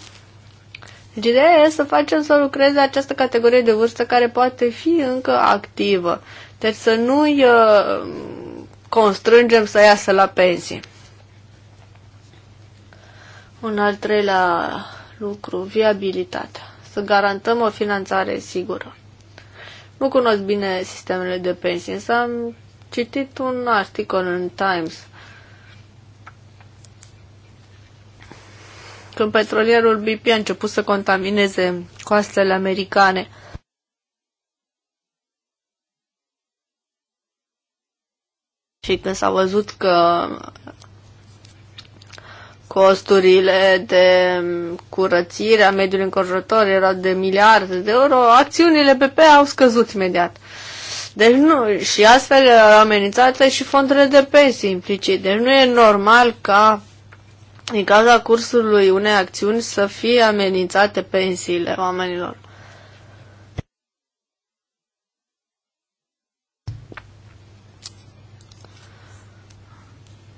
[SPEAKER 1] Deci ideea e să facem să lucreze această categorie de vârstă care poate fi încă activă. Deci să nu îi uh, constrângem să iasă la pensie. Un al treilea lucru, viabilitatea. Să garantăm o finanțare sigură. Nu cunosc bine sistemele de pensii, însă am citit un articol în Times când petrolierul BP a început să contamineze coastele americane. Și când s-a văzut că costurile de curățire a mediului înconjurător erau de miliarde de euro, acțiunile BP au scăzut imediat. Deci nu, și astfel uh, amenințate și fondurile de pensii implicit. Deci nu e normal ca în cazul cursului unei acțiuni să fie amenințate pensiile oamenilor.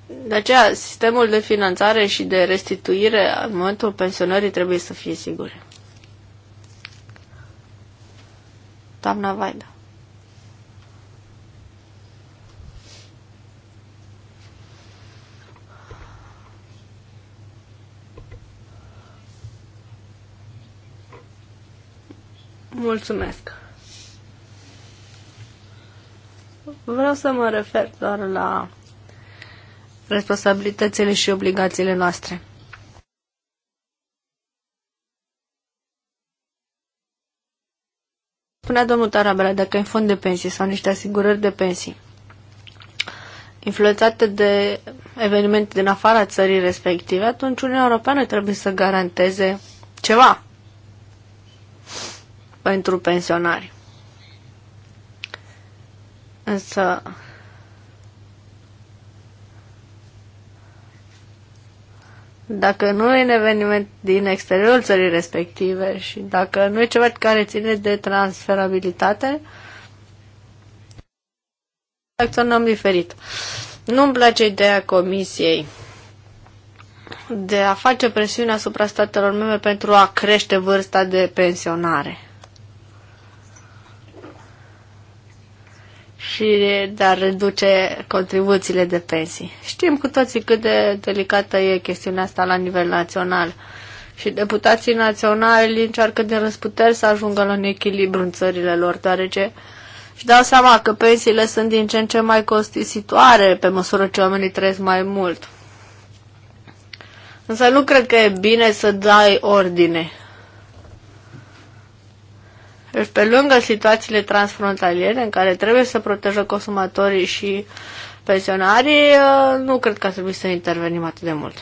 [SPEAKER 1] De aceea, sistemul de finanțare și de restituire în momentul pensionării trebuie să fie sigure. Doamna Vaida. Mulțumesc. Vreau să mă refer doar la responsabilitățile și obligațiile noastre. Spunea domnul Tarabela dacă e fond de pensii sau niște asigurări de pensii influențate de evenimente din afara țării respective, atunci Uniunea Europeană trebuie să garanteze ceva pentru pensionari. Însă dacă nu e un eveniment din exteriorul țării respective și dacă nu e ceva care ține de transferabilitate, acționăm diferit. Nu-mi place ideea comisiei de a face presiune asupra statelor membre pentru a crește vârsta de pensionare. și de a reduce contribuțiile de pensii. Știm cu toții cât de delicată e chestiunea asta la nivel național și deputații naționali încearcă de răsputeri să ajungă la un echilibru în țările lor, deoarece și dau seama că pensiile sunt din ce în ce mai costisitoare pe măsură ce oamenii trăiesc mai mult. Însă nu cred că e bine să dai ordine deci, pe lângă situațiile transfrontaliere în care trebuie să protejă consumatorii și pensionarii, uh, nu cred că ar trebui să intervenim atât de mult.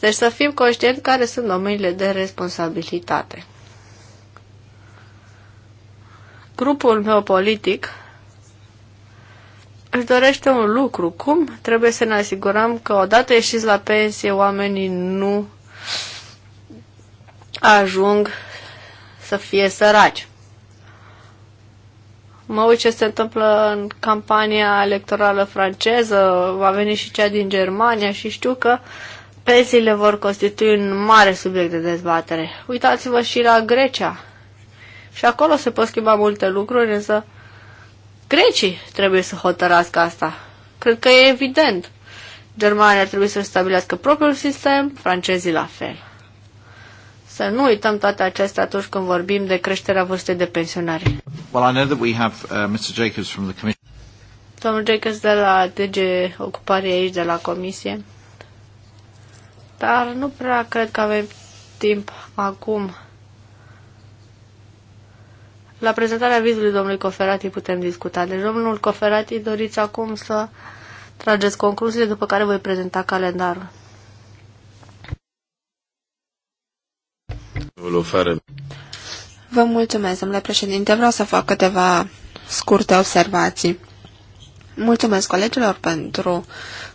[SPEAKER 1] Deci să fim conștienți care sunt domeniile de responsabilitate. Grupul meu politic își dorește un lucru. Cum trebuie să ne asigurăm că odată ieșiți la pensie, oamenii nu ajung să fie săraci. Mă uit ce se întâmplă în campania electorală franceză, va veni și cea din Germania și știu că pensiile vor constitui un mare subiect de dezbatere. Uitați-vă și la Grecia. Și acolo se pot schimba multe lucruri, însă grecii trebuie să hotărască asta. Cred că e evident. Germania trebuie să stabilească propriul sistem, francezii la fel. Să nu uităm toate acestea atunci când vorbim de creșterea vârstei de pensionare.
[SPEAKER 3] Well, I know that we have
[SPEAKER 2] uh, Mr. Jacobs from the Commission.
[SPEAKER 1] Domnul Jacobs de la DG Ocupare aici, de la Comisie. Dar nu prea cred că avem timp acum. La prezentarea vizului domnului Coferati putem discuta. Deci, domnul Coferati, doriți acum să trageți concluziile, după care
[SPEAKER 2] voi prezenta calendarul. Vă mulțumesc, domnule președinte. Vreau să fac câteva scurte observații. Mulțumesc colegilor pentru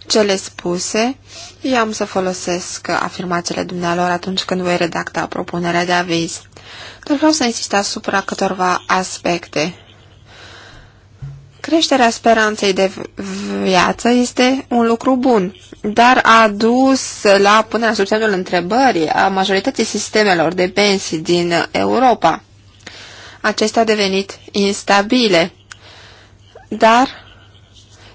[SPEAKER 2] cele spuse. Eu am să folosesc afirmațiile dumnealor atunci când voi redacta propunerea de aviz. Dar vreau să insist asupra câtorva aspecte. Creșterea speranței de viață este un lucru bun, dar a dus la punerea sub semnul întrebării a majorității sistemelor de pensii din Europa. Acestea au devenit instabile, dar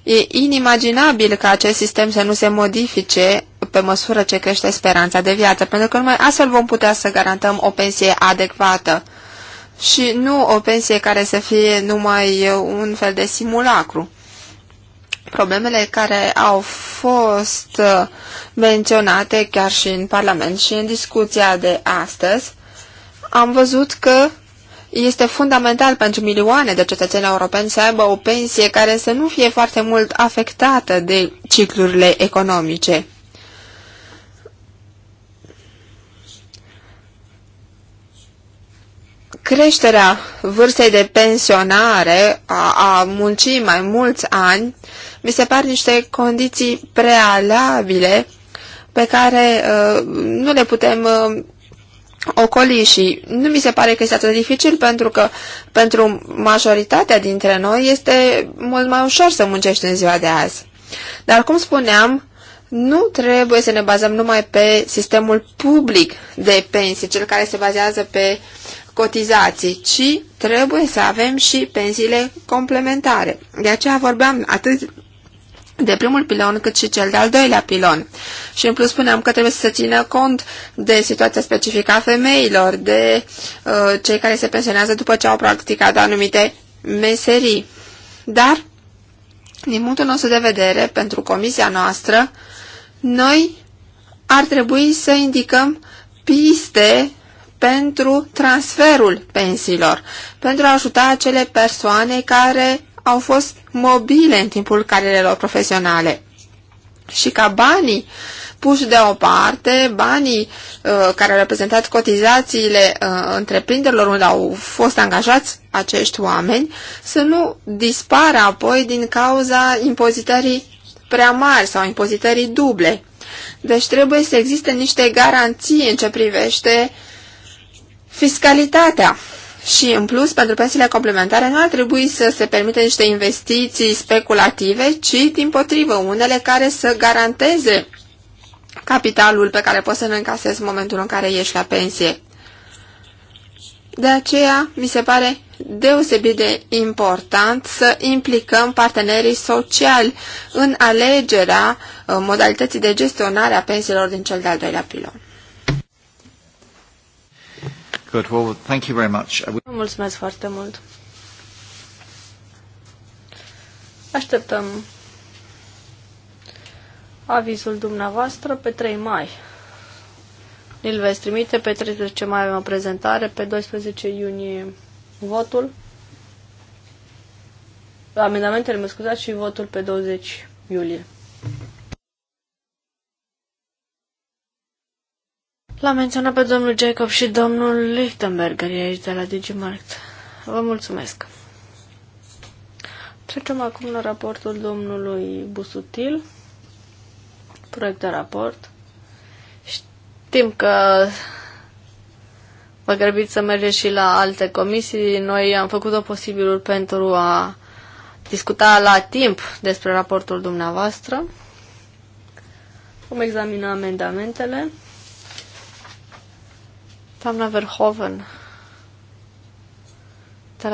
[SPEAKER 2] e inimaginabil ca acest sistem să nu se modifice pe măsură ce crește speranța de viață, pentru că numai astfel vom putea să garantăm o pensie adecvată și nu o pensie care să fie numai uh, un fel de simulacru. Problemele care au fost uh, menționate chiar și în Parlament și în discuția de astăzi, am văzut că este fundamental pentru milioane de cetățeni europeni să aibă o pensie care să nu fie foarte mult afectată de ciclurile economice. creșterea vârstei de pensionare, a, a muncii mai mulți ani, mi se par niște condiții prealabile pe care uh, nu le putem uh, ocoli și nu mi se pare că este atât de dificil pentru că pentru majoritatea dintre noi este mult mai ușor să muncești în ziua de azi. Dar cum spuneam, nu trebuie să ne bazăm numai pe sistemul public de pensii, cel care se bazează pe uh, cotizații, ci trebuie să avem și pensiile complementare. De aceea vorbeam atât de primul pilon cât și cel de-al doilea pilon. Și în plus spuneam că trebuie să se țină cont de situația specifică a femeilor, de uh, cei care se pensionează după ce au practicat anumite meserii. Dar, din punctul nostru de vedere, pentru comisia noastră, noi ar trebui să indicăm piste pentru transferul pensiilor, pentru a ajuta acele persoane care au fost mobile în timpul carierelor profesionale. Și ca banii puși deoparte, banii uh, care au reprezentat cotizațiile uh, întreprinderilor unde au fost angajați acești oameni, să nu dispară apoi din cauza impozitării prea mari sau impozitării duble. Deci trebuie să existe niște garanții în ce privește uh, Fiscalitatea. Și, în plus, pentru pensiile complementare nu ar trebui să se permite niște investiții speculative, ci, din potrivă, unele care să garanteze capitalul pe care poți să-l încasezi în momentul în care ieși la pensie. De aceea, mi se pare deosebit de important să implicăm partenerii sociali în alegerea uh, modalității de gestionare a pensiilor din cel de-al doilea pilon.
[SPEAKER 3] Good. Well, thank you very much.
[SPEAKER 1] Mulțumesc foarte mult. Așteptăm avizul dumneavoastră pe 3 mai. Îl veți trimite pe 13 mai avem o prezentare, pe 12 iunie votul. Amendamentele, mă scuzați, și votul pe 20 iulie. L-a menționat pe domnul Jacob și domnul Lichtenberger e aici de la Digimarkt. Vă mulțumesc. Trecem acum la raportul domnului Busutil, proiect de raport. Știm că vă grăbiți să mergeți și la alte comisii. Noi am făcut-o posibilul pentru a discuta la timp despre raportul dumneavoastră. Vom examina amendamentele. Doamna Verhoven,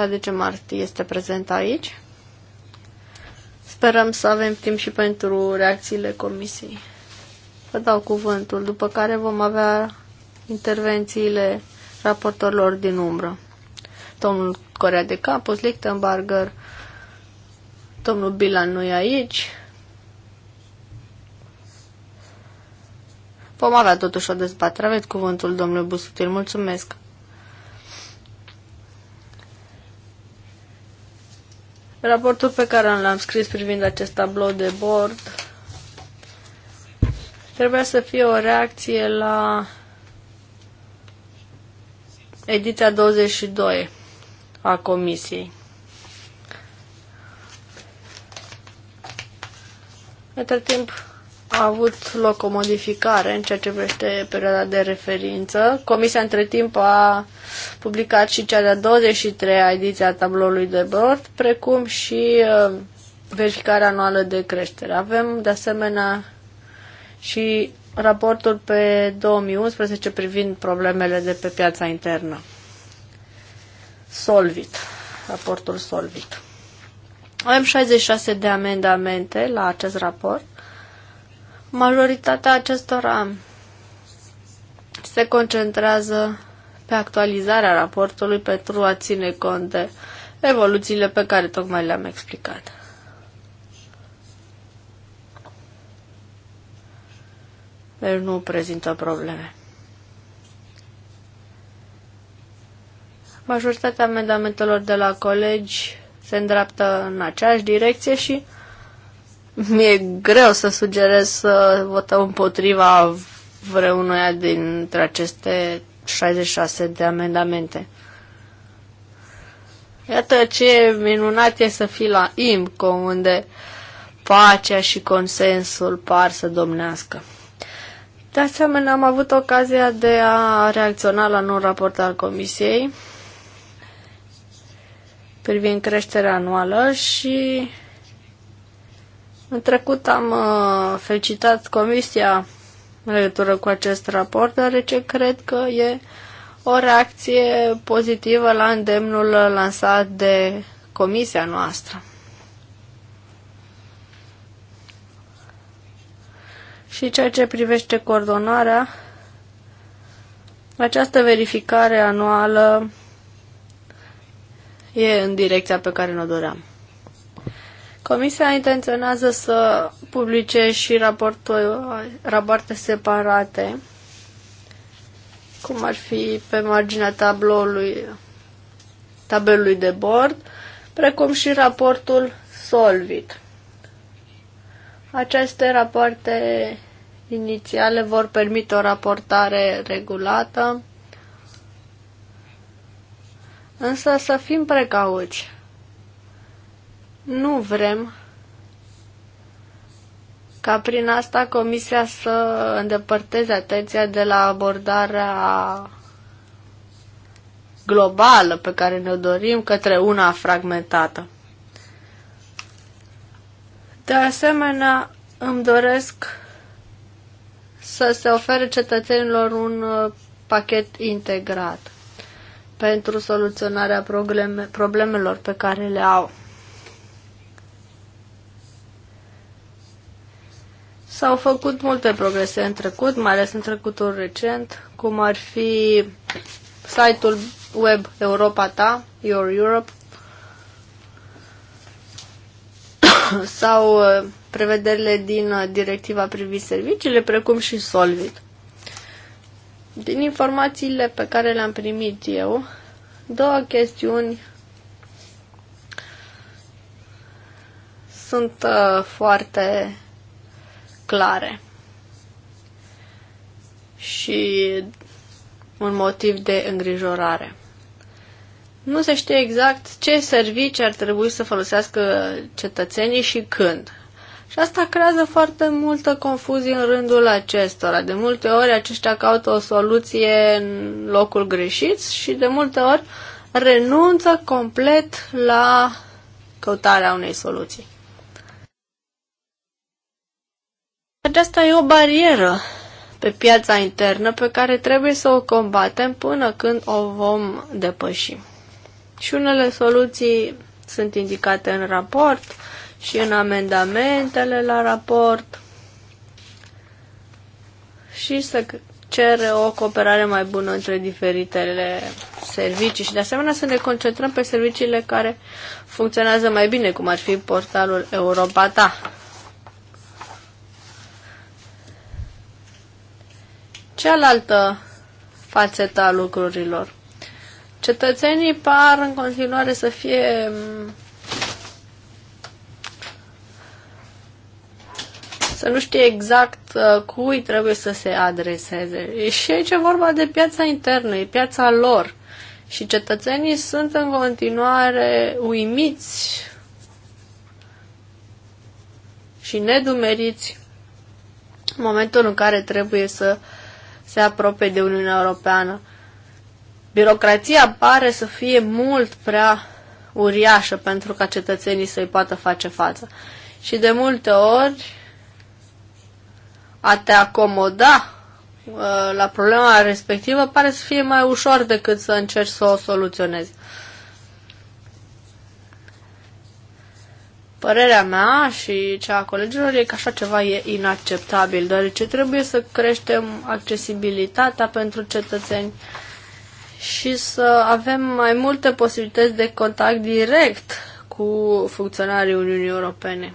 [SPEAKER 1] de ce Marti este prezentă aici. Sperăm să avem timp și pentru reacțiile comisiei. Vă dau cuvântul, după care vom avea intervențiile raportorilor din umbră. Domnul Corea de Capus, Lichtenberger, domnul Bilan nu e aici, Vom avea totuși o dezbatere. Aveți cuvântul, domnule Busutil. Mulțumesc. Raportul pe care l-am scris privind acest tablou de bord trebuia să fie o reacție la ediția 22 a comisiei. Între timp, a avut loc o modificare în ceea ce privește perioada de referință. Comisia între timp a publicat și cea de-a 23-a ediție a tabloului de bord, precum și uh, verificarea anuală de creștere. Avem de asemenea și raportul pe 2011 privind problemele de pe piața internă. Solvit. Raportul Solvit. Avem 66 de amendamente la acest raport Majoritatea acestora se concentrează pe actualizarea raportului pentru a ține cont de evoluțiile pe care tocmai le-am explicat. Deci nu prezintă probleme. Majoritatea amendamentelor de la colegi se îndreaptă în aceeași direcție și mi-e greu să sugerez să votăm împotriva vreunuia dintre aceste 66 de amendamente. Iată ce minunat e să fii la IMCO, unde pacea și consensul par să domnească. De asemenea, am avut ocazia de a reacționa la un raport al Comisiei privind creșterea anuală și în trecut am uh, felicitat Comisia în legătură cu acest raport, deoarece cred că e o reacție pozitivă la îndemnul lansat de Comisia noastră. Și ceea ce privește coordonarea, această verificare anuală e în direcția pe care ne-o doream. Comisia intenționează să publice și rapoarte separate, cum ar fi pe marginea tabloului, tabelului de bord, precum și raportul Solvit. Aceste rapoarte inițiale vor permite o raportare regulată, însă să fim precauți nu vrem ca prin asta Comisia să îndepărteze atenția de la abordarea globală pe care ne-o dorim către una fragmentată. De asemenea, îmi doresc să se ofere cetățenilor un uh, pachet integrat pentru soluționarea probleme, problemelor pe care le au. S-au făcut multe progrese în trecut, mai ales în trecutul recent, cum ar fi site-ul web Europa Ta, Your Europe, sau uh, prevederile din uh, directiva privind serviciile, precum și Solvit. Din informațiile pe care le-am primit eu, două chestiuni sunt uh, foarte clare și un motiv de îngrijorare. Nu se știe exact ce servicii ar trebui să folosească cetățenii și când. Și asta creează foarte multă confuzie în rândul acestora. De multe ori aceștia caută o soluție în locul greșit și de multe ori renunță complet la căutarea unei soluții. Aceasta e o barieră pe piața internă pe care trebuie să o combatem până când o vom depăși. Și unele soluții sunt indicate în raport și în amendamentele la raport și să cere o cooperare mai bună între diferitele servicii și de asemenea să ne concentrăm pe serviciile care funcționează mai bine, cum ar fi portalul Europa Ta. cealaltă fațetă a lucrurilor. Cetățenii par în continuare să fie mm, să nu știe exact uh, cui trebuie să se adreseze. Și aici e vorba de piața internă, e piața lor. Și cetățenii sunt în continuare uimiți și nedumeriți în momentul în care trebuie să uh, se apropie de Uniunea Europeană. Birocrația pare să fie mult prea uriașă pentru ca cetățenii să-i poată face față. Și de multe ori a te acomoda uh, la problema respectivă pare să fie mai ușor decât să încerci să o soluționezi. Părerea mea și cea a colegilor e că așa ceva e inacceptabil, deoarece trebuie să creștem accesibilitatea pentru cetățeni și să avem mai multe posibilități de contact direct cu funcționarii Uniunii Europene.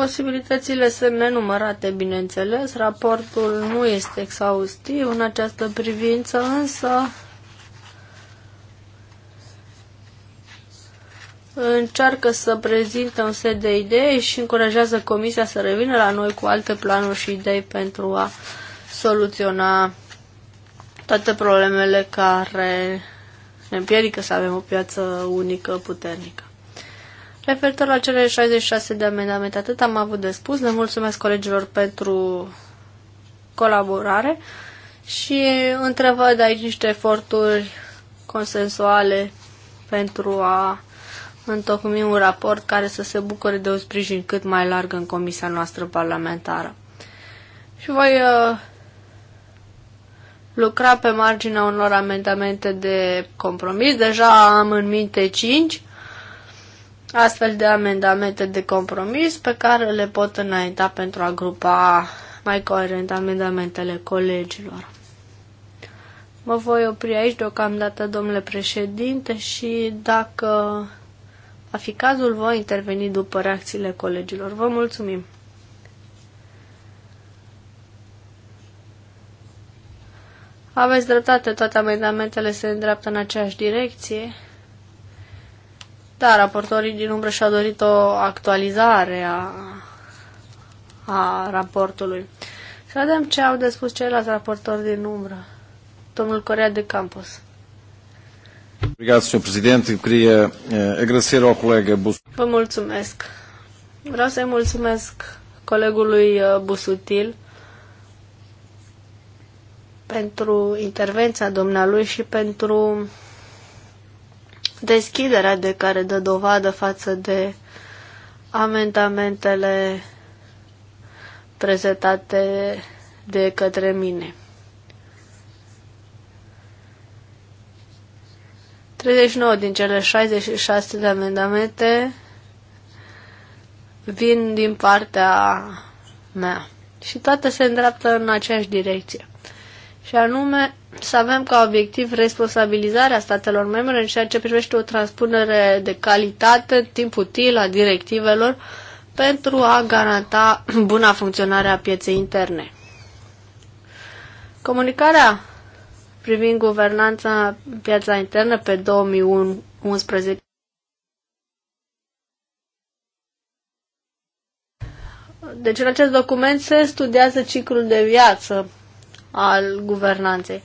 [SPEAKER 1] Posibilitățile sunt nenumărate, bineînțeles. Raportul nu este exhaustiv în această privință, însă încearcă să prezinte un set de idei și încurajează Comisia să revină la noi cu alte planuri și idei pentru a soluționa toate problemele care ne împiedică să avem o piață unică puternică. Referitor la cele 66 de amendamente, atât am avut de spus. Le mulțumesc colegilor pentru colaborare și întrevăd aici niște eforturi consensuale pentru a întocmi un raport care să se bucure de un sprijin cât mai larg în comisia noastră parlamentară. Și voi uh, lucra pe marginea unor amendamente de compromis. Deja am în minte 5 astfel de amendamente de compromis pe care le pot înainta pentru a grupa mai coerent amendamentele colegilor. Mă voi opri aici deocamdată, domnule președinte, și dacă a fi cazul, voi interveni după reacțiile colegilor. Vă mulțumim! Aveți dreptate, toate amendamentele se îndreaptă în aceeași direcție. Da, raportorii din umbră și-au dorit o actualizare a, a raportului. Să vedem ce au de spus ceilalți raportori din umbră. Domnul Corea de Campos. Obrigado,
[SPEAKER 3] Sr. Presidente. Eu queria eh, agradecer ao colega Busutil.
[SPEAKER 1] Vă mulțumesc. Vreau să-i mulțumesc colegului eh, Busutil pentru intervenția domnului și pentru deschiderea de care dă dovadă față de amendamentele prezentate de către mine. 39 din cele 66 de amendamente vin din partea mea și toate se îndreaptă în aceeași direcție. Și anume să avem ca obiectiv responsabilizarea statelor membre în ceea ce privește o transpunere de calitate în timp util a directivelor pentru a garanta buna funcționare a pieței interne. Comunicarea privind guvernanța piața internă pe 2011 Deci în acest document se studiază ciclul de viață al guvernanței.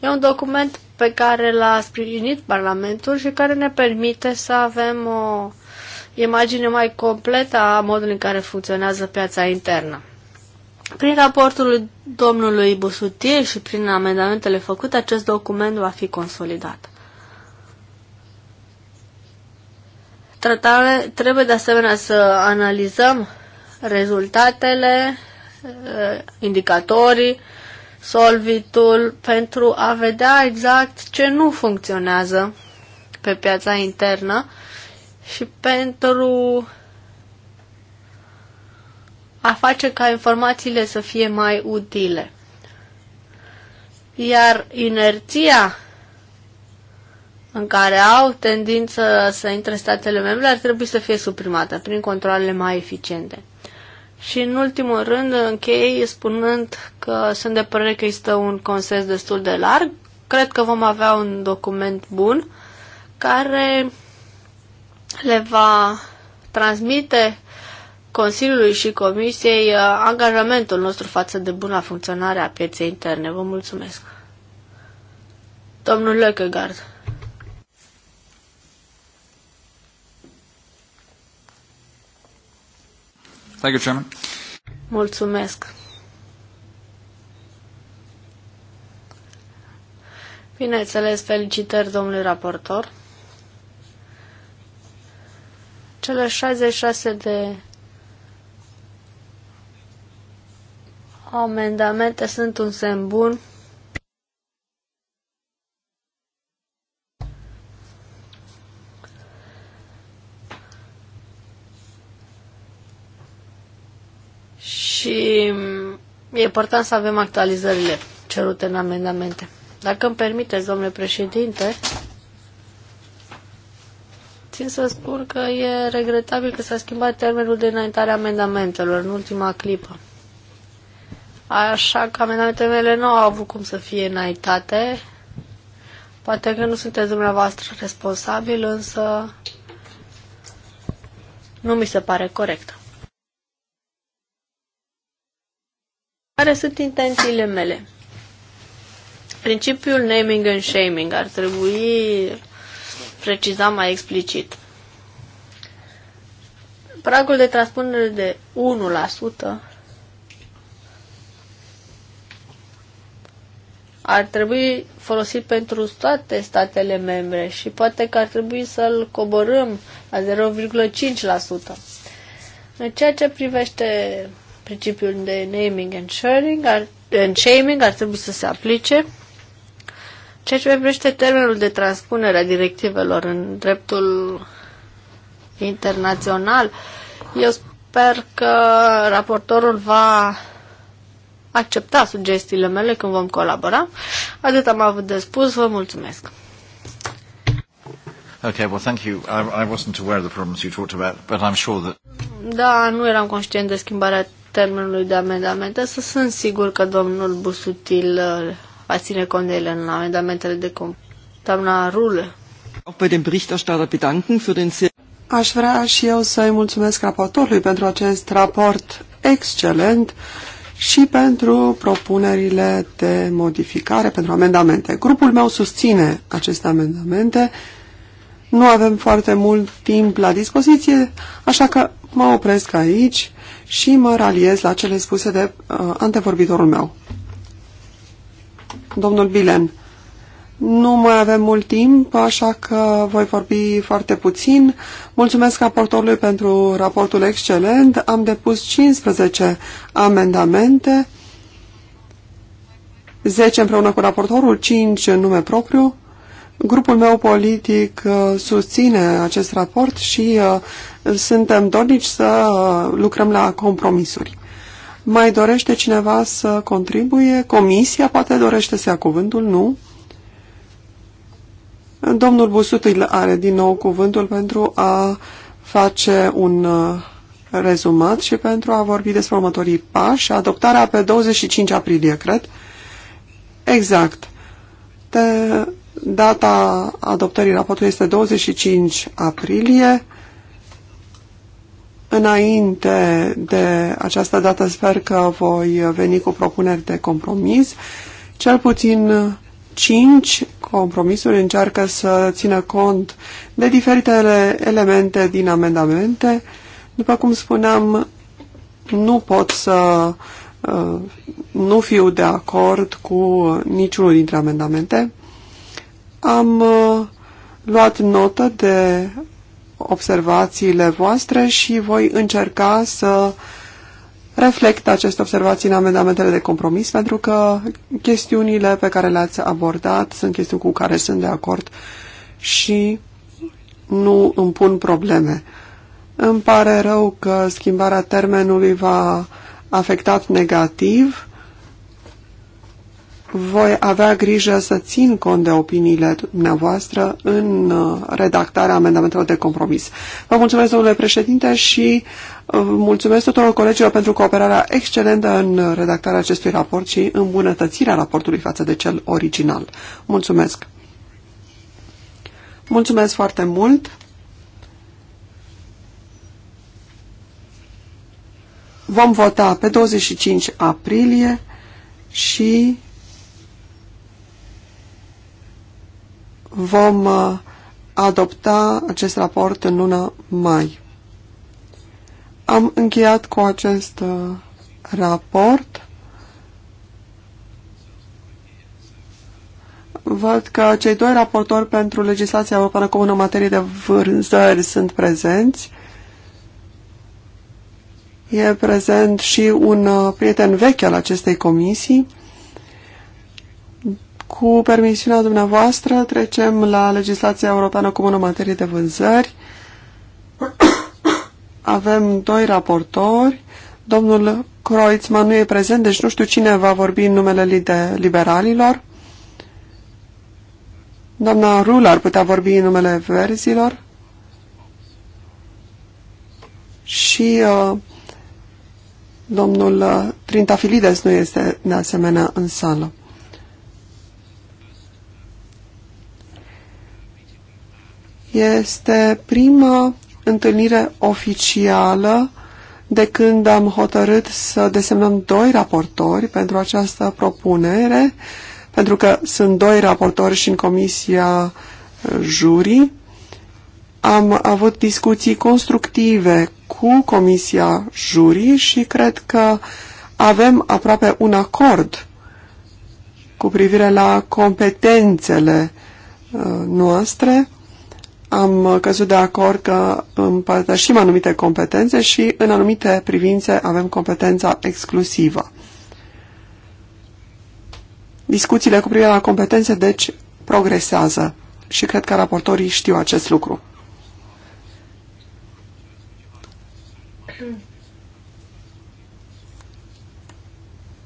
[SPEAKER 1] E un document pe care l-a sprijinit Parlamentul și care ne permite să avem o imagine mai completă a modului în care funcționează piața internă. Prin raportul domnului Busutil și prin amendamentele făcute, acest document va fi consolidat. Tratare, trebuie de asemenea să analizăm rezultatele, eh, indicatorii, solvitul pentru a vedea exact ce nu funcționează pe piața internă și pentru a face ca informațiile să fie mai utile. Iar inerția în care au tendință să intre statele membre ar trebui să fie suprimată prin controlele mai eficiente. Și în ultimul rând închei spunând că sunt de părere că există un consens destul de larg. Cred că vom avea un document bun care le va transmite Consiliului și Comisiei uh, angajamentul nostru față de buna funcționare a pieței interne. Vă mulțumesc. Domnul Lecăgard. Thank you, Chairman. Mulțumesc. Bineînțeles, felicitări domnului raportor. Cele 66 de amendamente sunt un semn bun și e important să avem actualizările cerute în amendamente. Dacă îmi permiteți, domnule președinte, țin să spun că e regretabil că s-a schimbat termenul de înaintare a amendamentelor în ultima clipă. Așa că amendamentele mele nu au avut cum să fie înaintate. Poate că nu sunteți dumneavoastră responsabil, însă nu mi se pare corectă. Care sunt intențiile mele? Principiul naming and shaming ar trebui precizat mai explicit. Pragul de transpunere de 1% ar trebui folosit pentru toate statele membre și poate că ar trebui să-l coborâm la 0,5%. În ceea ce privește principiul de naming and sharing ar, and shaming ar trebui să se aplice. Ceea ce privește termenul de transpunere a directivelor în dreptul internațional, eu sper că raportorul va accepta sugestiile mele când vom colabora. Atât am avut de spus, vă mulțumesc.
[SPEAKER 2] Okay, well, thank you. I, I wasn't aware of the problems you talked about, but I'm sure that...
[SPEAKER 1] Da, nu eram conștient de schimbarea termenului de amendamente, să sunt sigur că domnul Busutil uh, va ține cont de ele în amendamentele de comp. Doamna Rule.
[SPEAKER 3] Aș vrea și eu să-i mulțumesc raportorului pentru acest raport excelent și pentru propunerile de modificare, pentru amendamente. Grupul meu susține aceste amendamente. Nu avem foarte mult timp la dispoziție, așa că mă opresc aici și mă raliez la cele spuse de uh, antevorbitorul meu. Domnul Bilen, nu mai avem mult timp, așa că voi vorbi foarte puțin. Mulțumesc raportorului pentru raportul excelent. Am depus 15 amendamente, 10 împreună cu raportorul, 5 în nume propriu. Grupul meu politic uh, susține acest raport și uh, suntem dornici să uh, lucrăm la compromisuri. Mai dorește cineva să contribuie? Comisia poate dorește să ia cuvântul? Nu? Domnul Busutil are din nou cuvântul pentru a face un rezumat și pentru a vorbi despre următorii pași, adoptarea pe 25 aprilie, cred. Exact. Te Data adoptării raportului este 25 aprilie. Înainte de această dată sper că voi veni cu propuneri de compromis. Cel puțin 5 compromisuri încearcă să țină cont de diferitele elemente din amendamente. După cum spuneam, nu pot să uh, nu fiu de acord cu niciunul dintre amendamente. Am uh, luat notă de observațiile voastre și voi încerca să reflect aceste observații în amendamentele de compromis, pentru că chestiunile pe care le-ați abordat sunt chestiuni cu care sunt de acord și nu îmi pun probleme. Îmi pare rău că schimbarea termenului va afectat negativ voi avea grijă să țin cont de opiniile dumneavoastră în uh, redactarea amendamentelor de compromis. Vă mulțumesc, domnule președinte, și uh, mulțumesc tuturor colegilor pentru cooperarea excelentă în redactarea acestui raport și îmbunătățirea raportului față de cel original. Mulțumesc! Mulțumesc foarte mult! Vom vota pe 25 aprilie și vom uh, adopta acest raport în luna mai. Am încheiat cu acest uh, raport. Văd că cei doi raportori pentru legislația europeană comună în materie de vânzări sunt prezenți. E prezent și un uh, prieten vechi al acestei comisii. Cu permisiunea dumneavoastră, trecem la legislația europeană comună în materie de vânzări. Avem doi raportori. Domnul Croițman nu e prezent, deci nu știu cine va vorbi în numele liberalilor. Doamna Rul ar putea vorbi în numele verzilor. Și uh, domnul uh, Trintafilides nu este de asemenea în sală. Este prima întâlnire oficială de când am hotărât să desemnăm doi raportori pentru această propunere, pentru că sunt doi raportori și în comisia uh, juri. Am avut discuții constructive cu comisia juri și cred că avem aproape un acord cu privire la competențele uh, noastre am căzut de acord că împărtășim anumite competențe și în anumite privințe avem competența exclusivă. Discuțiile cu privire la competențe, deci, progresează și cred că raportorii știu acest lucru.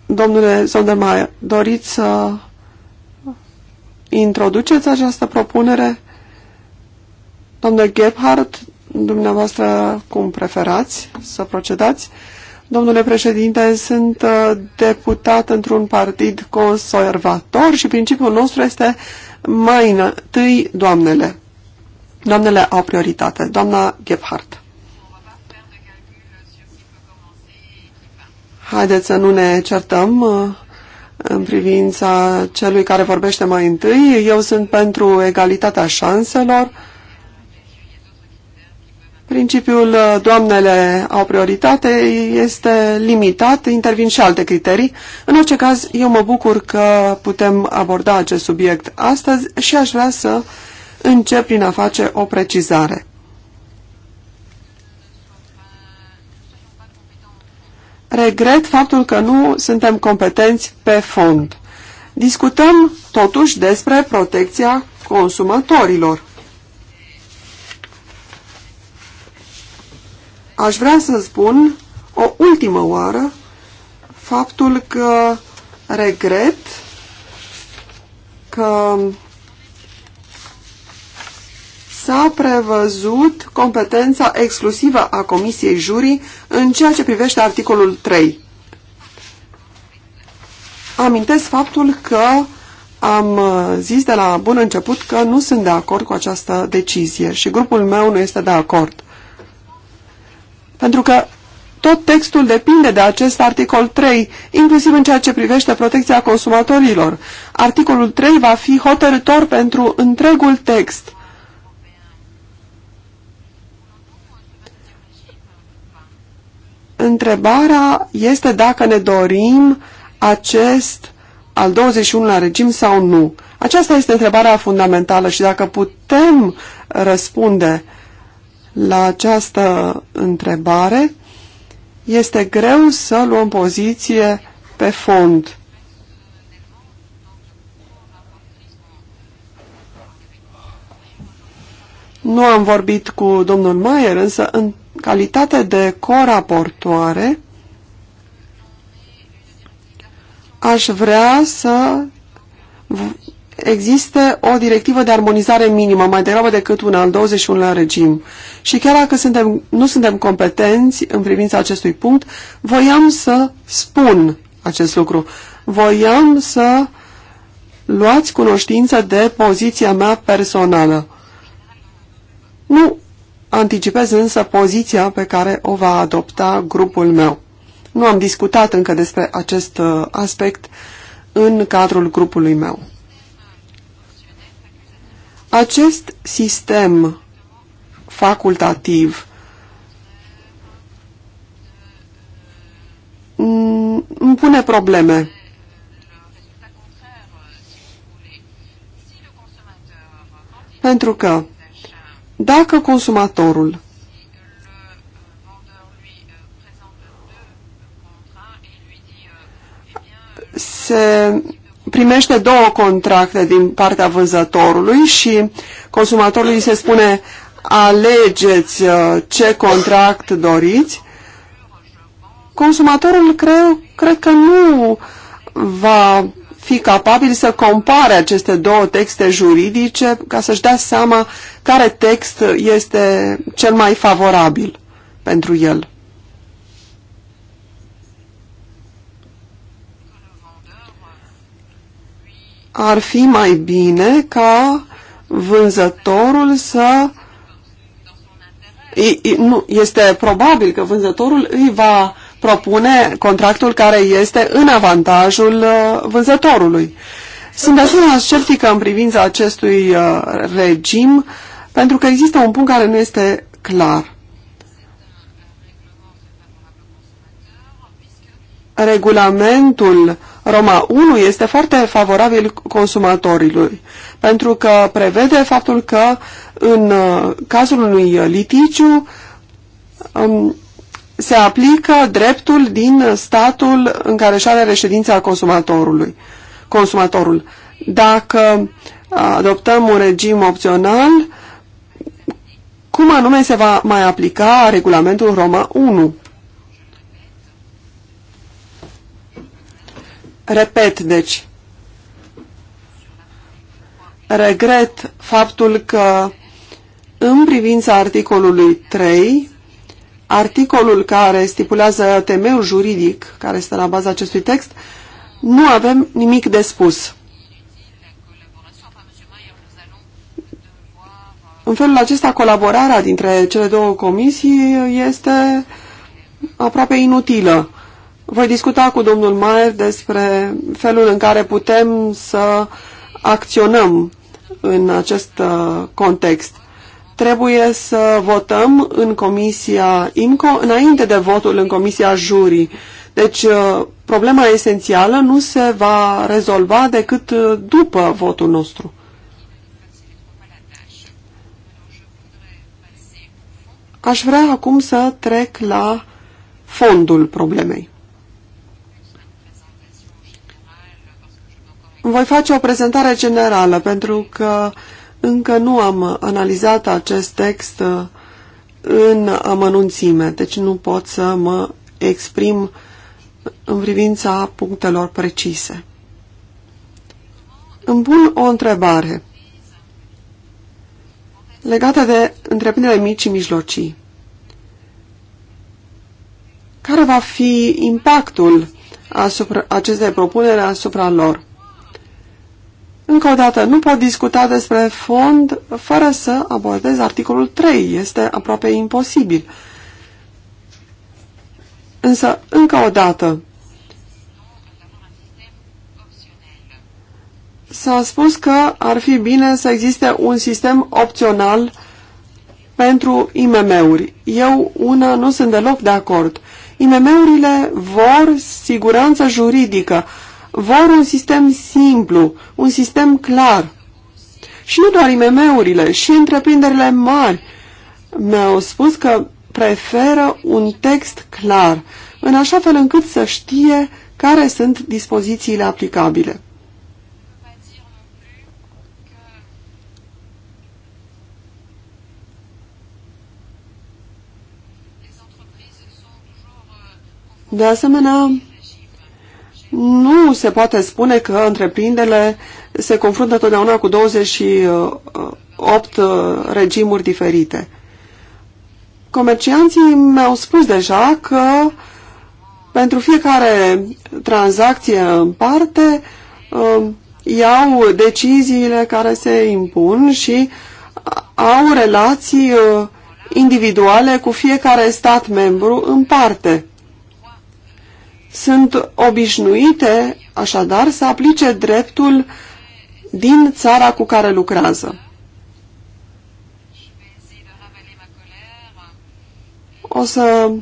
[SPEAKER 3] Domnule Zondermaier, doriți să introduceți această propunere? Domnule Gebhardt, dumneavoastră cum preferați să procedați? Domnule președinte, sunt uh, deputat într-un partid conservator și principiul nostru este mai întâi doamnele. Doamnele au prioritate. Doamna Gebhardt. Haideți să nu ne certăm uh, în privința celui care vorbește mai întâi. Eu sunt pentru egalitatea șanselor Principiul uh, doamnele au prioritate este limitat, intervin și alte criterii. În orice caz, eu mă bucur că putem aborda acest subiect astăzi și aș vrea să încep prin a face o precizare. Regret faptul că nu suntem competenți pe fond. Discutăm totuși despre protecția consumatorilor. aș vrea să spun o ultimă oară faptul că regret că s-a prevăzut competența exclusivă a Comisiei Jurii în ceea ce privește articolul 3. Amintesc faptul că am zis de la bun început că nu sunt de acord cu această decizie și grupul meu nu este de acord. Pentru că tot textul depinde de acest articol 3, inclusiv în ceea ce privește protecția consumatorilor. Articolul 3 va fi hotărător pentru întregul text. Întrebarea este dacă ne dorim acest al 21-lea regim sau nu. Aceasta este întrebarea fundamentală și dacă putem răspunde uh, la această întrebare, este greu să luăm poziție pe fond. Nu am vorbit cu domnul Maier, însă în calitate de coraportoare aș vrea să existe o directivă de armonizare minimă, mai degrabă decât una al 21-lea regim. Și chiar dacă suntem, nu suntem competenți în privința acestui punct, voiam să spun acest lucru. Voiam să luați cunoștință de poziția mea personală. Nu anticipez însă poziția pe care o va adopta grupul meu. Nu am discutat încă despre acest uh, aspect în cadrul grupului meu. Acest sistem facultativ îmi pune probleme. Pentru că dacă consumatorul se primește două contracte din partea vânzătorului și consumatorului se spune alegeți uh, ce contract doriți, consumatorul cred, cred că nu va fi capabil să compare aceste două texte juridice ca să-și dea seama care text este cel mai favorabil pentru el. ar fi mai bine ca vânzătorul să nu, este probabil că vânzătorul îi va propune contractul care este în avantajul uh, vânzătorului. Sunt de asemenea sceptică în privința acestui uh, regim pentru că există un punct care nu este clar. Regulamentul Roma 1 este foarte favorabil consumatorilor, pentru că prevede faptul că în uh, cazul unui uh, litigiu um, se aplică dreptul din statul în care își are reședința consumatorului. consumatorul. Dacă uh, adoptăm un regim opțional, cum anume se va mai aplica regulamentul Roma 1? Repet, deci, regret faptul că în privința articolului 3, articolul care stipulează temeiul juridic care este la baza acestui text, nu avem nimic de spus. În felul acesta, colaborarea dintre cele două comisii este aproape inutilă. Voi discuta cu domnul Maier despre felul în care putem să acționăm în acest uh, context. Trebuie să votăm în Comisia imco, înainte de votul în Comisia Jurii. Deci uh, problema esențială nu se va rezolva decât uh, după votul nostru. Aș vrea acum să trec la fondul problemei. Voi face o prezentare generală pentru că încă nu am analizat acest text uh, în amănunțime, deci nu pot să mă exprim în privința punctelor precise. Îmi pun o întrebare legată de întreprinderile mici și mijlocii. Care va fi impactul asupra acestei propuneri asupra lor? Încă o dată, nu pot discuta despre fond fără să abordez articolul 3. Este aproape imposibil. Însă, încă o dată, s-a spus că ar fi bine să existe un sistem opțional pentru IMM-uri. Eu, una, nu sunt deloc de acord. IMM-urile vor siguranță juridică vor un sistem simplu, un sistem clar. Și nu doar IMM-urile, și întreprinderile mari mi-au spus că preferă un text clar, în așa fel încât să știe care sunt dispozițiile aplicabile. De asemenea, nu se poate spune că întreprinderile se confruntă totdeauna cu 28 uh, regimuri diferite. Comercianții mi-au spus deja că pentru fiecare tranzacție în parte uh, iau deciziile care se impun și au relații uh, individuale cu fiecare stat membru în parte sunt obișnuite, așadar, să aplice dreptul din țara cu care lucrează. O să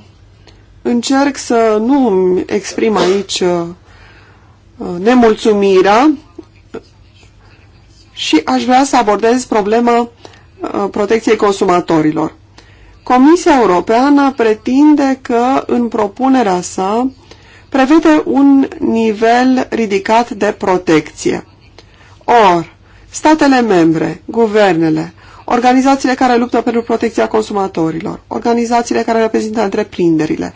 [SPEAKER 3] încerc să nu exprim aici uh, nemulțumirea și aș vrea să abordez problema uh, protecției consumatorilor. Comisia Europeană pretinde că în propunerea sa prevede un nivel ridicat de protecție. Or, statele membre, guvernele, organizațiile care luptă pentru protecția consumatorilor, organizațiile care reprezintă întreprinderile,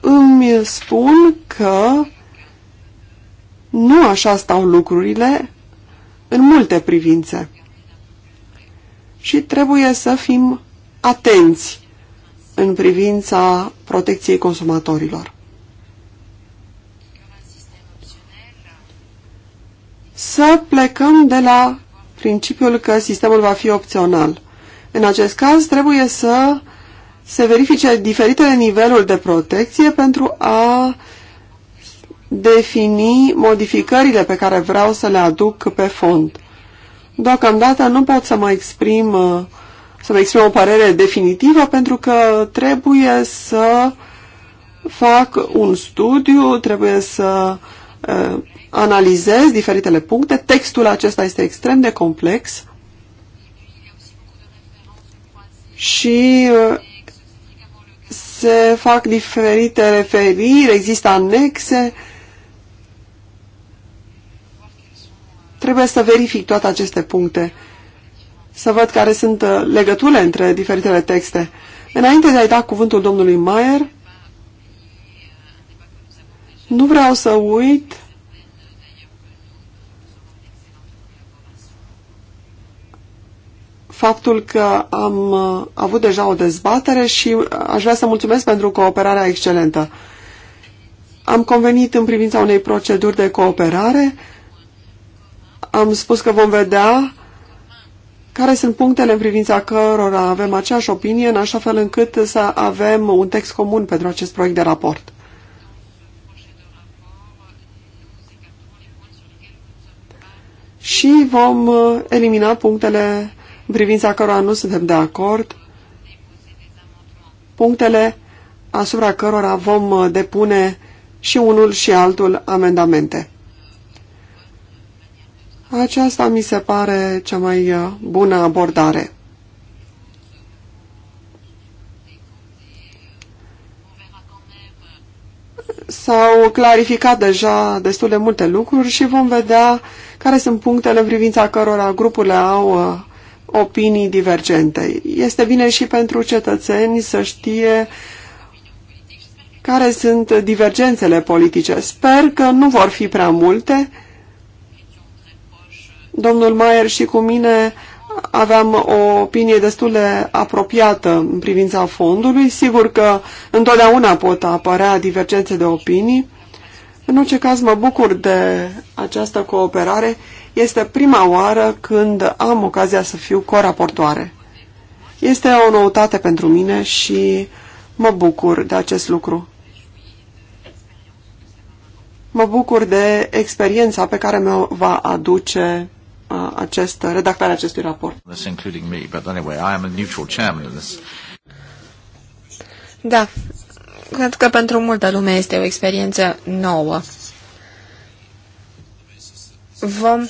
[SPEAKER 3] îmi spun că nu așa stau lucrurile în multe privințe. Și trebuie să fim atenți în privința protecției consumatorilor. să plecăm de la principiul că sistemul va fi opțional. În acest caz, trebuie să se verifice diferitele niveluri de protecție pentru a defini modificările pe care vreau să le aduc pe fond. Deocamdată nu pot să mă exprim, să mă exprim o părere definitivă pentru că trebuie să fac un studiu, trebuie să analizez diferitele puncte. Textul acesta este extrem de complex și uh, se fac diferite referiri, există anexe. Trebuie să verific toate aceste puncte, să văd care sunt uh, legăturile între diferitele texte. Înainte de a-i da cuvântul domnului Mayer, nu vreau să uit faptul că am uh, avut deja o dezbatere și uh, aș vrea să mulțumesc pentru cooperarea excelentă. Am convenit în privința unei proceduri de cooperare. Am spus că vom vedea care sunt punctele în privința cărora avem aceeași opinie, în așa fel încât să avem un text comun pentru acest proiect de raport. Și vom uh, elimina punctele în privința cărora nu suntem de acord, punctele asupra cărora vom uh, depune și unul și altul amendamente. Aceasta mi se pare cea mai uh, bună abordare. S-au clarificat deja destul de multe lucruri și vom vedea care sunt punctele în privința cărora grupurile au uh, opinii divergente. Este bine și pentru cetățeni să știe care sunt divergențele politice. Sper că nu vor fi prea multe. Domnul Maier și cu mine aveam o opinie destul de apropiată în privința fondului. Sigur că întotdeauna pot apărea divergențe de opinii. În orice caz, mă bucur de această cooperare este prima oară când am ocazia să fiu coraportoare. Este o noutate pentru mine și mă bucur de acest lucru. Mă bucur de experiența pe care mi-o va aduce acest, redactarea acestui raport.
[SPEAKER 2] Da, cred că pentru multă lume este o experiență nouă vom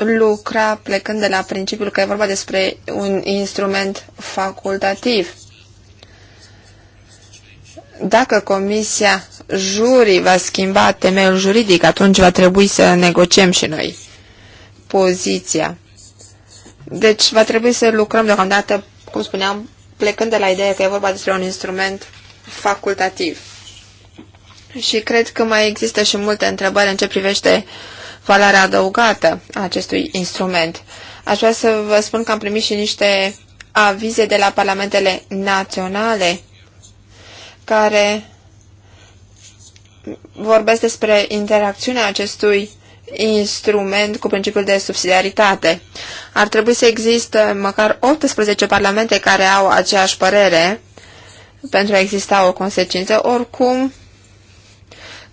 [SPEAKER 2] lucra plecând de la principiul că e vorba despre un instrument facultativ. Dacă comisia jurii va schimba temeiul juridic, atunci va trebui să negociem și noi poziția. Deci va trebui să lucrăm deocamdată, cum spuneam, plecând de la ideea că e vorba despre un instrument facultativ și cred că mai există și multe întrebări în ce privește valoarea adăugată a acestui instrument. Aș vrea să vă spun că am primit și niște avize de la parlamentele naționale care vorbesc despre interacțiunea acestui instrument cu principiul de subsidiaritate. Ar trebui să există măcar 18 parlamente care au aceeași părere pentru a exista o consecință. Oricum,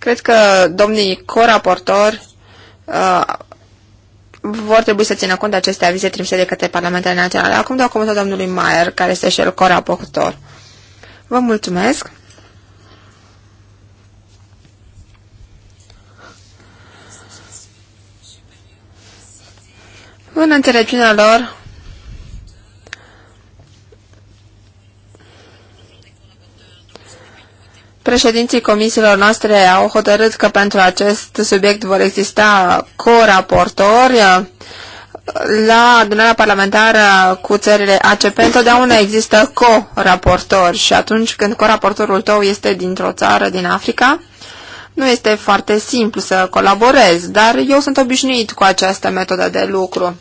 [SPEAKER 2] Cred că domnii coraportori uh, vor trebui să țină cont de aceste avize trimise de către Parlamentele Naționale. Acum dau cuvântul domnului Maier, care este și el coraportor. Vă mulțumesc! În înțelepciunea lor, Președinții comisiilor noastre au hotărât că pentru acest subiect vor exista co-raportori. La adunarea parlamentară cu țările ACP întotdeauna există co-raportori și atunci când co-raportorul tău este dintr-o țară din Africa, nu este foarte simplu să colaborezi, dar eu sunt obișnuit cu această metodă de lucru.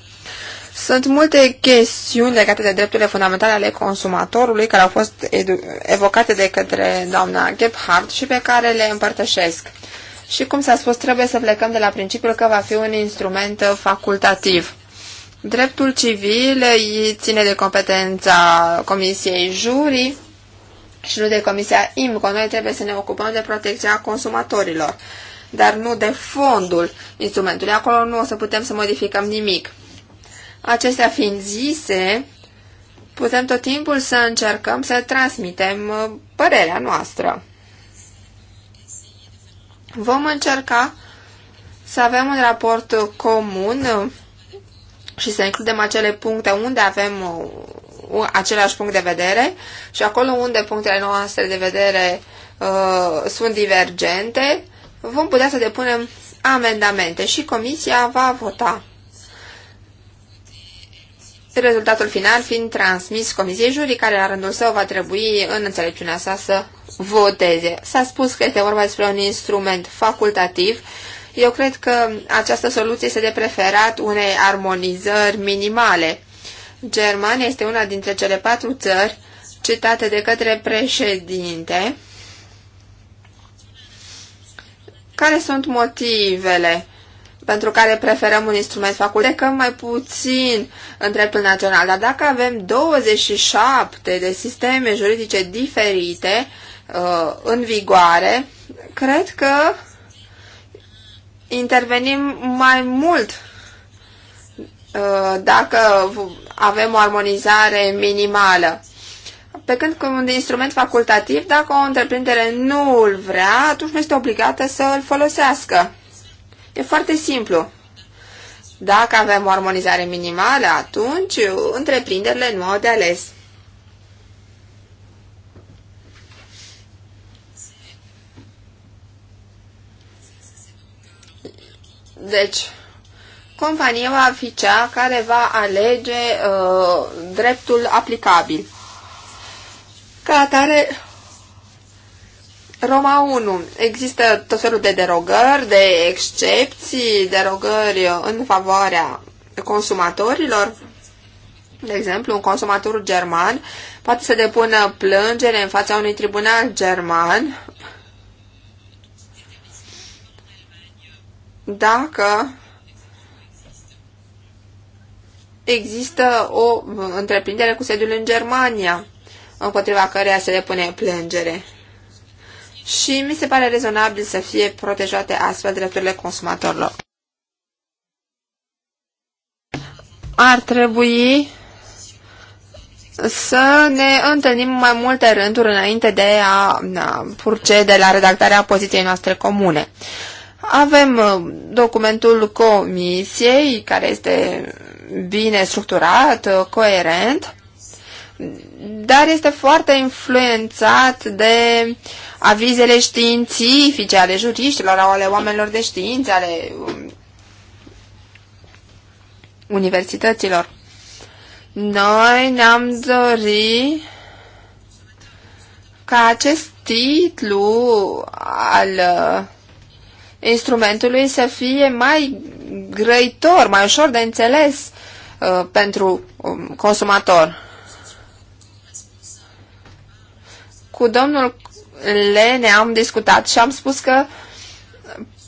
[SPEAKER 2] Sunt multe chestiuni legate de drepturile fundamentale ale consumatorului care au fost evocate de către doamna Gebhardt și pe care le împărtășesc. Și cum s-a spus, trebuie să plecăm de la principiul că va fi un instrument facultativ. Dreptul civil îi ține de competența Comisiei Jurii și nu de Comisia IMCO. Noi trebuie să ne ocupăm de protecția consumatorilor, dar nu de fondul instrumentului. Acolo nu o să putem să modificăm nimic. Acestea fiind zise, putem tot timpul să încercăm să transmitem uh, părerea noastră. Vom încerca să avem un raport comun uh, și să includem acele puncte unde avem uh, același punct de vedere și acolo unde punctele noastre de vedere uh, sunt divergente, vom putea să depunem amendamente și comisia va vota rezultatul final fiind transmis Comisiei Jurii, care la rândul său va trebui în înțelepciunea sa să voteze. S-a spus că este vorba despre un instrument facultativ. Eu cred că această soluție este de preferat unei armonizări minimale. Germania este una dintre cele patru țări citate de către președinte. Care sunt motivele pentru care preferăm un instrument facultativ, că mai puțin în dreptul național. Dar dacă avem 27 de sisteme juridice diferite uh, în vigoare, cred că intervenim mai mult uh, dacă avem o armonizare minimală. Pe când cu un instrument facultativ, dacă o întreprindere nu îl vrea, atunci nu este obligată să îl folosească. E foarte simplu. Dacă avem o armonizare minimală, atunci uh, întreprinderile nu au de ales. Deci, compania va fi cea care va alege uh, dreptul aplicabil. Ca atare, Roma 1. Există tot felul de derogări, de excepții, derogări în favoarea consumatorilor. De exemplu, un consumator german poate să depună plângere în fața unui tribunal german dacă există o întreprindere cu sediul în Germania împotriva căreia se depune plângere și mi se pare rezonabil să fie protejate astfel drepturile consumatorilor. Ar trebui să ne întâlnim mai multe rânduri înainte de a, a procede la redactarea poziției noastre comune. Avem uh, documentul comisiei, care este bine structurat, uh, coerent, dar este foarte influențat de avizele științifice ale juriștilor, ale oamenilor de știință, ale um, universităților. Noi ne-am dorit ca acest titlu al uh, instrumentului să fie mai grăitor, mai ușor de înțeles uh, pentru um, consumator. Cu domnul Lene am discutat și am spus că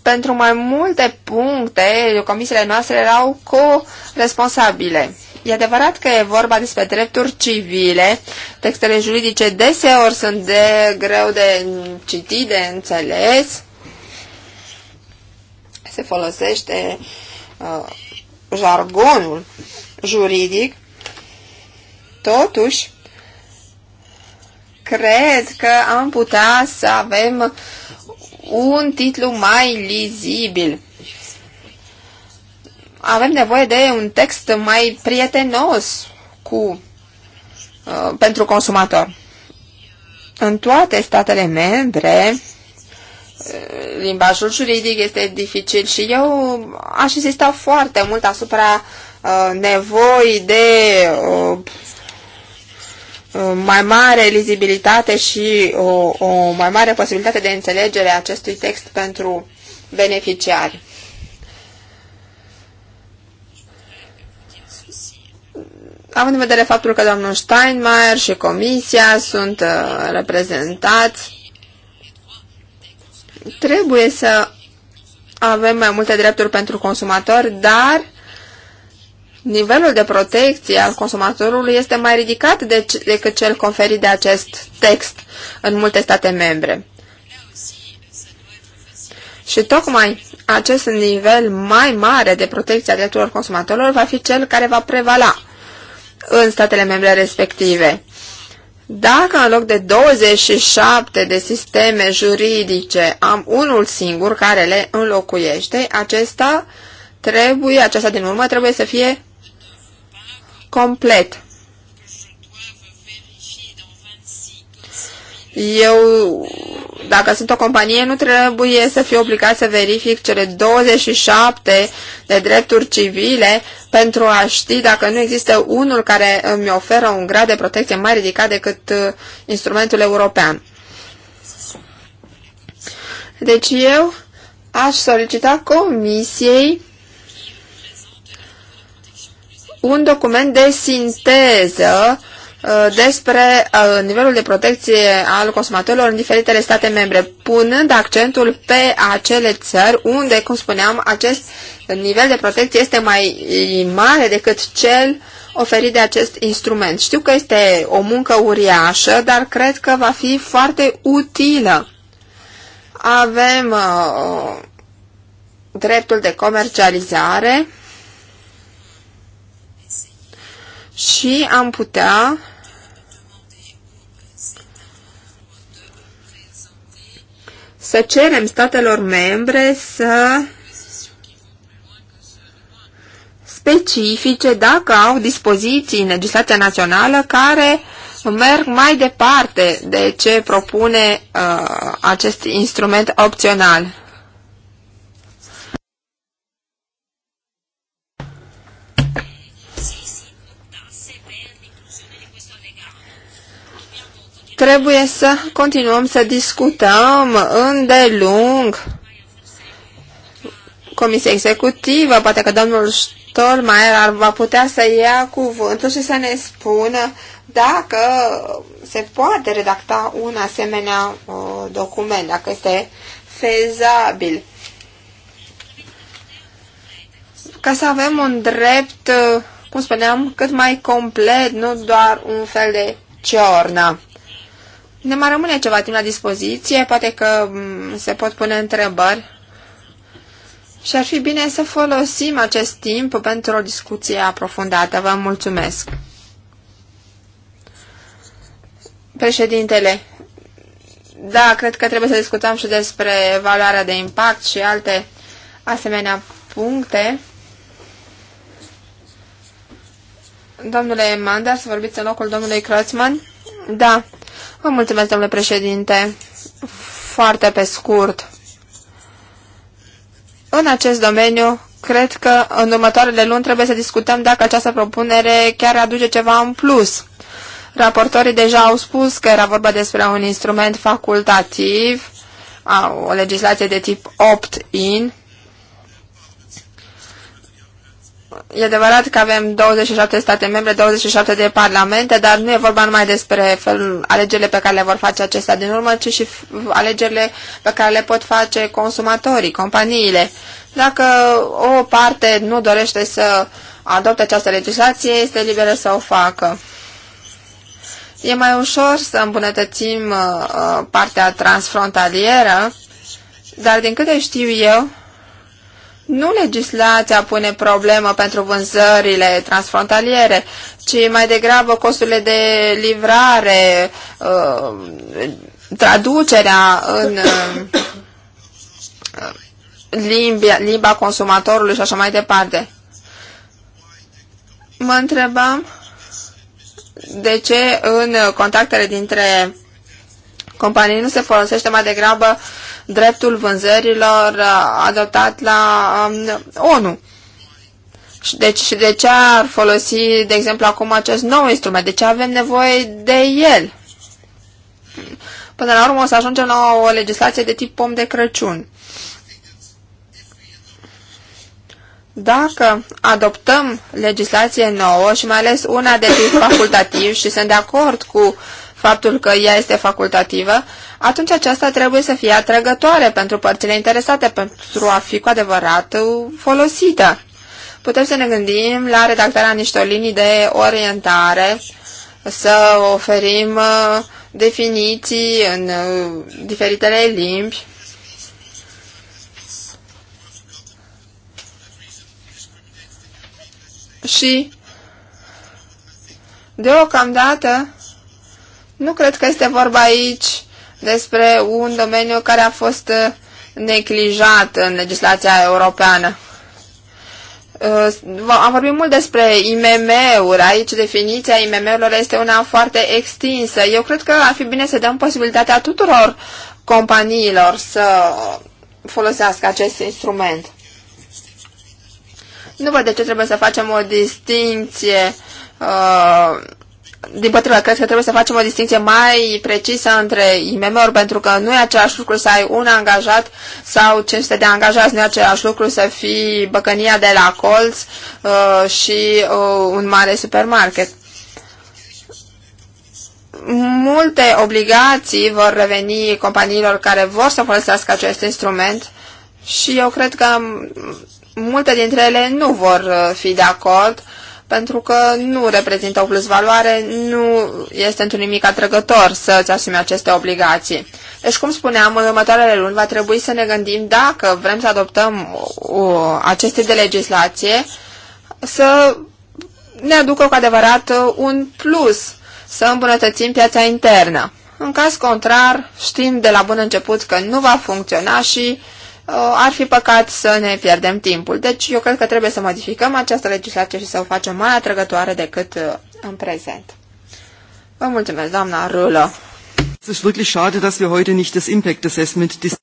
[SPEAKER 2] pentru mai multe puncte comisiile noastre erau co-responsabile. E adevărat că e vorba despre drepturi civile, textele juridice deseori sunt de greu de citit, de înțeles, se folosește uh, jargonul juridic, totuși cred că am putea să avem un titlu mai lizibil. Avem nevoie de un text mai prietenos cu, uh, pentru consumator. În toate statele membre, uh, limbajul juridic este dificil și eu aș insista foarte mult asupra uh, nevoii de uh, Uh, mai mare lizibilitate și o, o mai mare posibilitate de înțelegere a acestui text pentru beneficiari. Având în vedere faptul că domnul Steinmeier și comisia sunt uh, reprezentați, trebuie să avem mai multe drepturi pentru consumatori, dar nivelul de protecție al consumatorului este mai ridicat de decât cel conferit de acest text în multe state membre. Și tocmai acest nivel mai mare de protecție a drepturilor consumatorilor va fi cel care va prevala în statele membre respective. Dacă în loc de 27 de sisteme juridice am unul singur care le înlocuiește, acesta trebuie, aceasta din urmă trebuie să fie complet. Eu, dacă sunt o companie, nu trebuie să fiu obligat să verific cele 27 de drepturi civile pentru a ști dacă nu există unul care îmi oferă un grad de protecție mai ridicat decât uh, instrumentul european. Deci eu aș solicita comisiei un document de sinteză uh, despre uh, nivelul de protecție al consumatorilor în diferitele state membre, punând accentul pe acele țări unde, cum spuneam, acest nivel de protecție este mai mare decât cel oferit de acest instrument. Știu că este o muncă uriașă, dar cred că va fi foarte utilă. Avem uh, dreptul de comercializare, și am putea să cerem statelor membre să specifice dacă au dispoziții în legislația națională care merg mai departe de ce propune uh, acest instrument opțional. Trebuie să continuăm să discutăm îndelung Comisia Executivă, poate că domnul Stolmaier ar va putea să ia cuvântul și să ne spună dacă se poate redacta un asemenea uh, document, dacă este fezabil. Ca să avem un drept, uh, cum spuneam, cât mai complet, nu doar un fel de ciornă. Ne mai rămâne ceva timp la dispoziție, poate că mm, se pot pune întrebări și ar fi bine să folosim acest timp pentru o discuție aprofundată. Vă mulțumesc. Președintele, da, cred că trebuie să discutăm și despre valoarea de impact și alte asemenea puncte. Domnule Manders, vorbiți în locul domnului Kreutzmann? Da. Vă mulțumesc, domnule președinte. Foarte pe scurt. În acest domeniu, cred că în următoarele luni trebuie să discutăm dacă această propunere chiar aduce ceva în plus. Raportorii deja au spus că era vorba despre un instrument facultativ, o legislație de tip opt-in, E adevărat că avem 27 state membre, 27 de parlamente, dar nu e vorba numai despre felul, alegerile pe care le vor face acestea din urmă, ci și alegerile pe care le pot face consumatorii, companiile. Dacă o parte nu dorește să adopte această legislație, este liberă să o facă. E mai ușor să îmbunătățim uh, uh, partea transfrontalieră, dar din câte știu eu, nu legislația pune problemă pentru vânzările transfrontaliere, ci mai degrabă costurile de livrare, uh, traducerea în uh, limba, limba consumatorului și așa mai departe. Mă întrebam de ce în contactele dintre companiei nu se folosește mai degrabă dreptul vânzărilor uh, adoptat la um, ONU. Și deci și de ce ar folosi, de exemplu, acum acest nou instrument? De ce avem nevoie de el? Până la urmă o să ajungem la o legislație de tip pom de Crăciun. Dacă adoptăm legislație nouă și mai ales una de tip facultativ și sunt de acord cu faptul că ea este facultativă, atunci aceasta trebuie să fie atrăgătoare pentru părțile interesate, pentru a fi cu adevărat folosită. Putem să ne gândim la redactarea niștor linii de orientare, să oferim uh, definiții în uh, diferitele limbi, și deocamdată nu cred că este vorba aici despre un domeniu care a fost uh, neglijat în legislația europeană. Uh, am vorbit mult despre IMM-uri, aici definiția IMM-urilor este una foarte extinsă. Eu cred că ar fi bine să dăm posibilitatea tuturor companiilor să folosească acest instrument. Nu văd de ce trebuie să facem o distinție uh, din potriva, cred că trebuie să facem o distinție mai precisă între IMM-uri, pentru că nu e același lucru să ai un angajat sau 500 de angajați, nu e același lucru să fii băcănia de la colț uh, și uh, un mare supermarket. Multe obligații vor reveni companiilor care vor să folosească acest instrument și eu cred că multe dintre ele nu vor uh, fi de acord uh, pentru că nu reprezintă o plusvaloare, nu este într-un nimic atrăgător să-ți asumi aceste obligații. Deci, cum spuneam, în următoarele luni va trebui să ne gândim dacă vrem să adoptăm o, aceste de legislație, să ne aducă cu adevărat un plus, să îmbunătățim piața internă. În caz contrar, știm de la bun început că nu va funcționa și Uh, ar fi păcat să ne pierdem timpul. Deci eu cred că trebuie să modificăm această legislație și să o facem mai atrăgătoare decât uh, în prezent. Vă mulțumesc, doamna Rulă.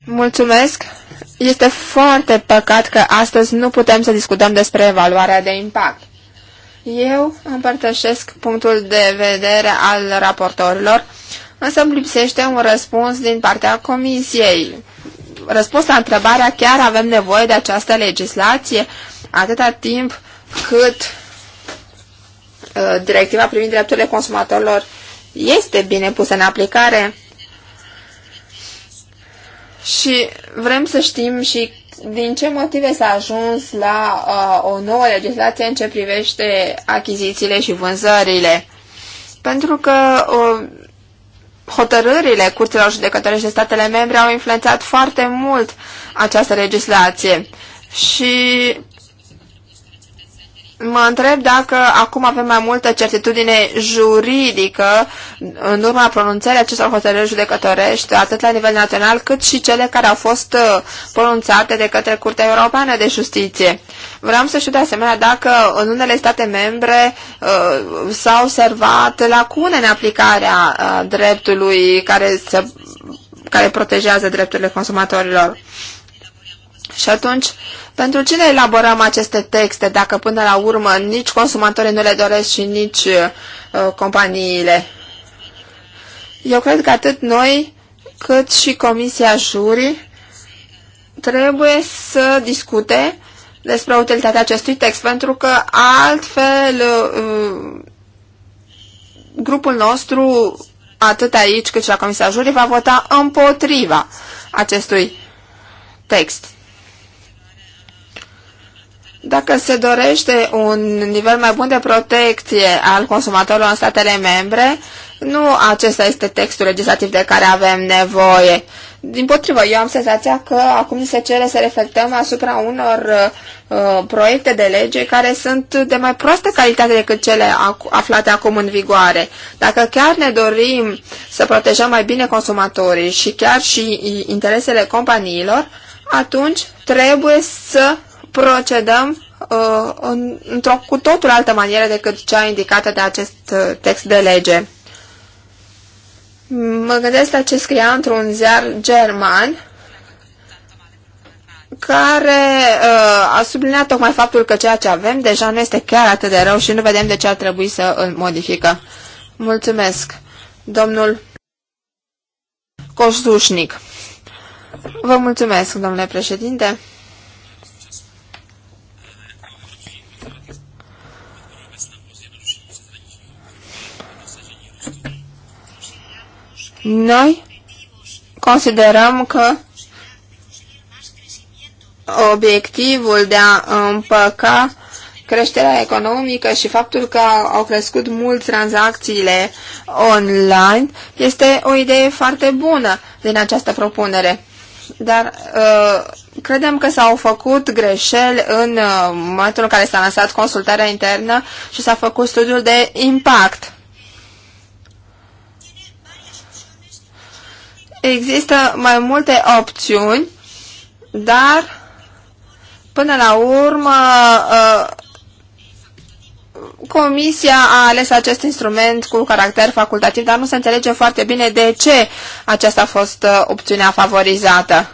[SPEAKER 2] Mulțumesc. Este foarte păcat că astăzi nu putem să discutăm despre evaluarea de impact. Eu împărtășesc punctul de vedere al raportorilor, însă îmi lipsește un răspuns din partea comisiei răspuns la întrebarea chiar avem nevoie de această legislație atâta timp cât uh, directiva privind drepturile consumatorilor este bine pusă în aplicare și vrem să știm și din ce motive s-a ajuns la uh, o nouă legislație în ce privește achizițiile și vânzările. Pentru că uh, hotărârile curților judecătorești de statele membre au influențat foarte mult această legislație și Mă întreb dacă acum avem mai multă certitudine juridică în urma pronunțării acestor hotărâri judecătorești, atât la nivel național, cât și cele care au fost uh, pronunțate de către Curtea Europeană de Justiție. Vreau să știu de asemenea dacă în unele state membre uh, s-au observat lacune în aplicarea uh, dreptului care, se, care protejează drepturile consumatorilor. Uh, și atunci, pentru cine elaborăm aceste texte dacă până la urmă nici consumatorii nu le doresc și nici uh, companiile? Eu cred că atât noi cât și Comisia Jurii trebuie să discute despre utilitatea acestui text, pentru că altfel uh, grupul nostru, atât aici cât și la Comisia Jurii, va vota împotriva acestui text. Dacă se dorește un nivel mai bun de protecție al consumatorilor în statele membre, nu acesta este textul legislativ de care avem nevoie. Din potrivă, eu am senzația că acum se cere să reflectăm asupra unor uh, proiecte de lege care sunt de mai proastă calitate decât cele aflate acum în vigoare. Dacă chiar ne dorim să protejăm mai bine consumatorii și chiar și interesele companiilor, atunci trebuie să procedăm uh, într-o cu totul altă manieră decât cea indicată de acest uh, text de lege. Mă gândesc la ce scria într-un ziar german care uh, a subliniat tocmai faptul că ceea ce avem deja nu este chiar atât de rău și nu vedem de ce ar trebui să îl modifică. Mulțumesc, domnul Coșdușnic. Vă mulțumesc, domnule președinte. Noi considerăm că obiectivul de a împăca creșterea economică și faptul că au crescut mult tranzacțiile online este o idee foarte bună din această propunere. Dar uh, credem că s-au făcut greșeli în uh, momentul în care s-a lansat consultarea internă și s-a făcut studiul de impact. există mai multe opțiuni, dar până la urmă uh, Comisia a ales acest instrument cu caracter facultativ, dar nu se înțelege foarte bine de ce aceasta a fost uh, opțiunea favorizată.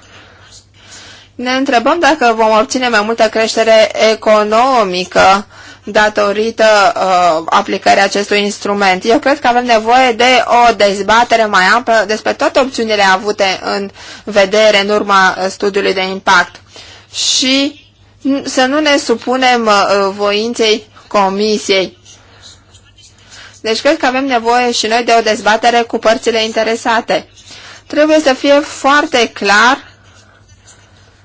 [SPEAKER 2] Ne întrebăm dacă vom obține mai multă creștere economică datorită uh, aplicării acestui instrument. Eu cred că avem nevoie de o dezbatere mai amplă despre toate opțiunile avute în vedere în urma uh, studiului de impact și să nu ne supunem uh, voinței comisiei. Deci cred că avem nevoie și noi de o dezbatere cu părțile interesate. Trebuie să fie foarte clar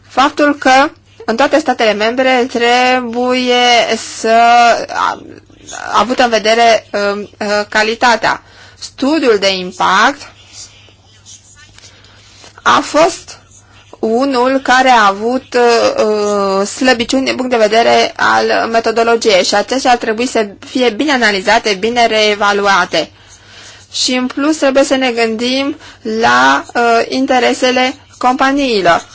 [SPEAKER 2] faptul că în toate statele membre trebuie să avut în vedere um, uh, calitatea. Studiul de impact a fost unul care a avut uh, uh, slăbiciuni din punct de vedere al metodologiei și acestea ar trebui să fie bine analizate, bine reevaluate. Și în plus trebuie să ne gândim la uh, interesele companiilor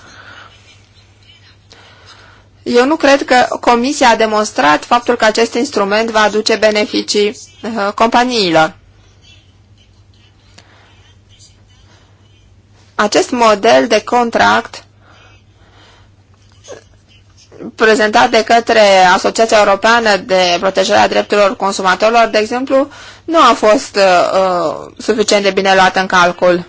[SPEAKER 2] eu nu cred că Comisia a demonstrat faptul că acest instrument va aduce beneficii uh, companiilor. Acest model de contract prezentat de către Asociația Europeană de Protejare a Drepturilor Consumatorilor, de exemplu, nu a fost uh, uh suficient de bine luat în calcul.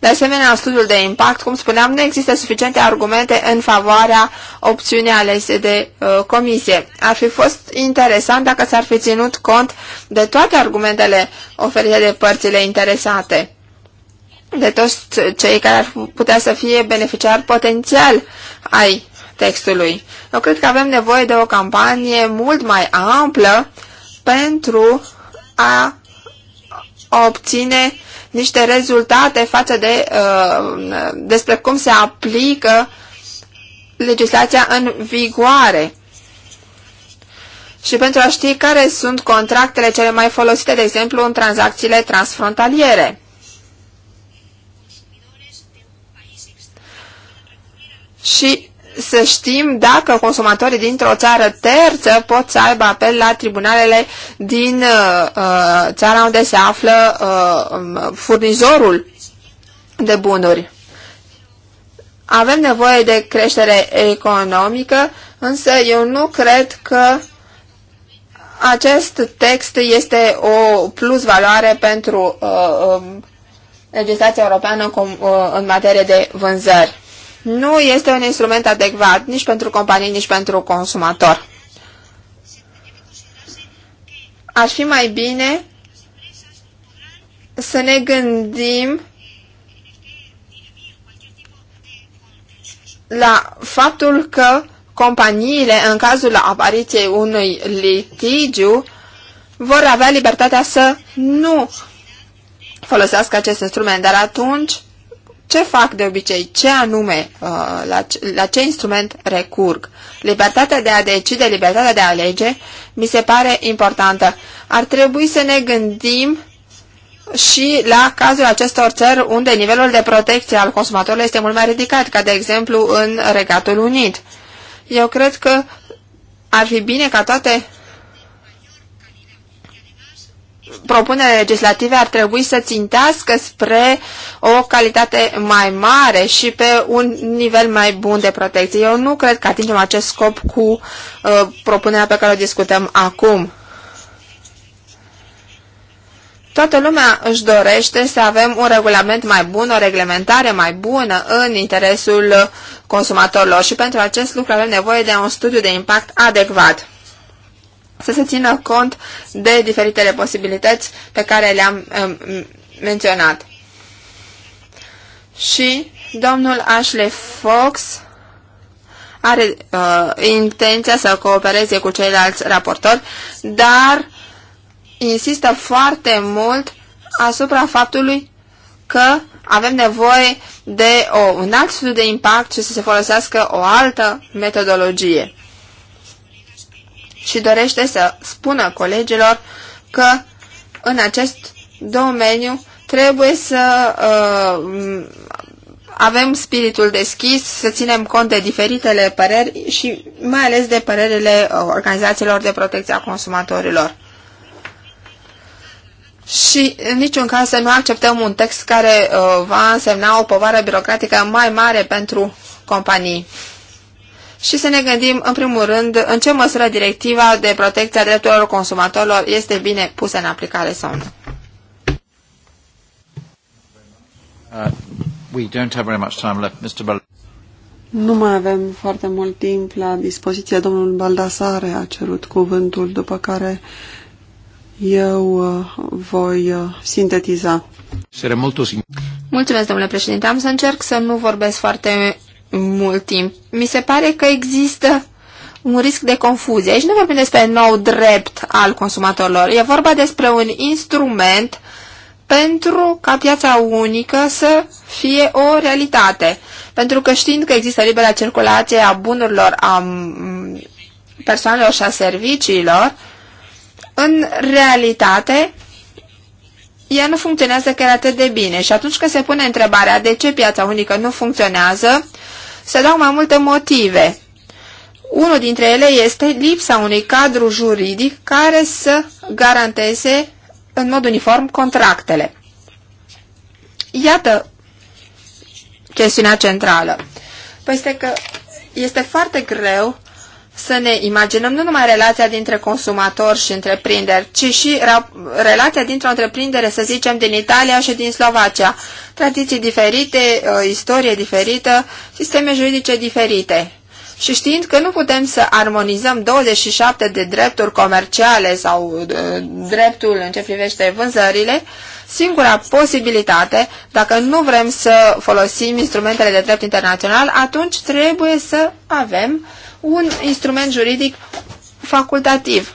[SPEAKER 2] De asemenea, în studiul de impact, cum spuneam, nu există suficiente argumente în favoarea opțiunii alese de uh, comisie. Ar fi fost interesant dacă s-ar fi ținut cont de toate argumentele oferite de părțile interesate, de toți cei care ar putea să fie beneficiari potențial ai textului. Eu cred că avem nevoie de o campanie mult mai amplă pentru a obține niște rezultate față de uh, despre cum se aplică legislația în vigoare și pentru a ști care sunt contractele cele mai folosite, de exemplu, în tranzacțiile transfrontaliere. Și să știm dacă consumatorii dintr-o țară terță pot să aibă apel la tribunalele din uh, uh, țara unde se află uh, furnizorul de bunuri. Avem nevoie de creștere economică, însă eu nu cred că acest text este o plus valoare pentru uh, um, legislația europeană în, uh, în materie de vânzări nu este un instrument adecvat nici pentru companii, nici pentru consumator. Ar fi mai bine să ne gândim la faptul că companiile, în cazul apariției unui litigiu, vor avea libertatea să nu folosească acest instrument, dar atunci ce fac de obicei? Ce anume? Uh, la ce, la ce instrument recurg? Libertatea de a decide, libertatea de a alege, mi se pare importantă. Ar trebui să ne gândim și la cazul acestor țări unde nivelul de protecție al consumatorului este mult mai ridicat, ca de exemplu în Regatul Unit. Eu cred că ar fi bine ca toate propunerile legislative ar trebui să țintească spre o calitate mai mare și pe un nivel mai bun de protecție. Eu nu cred că atingem acest scop cu uh, propunerea pe care o discutăm acum. Toată lumea își dorește să avem un regulament mai bun, o reglementare mai bună în interesul uh, consumatorilor și pentru acest lucru avem nevoie de un studiu de impact adecvat să se țină cont de diferitele posibilități pe care le-am um, menționat. Și domnul Ashley Fox are uh, intenția să coopereze cu ceilalți raportori, dar insistă foarte mult asupra faptului că avem nevoie de o, un alt studiu de impact și să se folosească o altă metodologie și dorește să spună colegilor că în acest domeniu trebuie să uh, avem spiritul deschis, să ținem cont de diferitele păreri și mai ales de părerile organizațiilor de protecție a consumatorilor. Și în niciun caz să nu acceptăm un text care uh, va însemna o povară birocratică mai mare pentru companii și să ne gândim, în primul rând, în ce măsură directiva de protecție a drepturilor consumatorilor este bine pusă în aplicare sau nu.
[SPEAKER 3] Uh, we don't have very much time left, Mr. nu mai avem foarte mult timp la dispoziție. Domnul Baldasare a cerut cuvântul, după care eu uh,
[SPEAKER 2] voi uh, sintetiza. Mulțumesc, domnule președinte. Am să încerc să nu vorbesc foarte mult timp. Mi se pare că există un risc de confuzie. Aici nu vorbim despre nou drept al consumatorilor. E vorba despre un instrument pentru ca piața unică să fie o realitate. Pentru că știind că există libera circulație a bunurilor, a persoanelor și a serviciilor, în realitate ea nu funcționează chiar atât de bine și atunci când se pune întrebarea de ce piața unică nu funcționează, să dau mai multe motive. Unul dintre ele este lipsa unui cadru juridic care să garanteze în mod uniform contractele. Iată chestiunea centrală. Păi este că este foarte greu să ne imaginăm nu numai relația dintre consumator și întreprinderi, ci și relația dintre o întreprindere, să zicem, din Italia și din Slovacia. Tradiții diferite, uh, istorie diferită, sisteme juridice diferite. Și știind că nu putem să armonizăm 27 de drepturi comerciale sau uh, dreptul în ce privește vânzările, singura posibilitate, dacă nu vrem să folosim instrumentele de drept internațional, atunci trebuie să avem uh, un instrument juridic facultativ.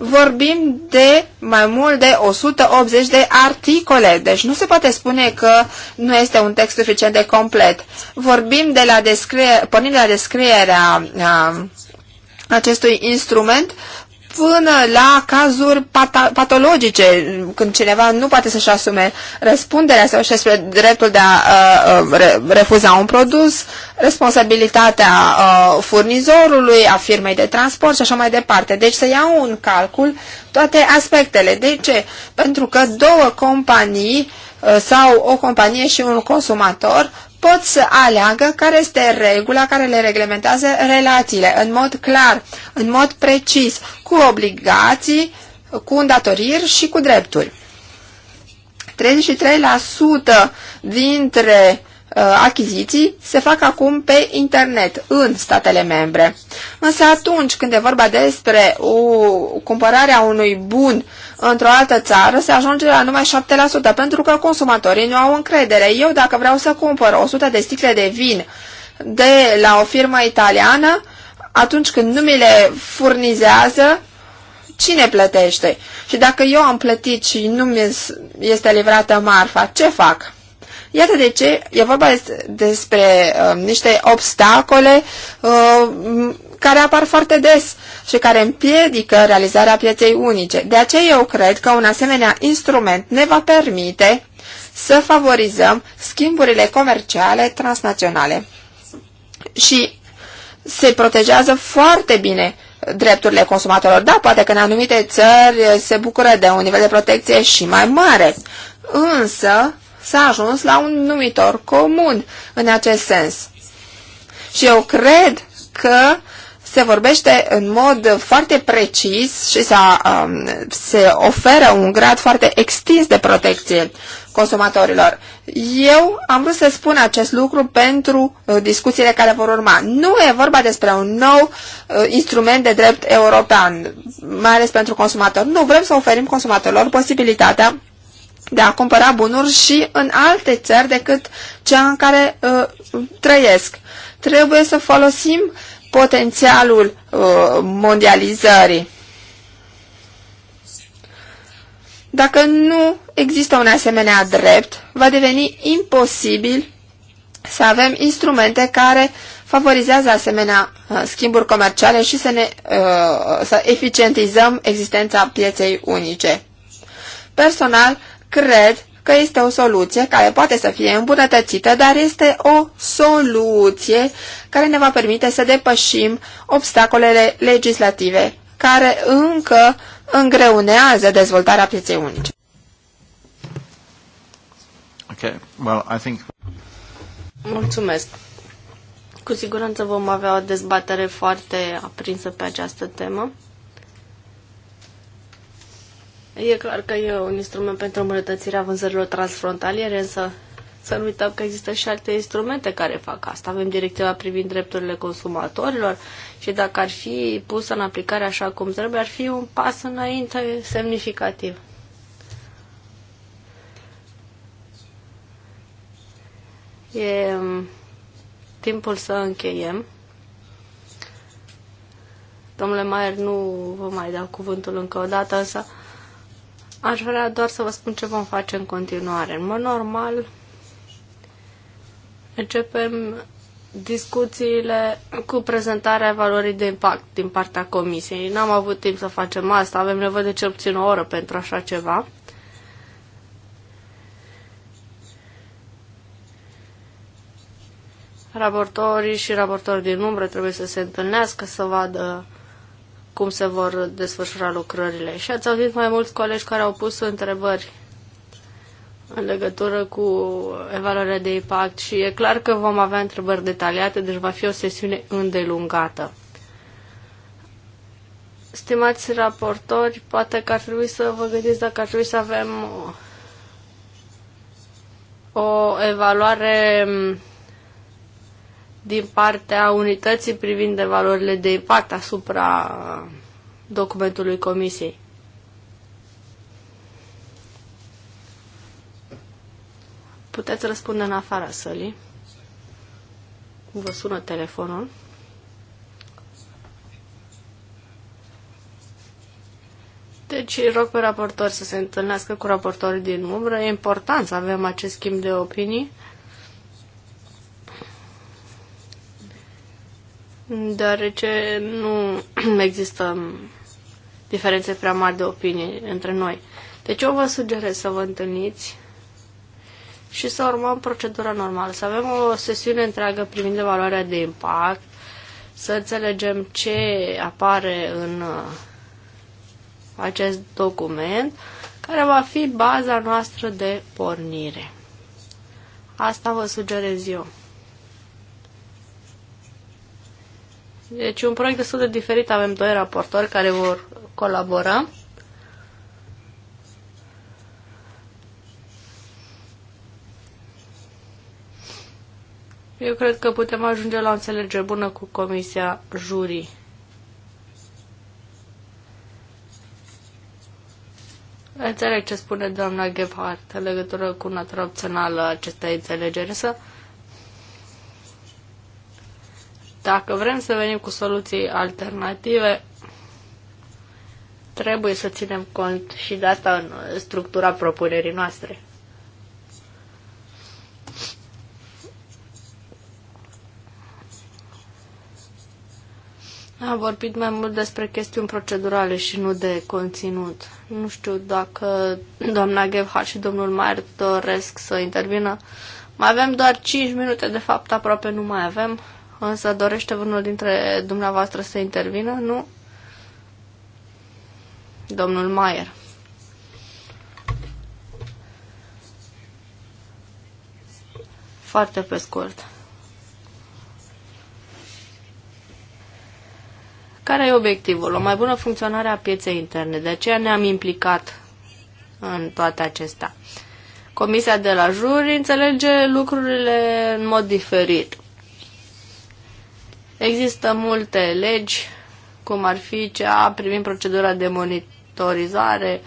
[SPEAKER 2] Vorbim de mai mult de 180 de articole, deci nu se poate spune că nu este un text suficient de complet. Vorbim de la descrierea pornind de la descrierea a, um, acestui instrument până la cazuri patologice, când cineva nu poate să-și asume răspunderea sau și despre dreptul de a uh, uh, re refuza un produs, responsabilitatea uh, furnizorului, a firmei de transport și așa mai departe. Deci să iau în calcul toate aspectele. De ce? Pentru că două companii uh, sau o companie și un consumator pot să aleagă care este regula care le reglementează relațiile în mod clar, în mod precis, cu obligații, cu îndatoriri și cu drepturi. 33% dintre uh, achiziții se fac acum pe internet în statele membre. Însă atunci când e vorba despre o cumpărare a unui bun într-o altă țară se ajunge la numai 7%, pentru că consumatorii nu au încredere. Eu, dacă vreau să cumpăr 100 de sticle de vin de la o firmă italiană, atunci când nu mi le furnizează, cine plătește? Și dacă eu am plătit și nu mi este livrată marfa, ce fac? Iată de ce e vorba despre uh, niște obstacole uh, care apar foarte des și care împiedică realizarea pieței unice. De aceea eu cred că un asemenea instrument ne va permite să favorizăm schimburile comerciale transnaționale. Și se protejează foarte bine drepturile consumatorilor. Da, poate că în anumite țări se bucură de un nivel de protecție și mai mare, însă s-a ajuns la un numitor comun în acest sens. Și eu cred că se vorbește în mod foarte precis și um, se oferă un grad foarte extins de protecție consumatorilor. Eu am vrut să spun acest lucru pentru uh, discuțiile care vor urma. Nu e vorba despre un nou uh, instrument de drept european, mai ales pentru consumator. Nu vrem să oferim consumatorilor posibilitatea de a cumpăra bunuri și în alte țări decât cea în care uh, trăiesc. Trebuie să folosim uh, potențialul uh, mondializării. Dacă nu există un asemenea drept, va deveni imposibil să avem instrumente care favorizează asemenea uh, schimburi comerciale și să, ne, uh, să eficientizăm existența pieței unice. Personal, cred că este o soluție care poate să fie îmbunătățită, dar este o soluție care ne va permite să depășim obstacolele legislative care încă îngreunează dezvoltarea pieței unice.
[SPEAKER 1] Okay. Well, I think... Mulțumesc. Cu siguranță vom avea o dezbatere foarte aprinsă pe această temă. E clar că e un instrument pentru îmbunătățirea vânzărilor transfrontaliere, însă să nu uităm că există și alte instrumente care fac asta. Avem directiva privind drepturile consumatorilor și dacă ar fi pusă în aplicare așa cum trebuie, ar fi un pas înainte semnificativ. E mm, timpul să încheiem. Domnule Maier, nu vă mai dau cuvântul încă o dată, însă Aș vrea doar să vă spun ce vom face în continuare. În mod normal, începem discuțiile cu prezentarea valorii de impact din partea comisiei. N-am avut timp să facem asta, avem nevoie de cel puțin o oră pentru așa ceva. Raportorii și raportorii din umbră trebuie să se întâlnească, să vadă cum se vor desfășura lucrările. Și ați avut mai mulți colegi care au pus întrebări în legătură cu evaluarea de impact și e clar că vom avea întrebări detaliate, deci va fi o sesiune îndelungată. Stimați raportori, poate că ar trebui să vă gândiți dacă ar trebui să avem o evaluare din partea unității privind de valorile de impact asupra documentului comisiei. Puteți răspunde în afara sălii. Vă sună telefonul. Deci rog pe raportori să se întâlnească cu raportorii din umbră. E important să avem acest schimb de opinii deoarece nu există diferențe prea mari de opinie între noi. Deci eu vă sugerez să vă întâlniți și să urmăm procedura normală, să avem o sesiune întreagă privind evaluarea de impact, să înțelegem ce apare în uh, acest document, care va fi baza noastră de pornire. Asta vă sugerez eu. Deci un proiect destul de diferit. Avem doi raportori care vor colabora. Eu cred că putem ajunge la o înțelegere bună cu Comisia Jurii. Înțeleg ce spune doamna Gebhardt în legătură cu natura opțională a acestei înțelegeri, însă Dacă vrem să venim cu soluții alternative, trebuie să ținem cont și de asta în structura propunerii noastre. Am vorbit mai mult despre chestiuni procedurale și nu de conținut. Nu știu dacă doamna Gebhardt și domnul Maier doresc să intervină. Mai avem doar 5 minute, de fapt aproape nu mai avem. Însă dorește unul dintre dumneavoastră să intervină? Nu? Domnul Maier. Foarte pe scurt. Care e obiectivul? O mai bună funcționare a pieței interne. De aceea ne-am implicat în toate acestea. Comisia de la juri înțelege lucrurile în mod diferit. Există multe legi, cum ar fi cea privind procedura de monitorizare,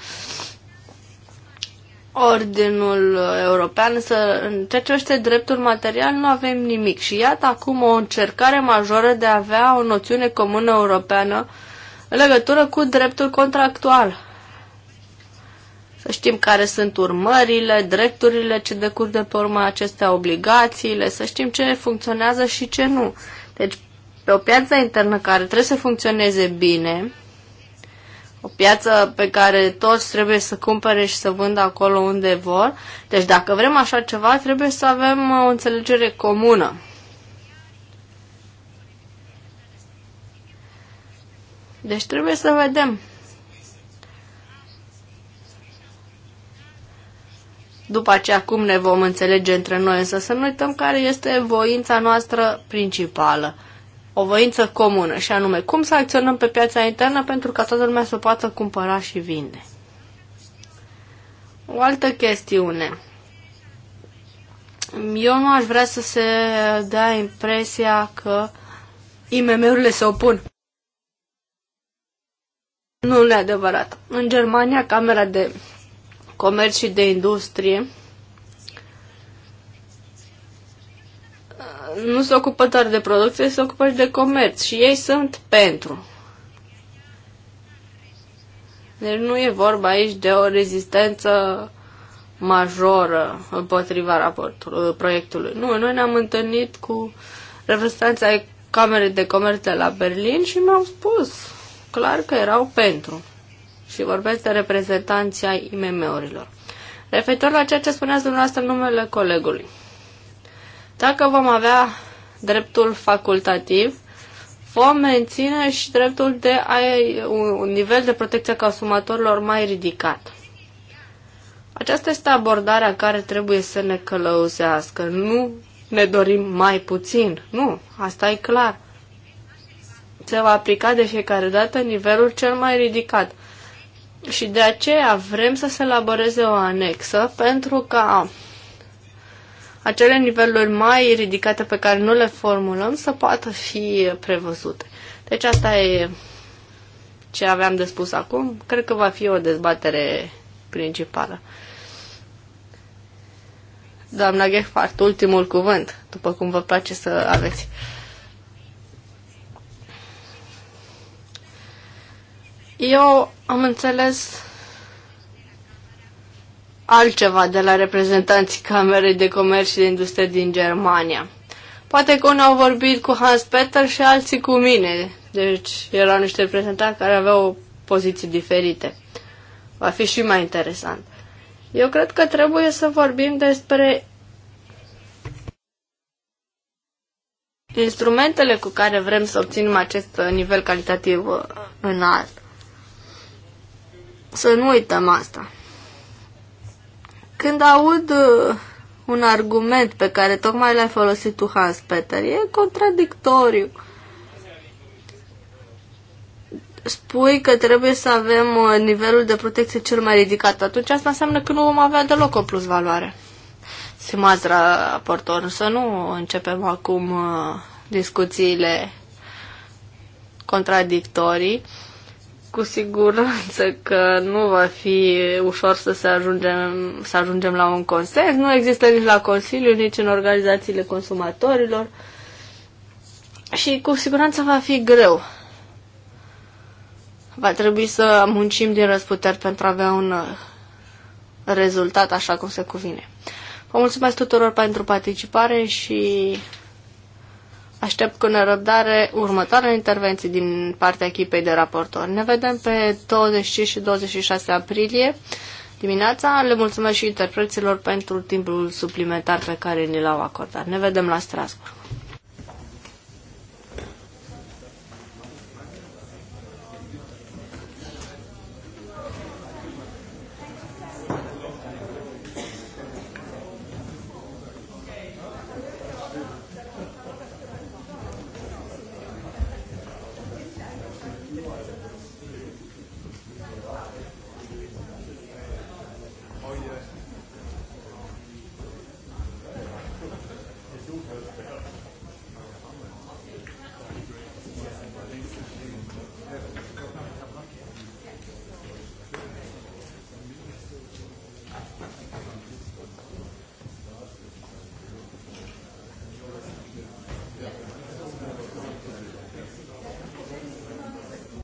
[SPEAKER 1] Ordinul European, să, în ceea ce este dreptul material, nu avem nimic. Și iată acum o încercare majoră de a avea o noțiune comună europeană în legătură cu dreptul contractual. Să știm care sunt urmările, drepturile ce decurg de pe urma acestea, obligațiile, să știm ce funcționează și ce nu. Deci pe o piață internă care trebuie să funcționeze bine, o piață pe care toți trebuie să cumpere și să vândă acolo unde vor. Deci dacă vrem așa ceva, trebuie să avem uh, o înțelegere comună. Deci trebuie să vedem. După aceea cum ne vom înțelege între noi, însă să nu uităm care este voința noastră principală o voință comună și anume cum să acționăm pe piața internă pentru ca toată lumea să poată cumpăra și vinde. O altă chestiune. Eu nu aș vrea să se dea impresia că IMM-urile se opun. Nu e adevărat. În Germania, Camera de Comerț și de Industrie nu se ocupă doar de producție, se ocupă și de comerț și ei sunt pentru. Deci nu e vorba aici de o rezistență majoră împotriva raportului, proiectului. Nu, noi ne-am întâlnit cu reprezentanții ai Camerei de Comerț de la Berlin și mi-au spus clar că erau pentru. Și vorbesc de reprezentanții ai IMM-urilor. Referitor la ceea ce spuneați dumneavoastră numele colegului. Dacă vom avea dreptul facultativ, vom menține și dreptul de a, un nivel de protecție a consumatorilor mai ridicat. Aceasta este abordarea care trebuie să ne călăuzească. Nu ne dorim mai puțin. Nu, asta e clar. Se va aplica de fiecare dată nivelul cel mai ridicat. Și de aceea vrem să se elaboreze o anexă pentru ca acele niveluri mai ridicate pe care nu le formulăm să poată fi prevăzute. Deci asta e ce aveam de spus acum. Cred că va fi o dezbatere principală. Doamna Gehfart, ultimul cuvânt, după cum vă place să aveți. Eu am înțeles altceva de la reprezentanții Camerei de Comerț și de Industrie din Germania. Poate că unii au vorbit cu Hans Peter și alții cu mine, deci erau niște reprezentanți care aveau poziții diferite. Va fi și mai interesant. Eu cred că trebuie să vorbim despre instrumentele cu care vrem să obținem acest nivel calitativ înalt. Să nu uităm asta. Când aud uh, un argument pe care tocmai l-ai folosit tu, Hans Peter, e contradictoriu. Spui că trebuie să avem uh, nivelul de protecție cel mai ridicat. Atunci asta înseamnă că nu vom avea deloc o plus valoare. Simați raportor, să nu începem acum uh, discuțiile contradictorii. Cu siguranță că nu va fi ușor să, se ajungem, să ajungem la un consens. Nu există nici la Consiliu, nici în organizațiile consumatorilor. Și cu siguranță va fi greu. Va trebui să muncim din răsputeri pentru a avea un rezultat așa cum se cuvine. Vă mulțumesc tuturor pentru participare și Aștept cu nerăbdare următoarele intervenții din partea echipei de raportori. Ne vedem pe 25 și 26 aprilie dimineața. Le mulțumesc și interpreților pentru timpul suplimentar pe care ni l-au acordat. Ne vedem la Strasburg.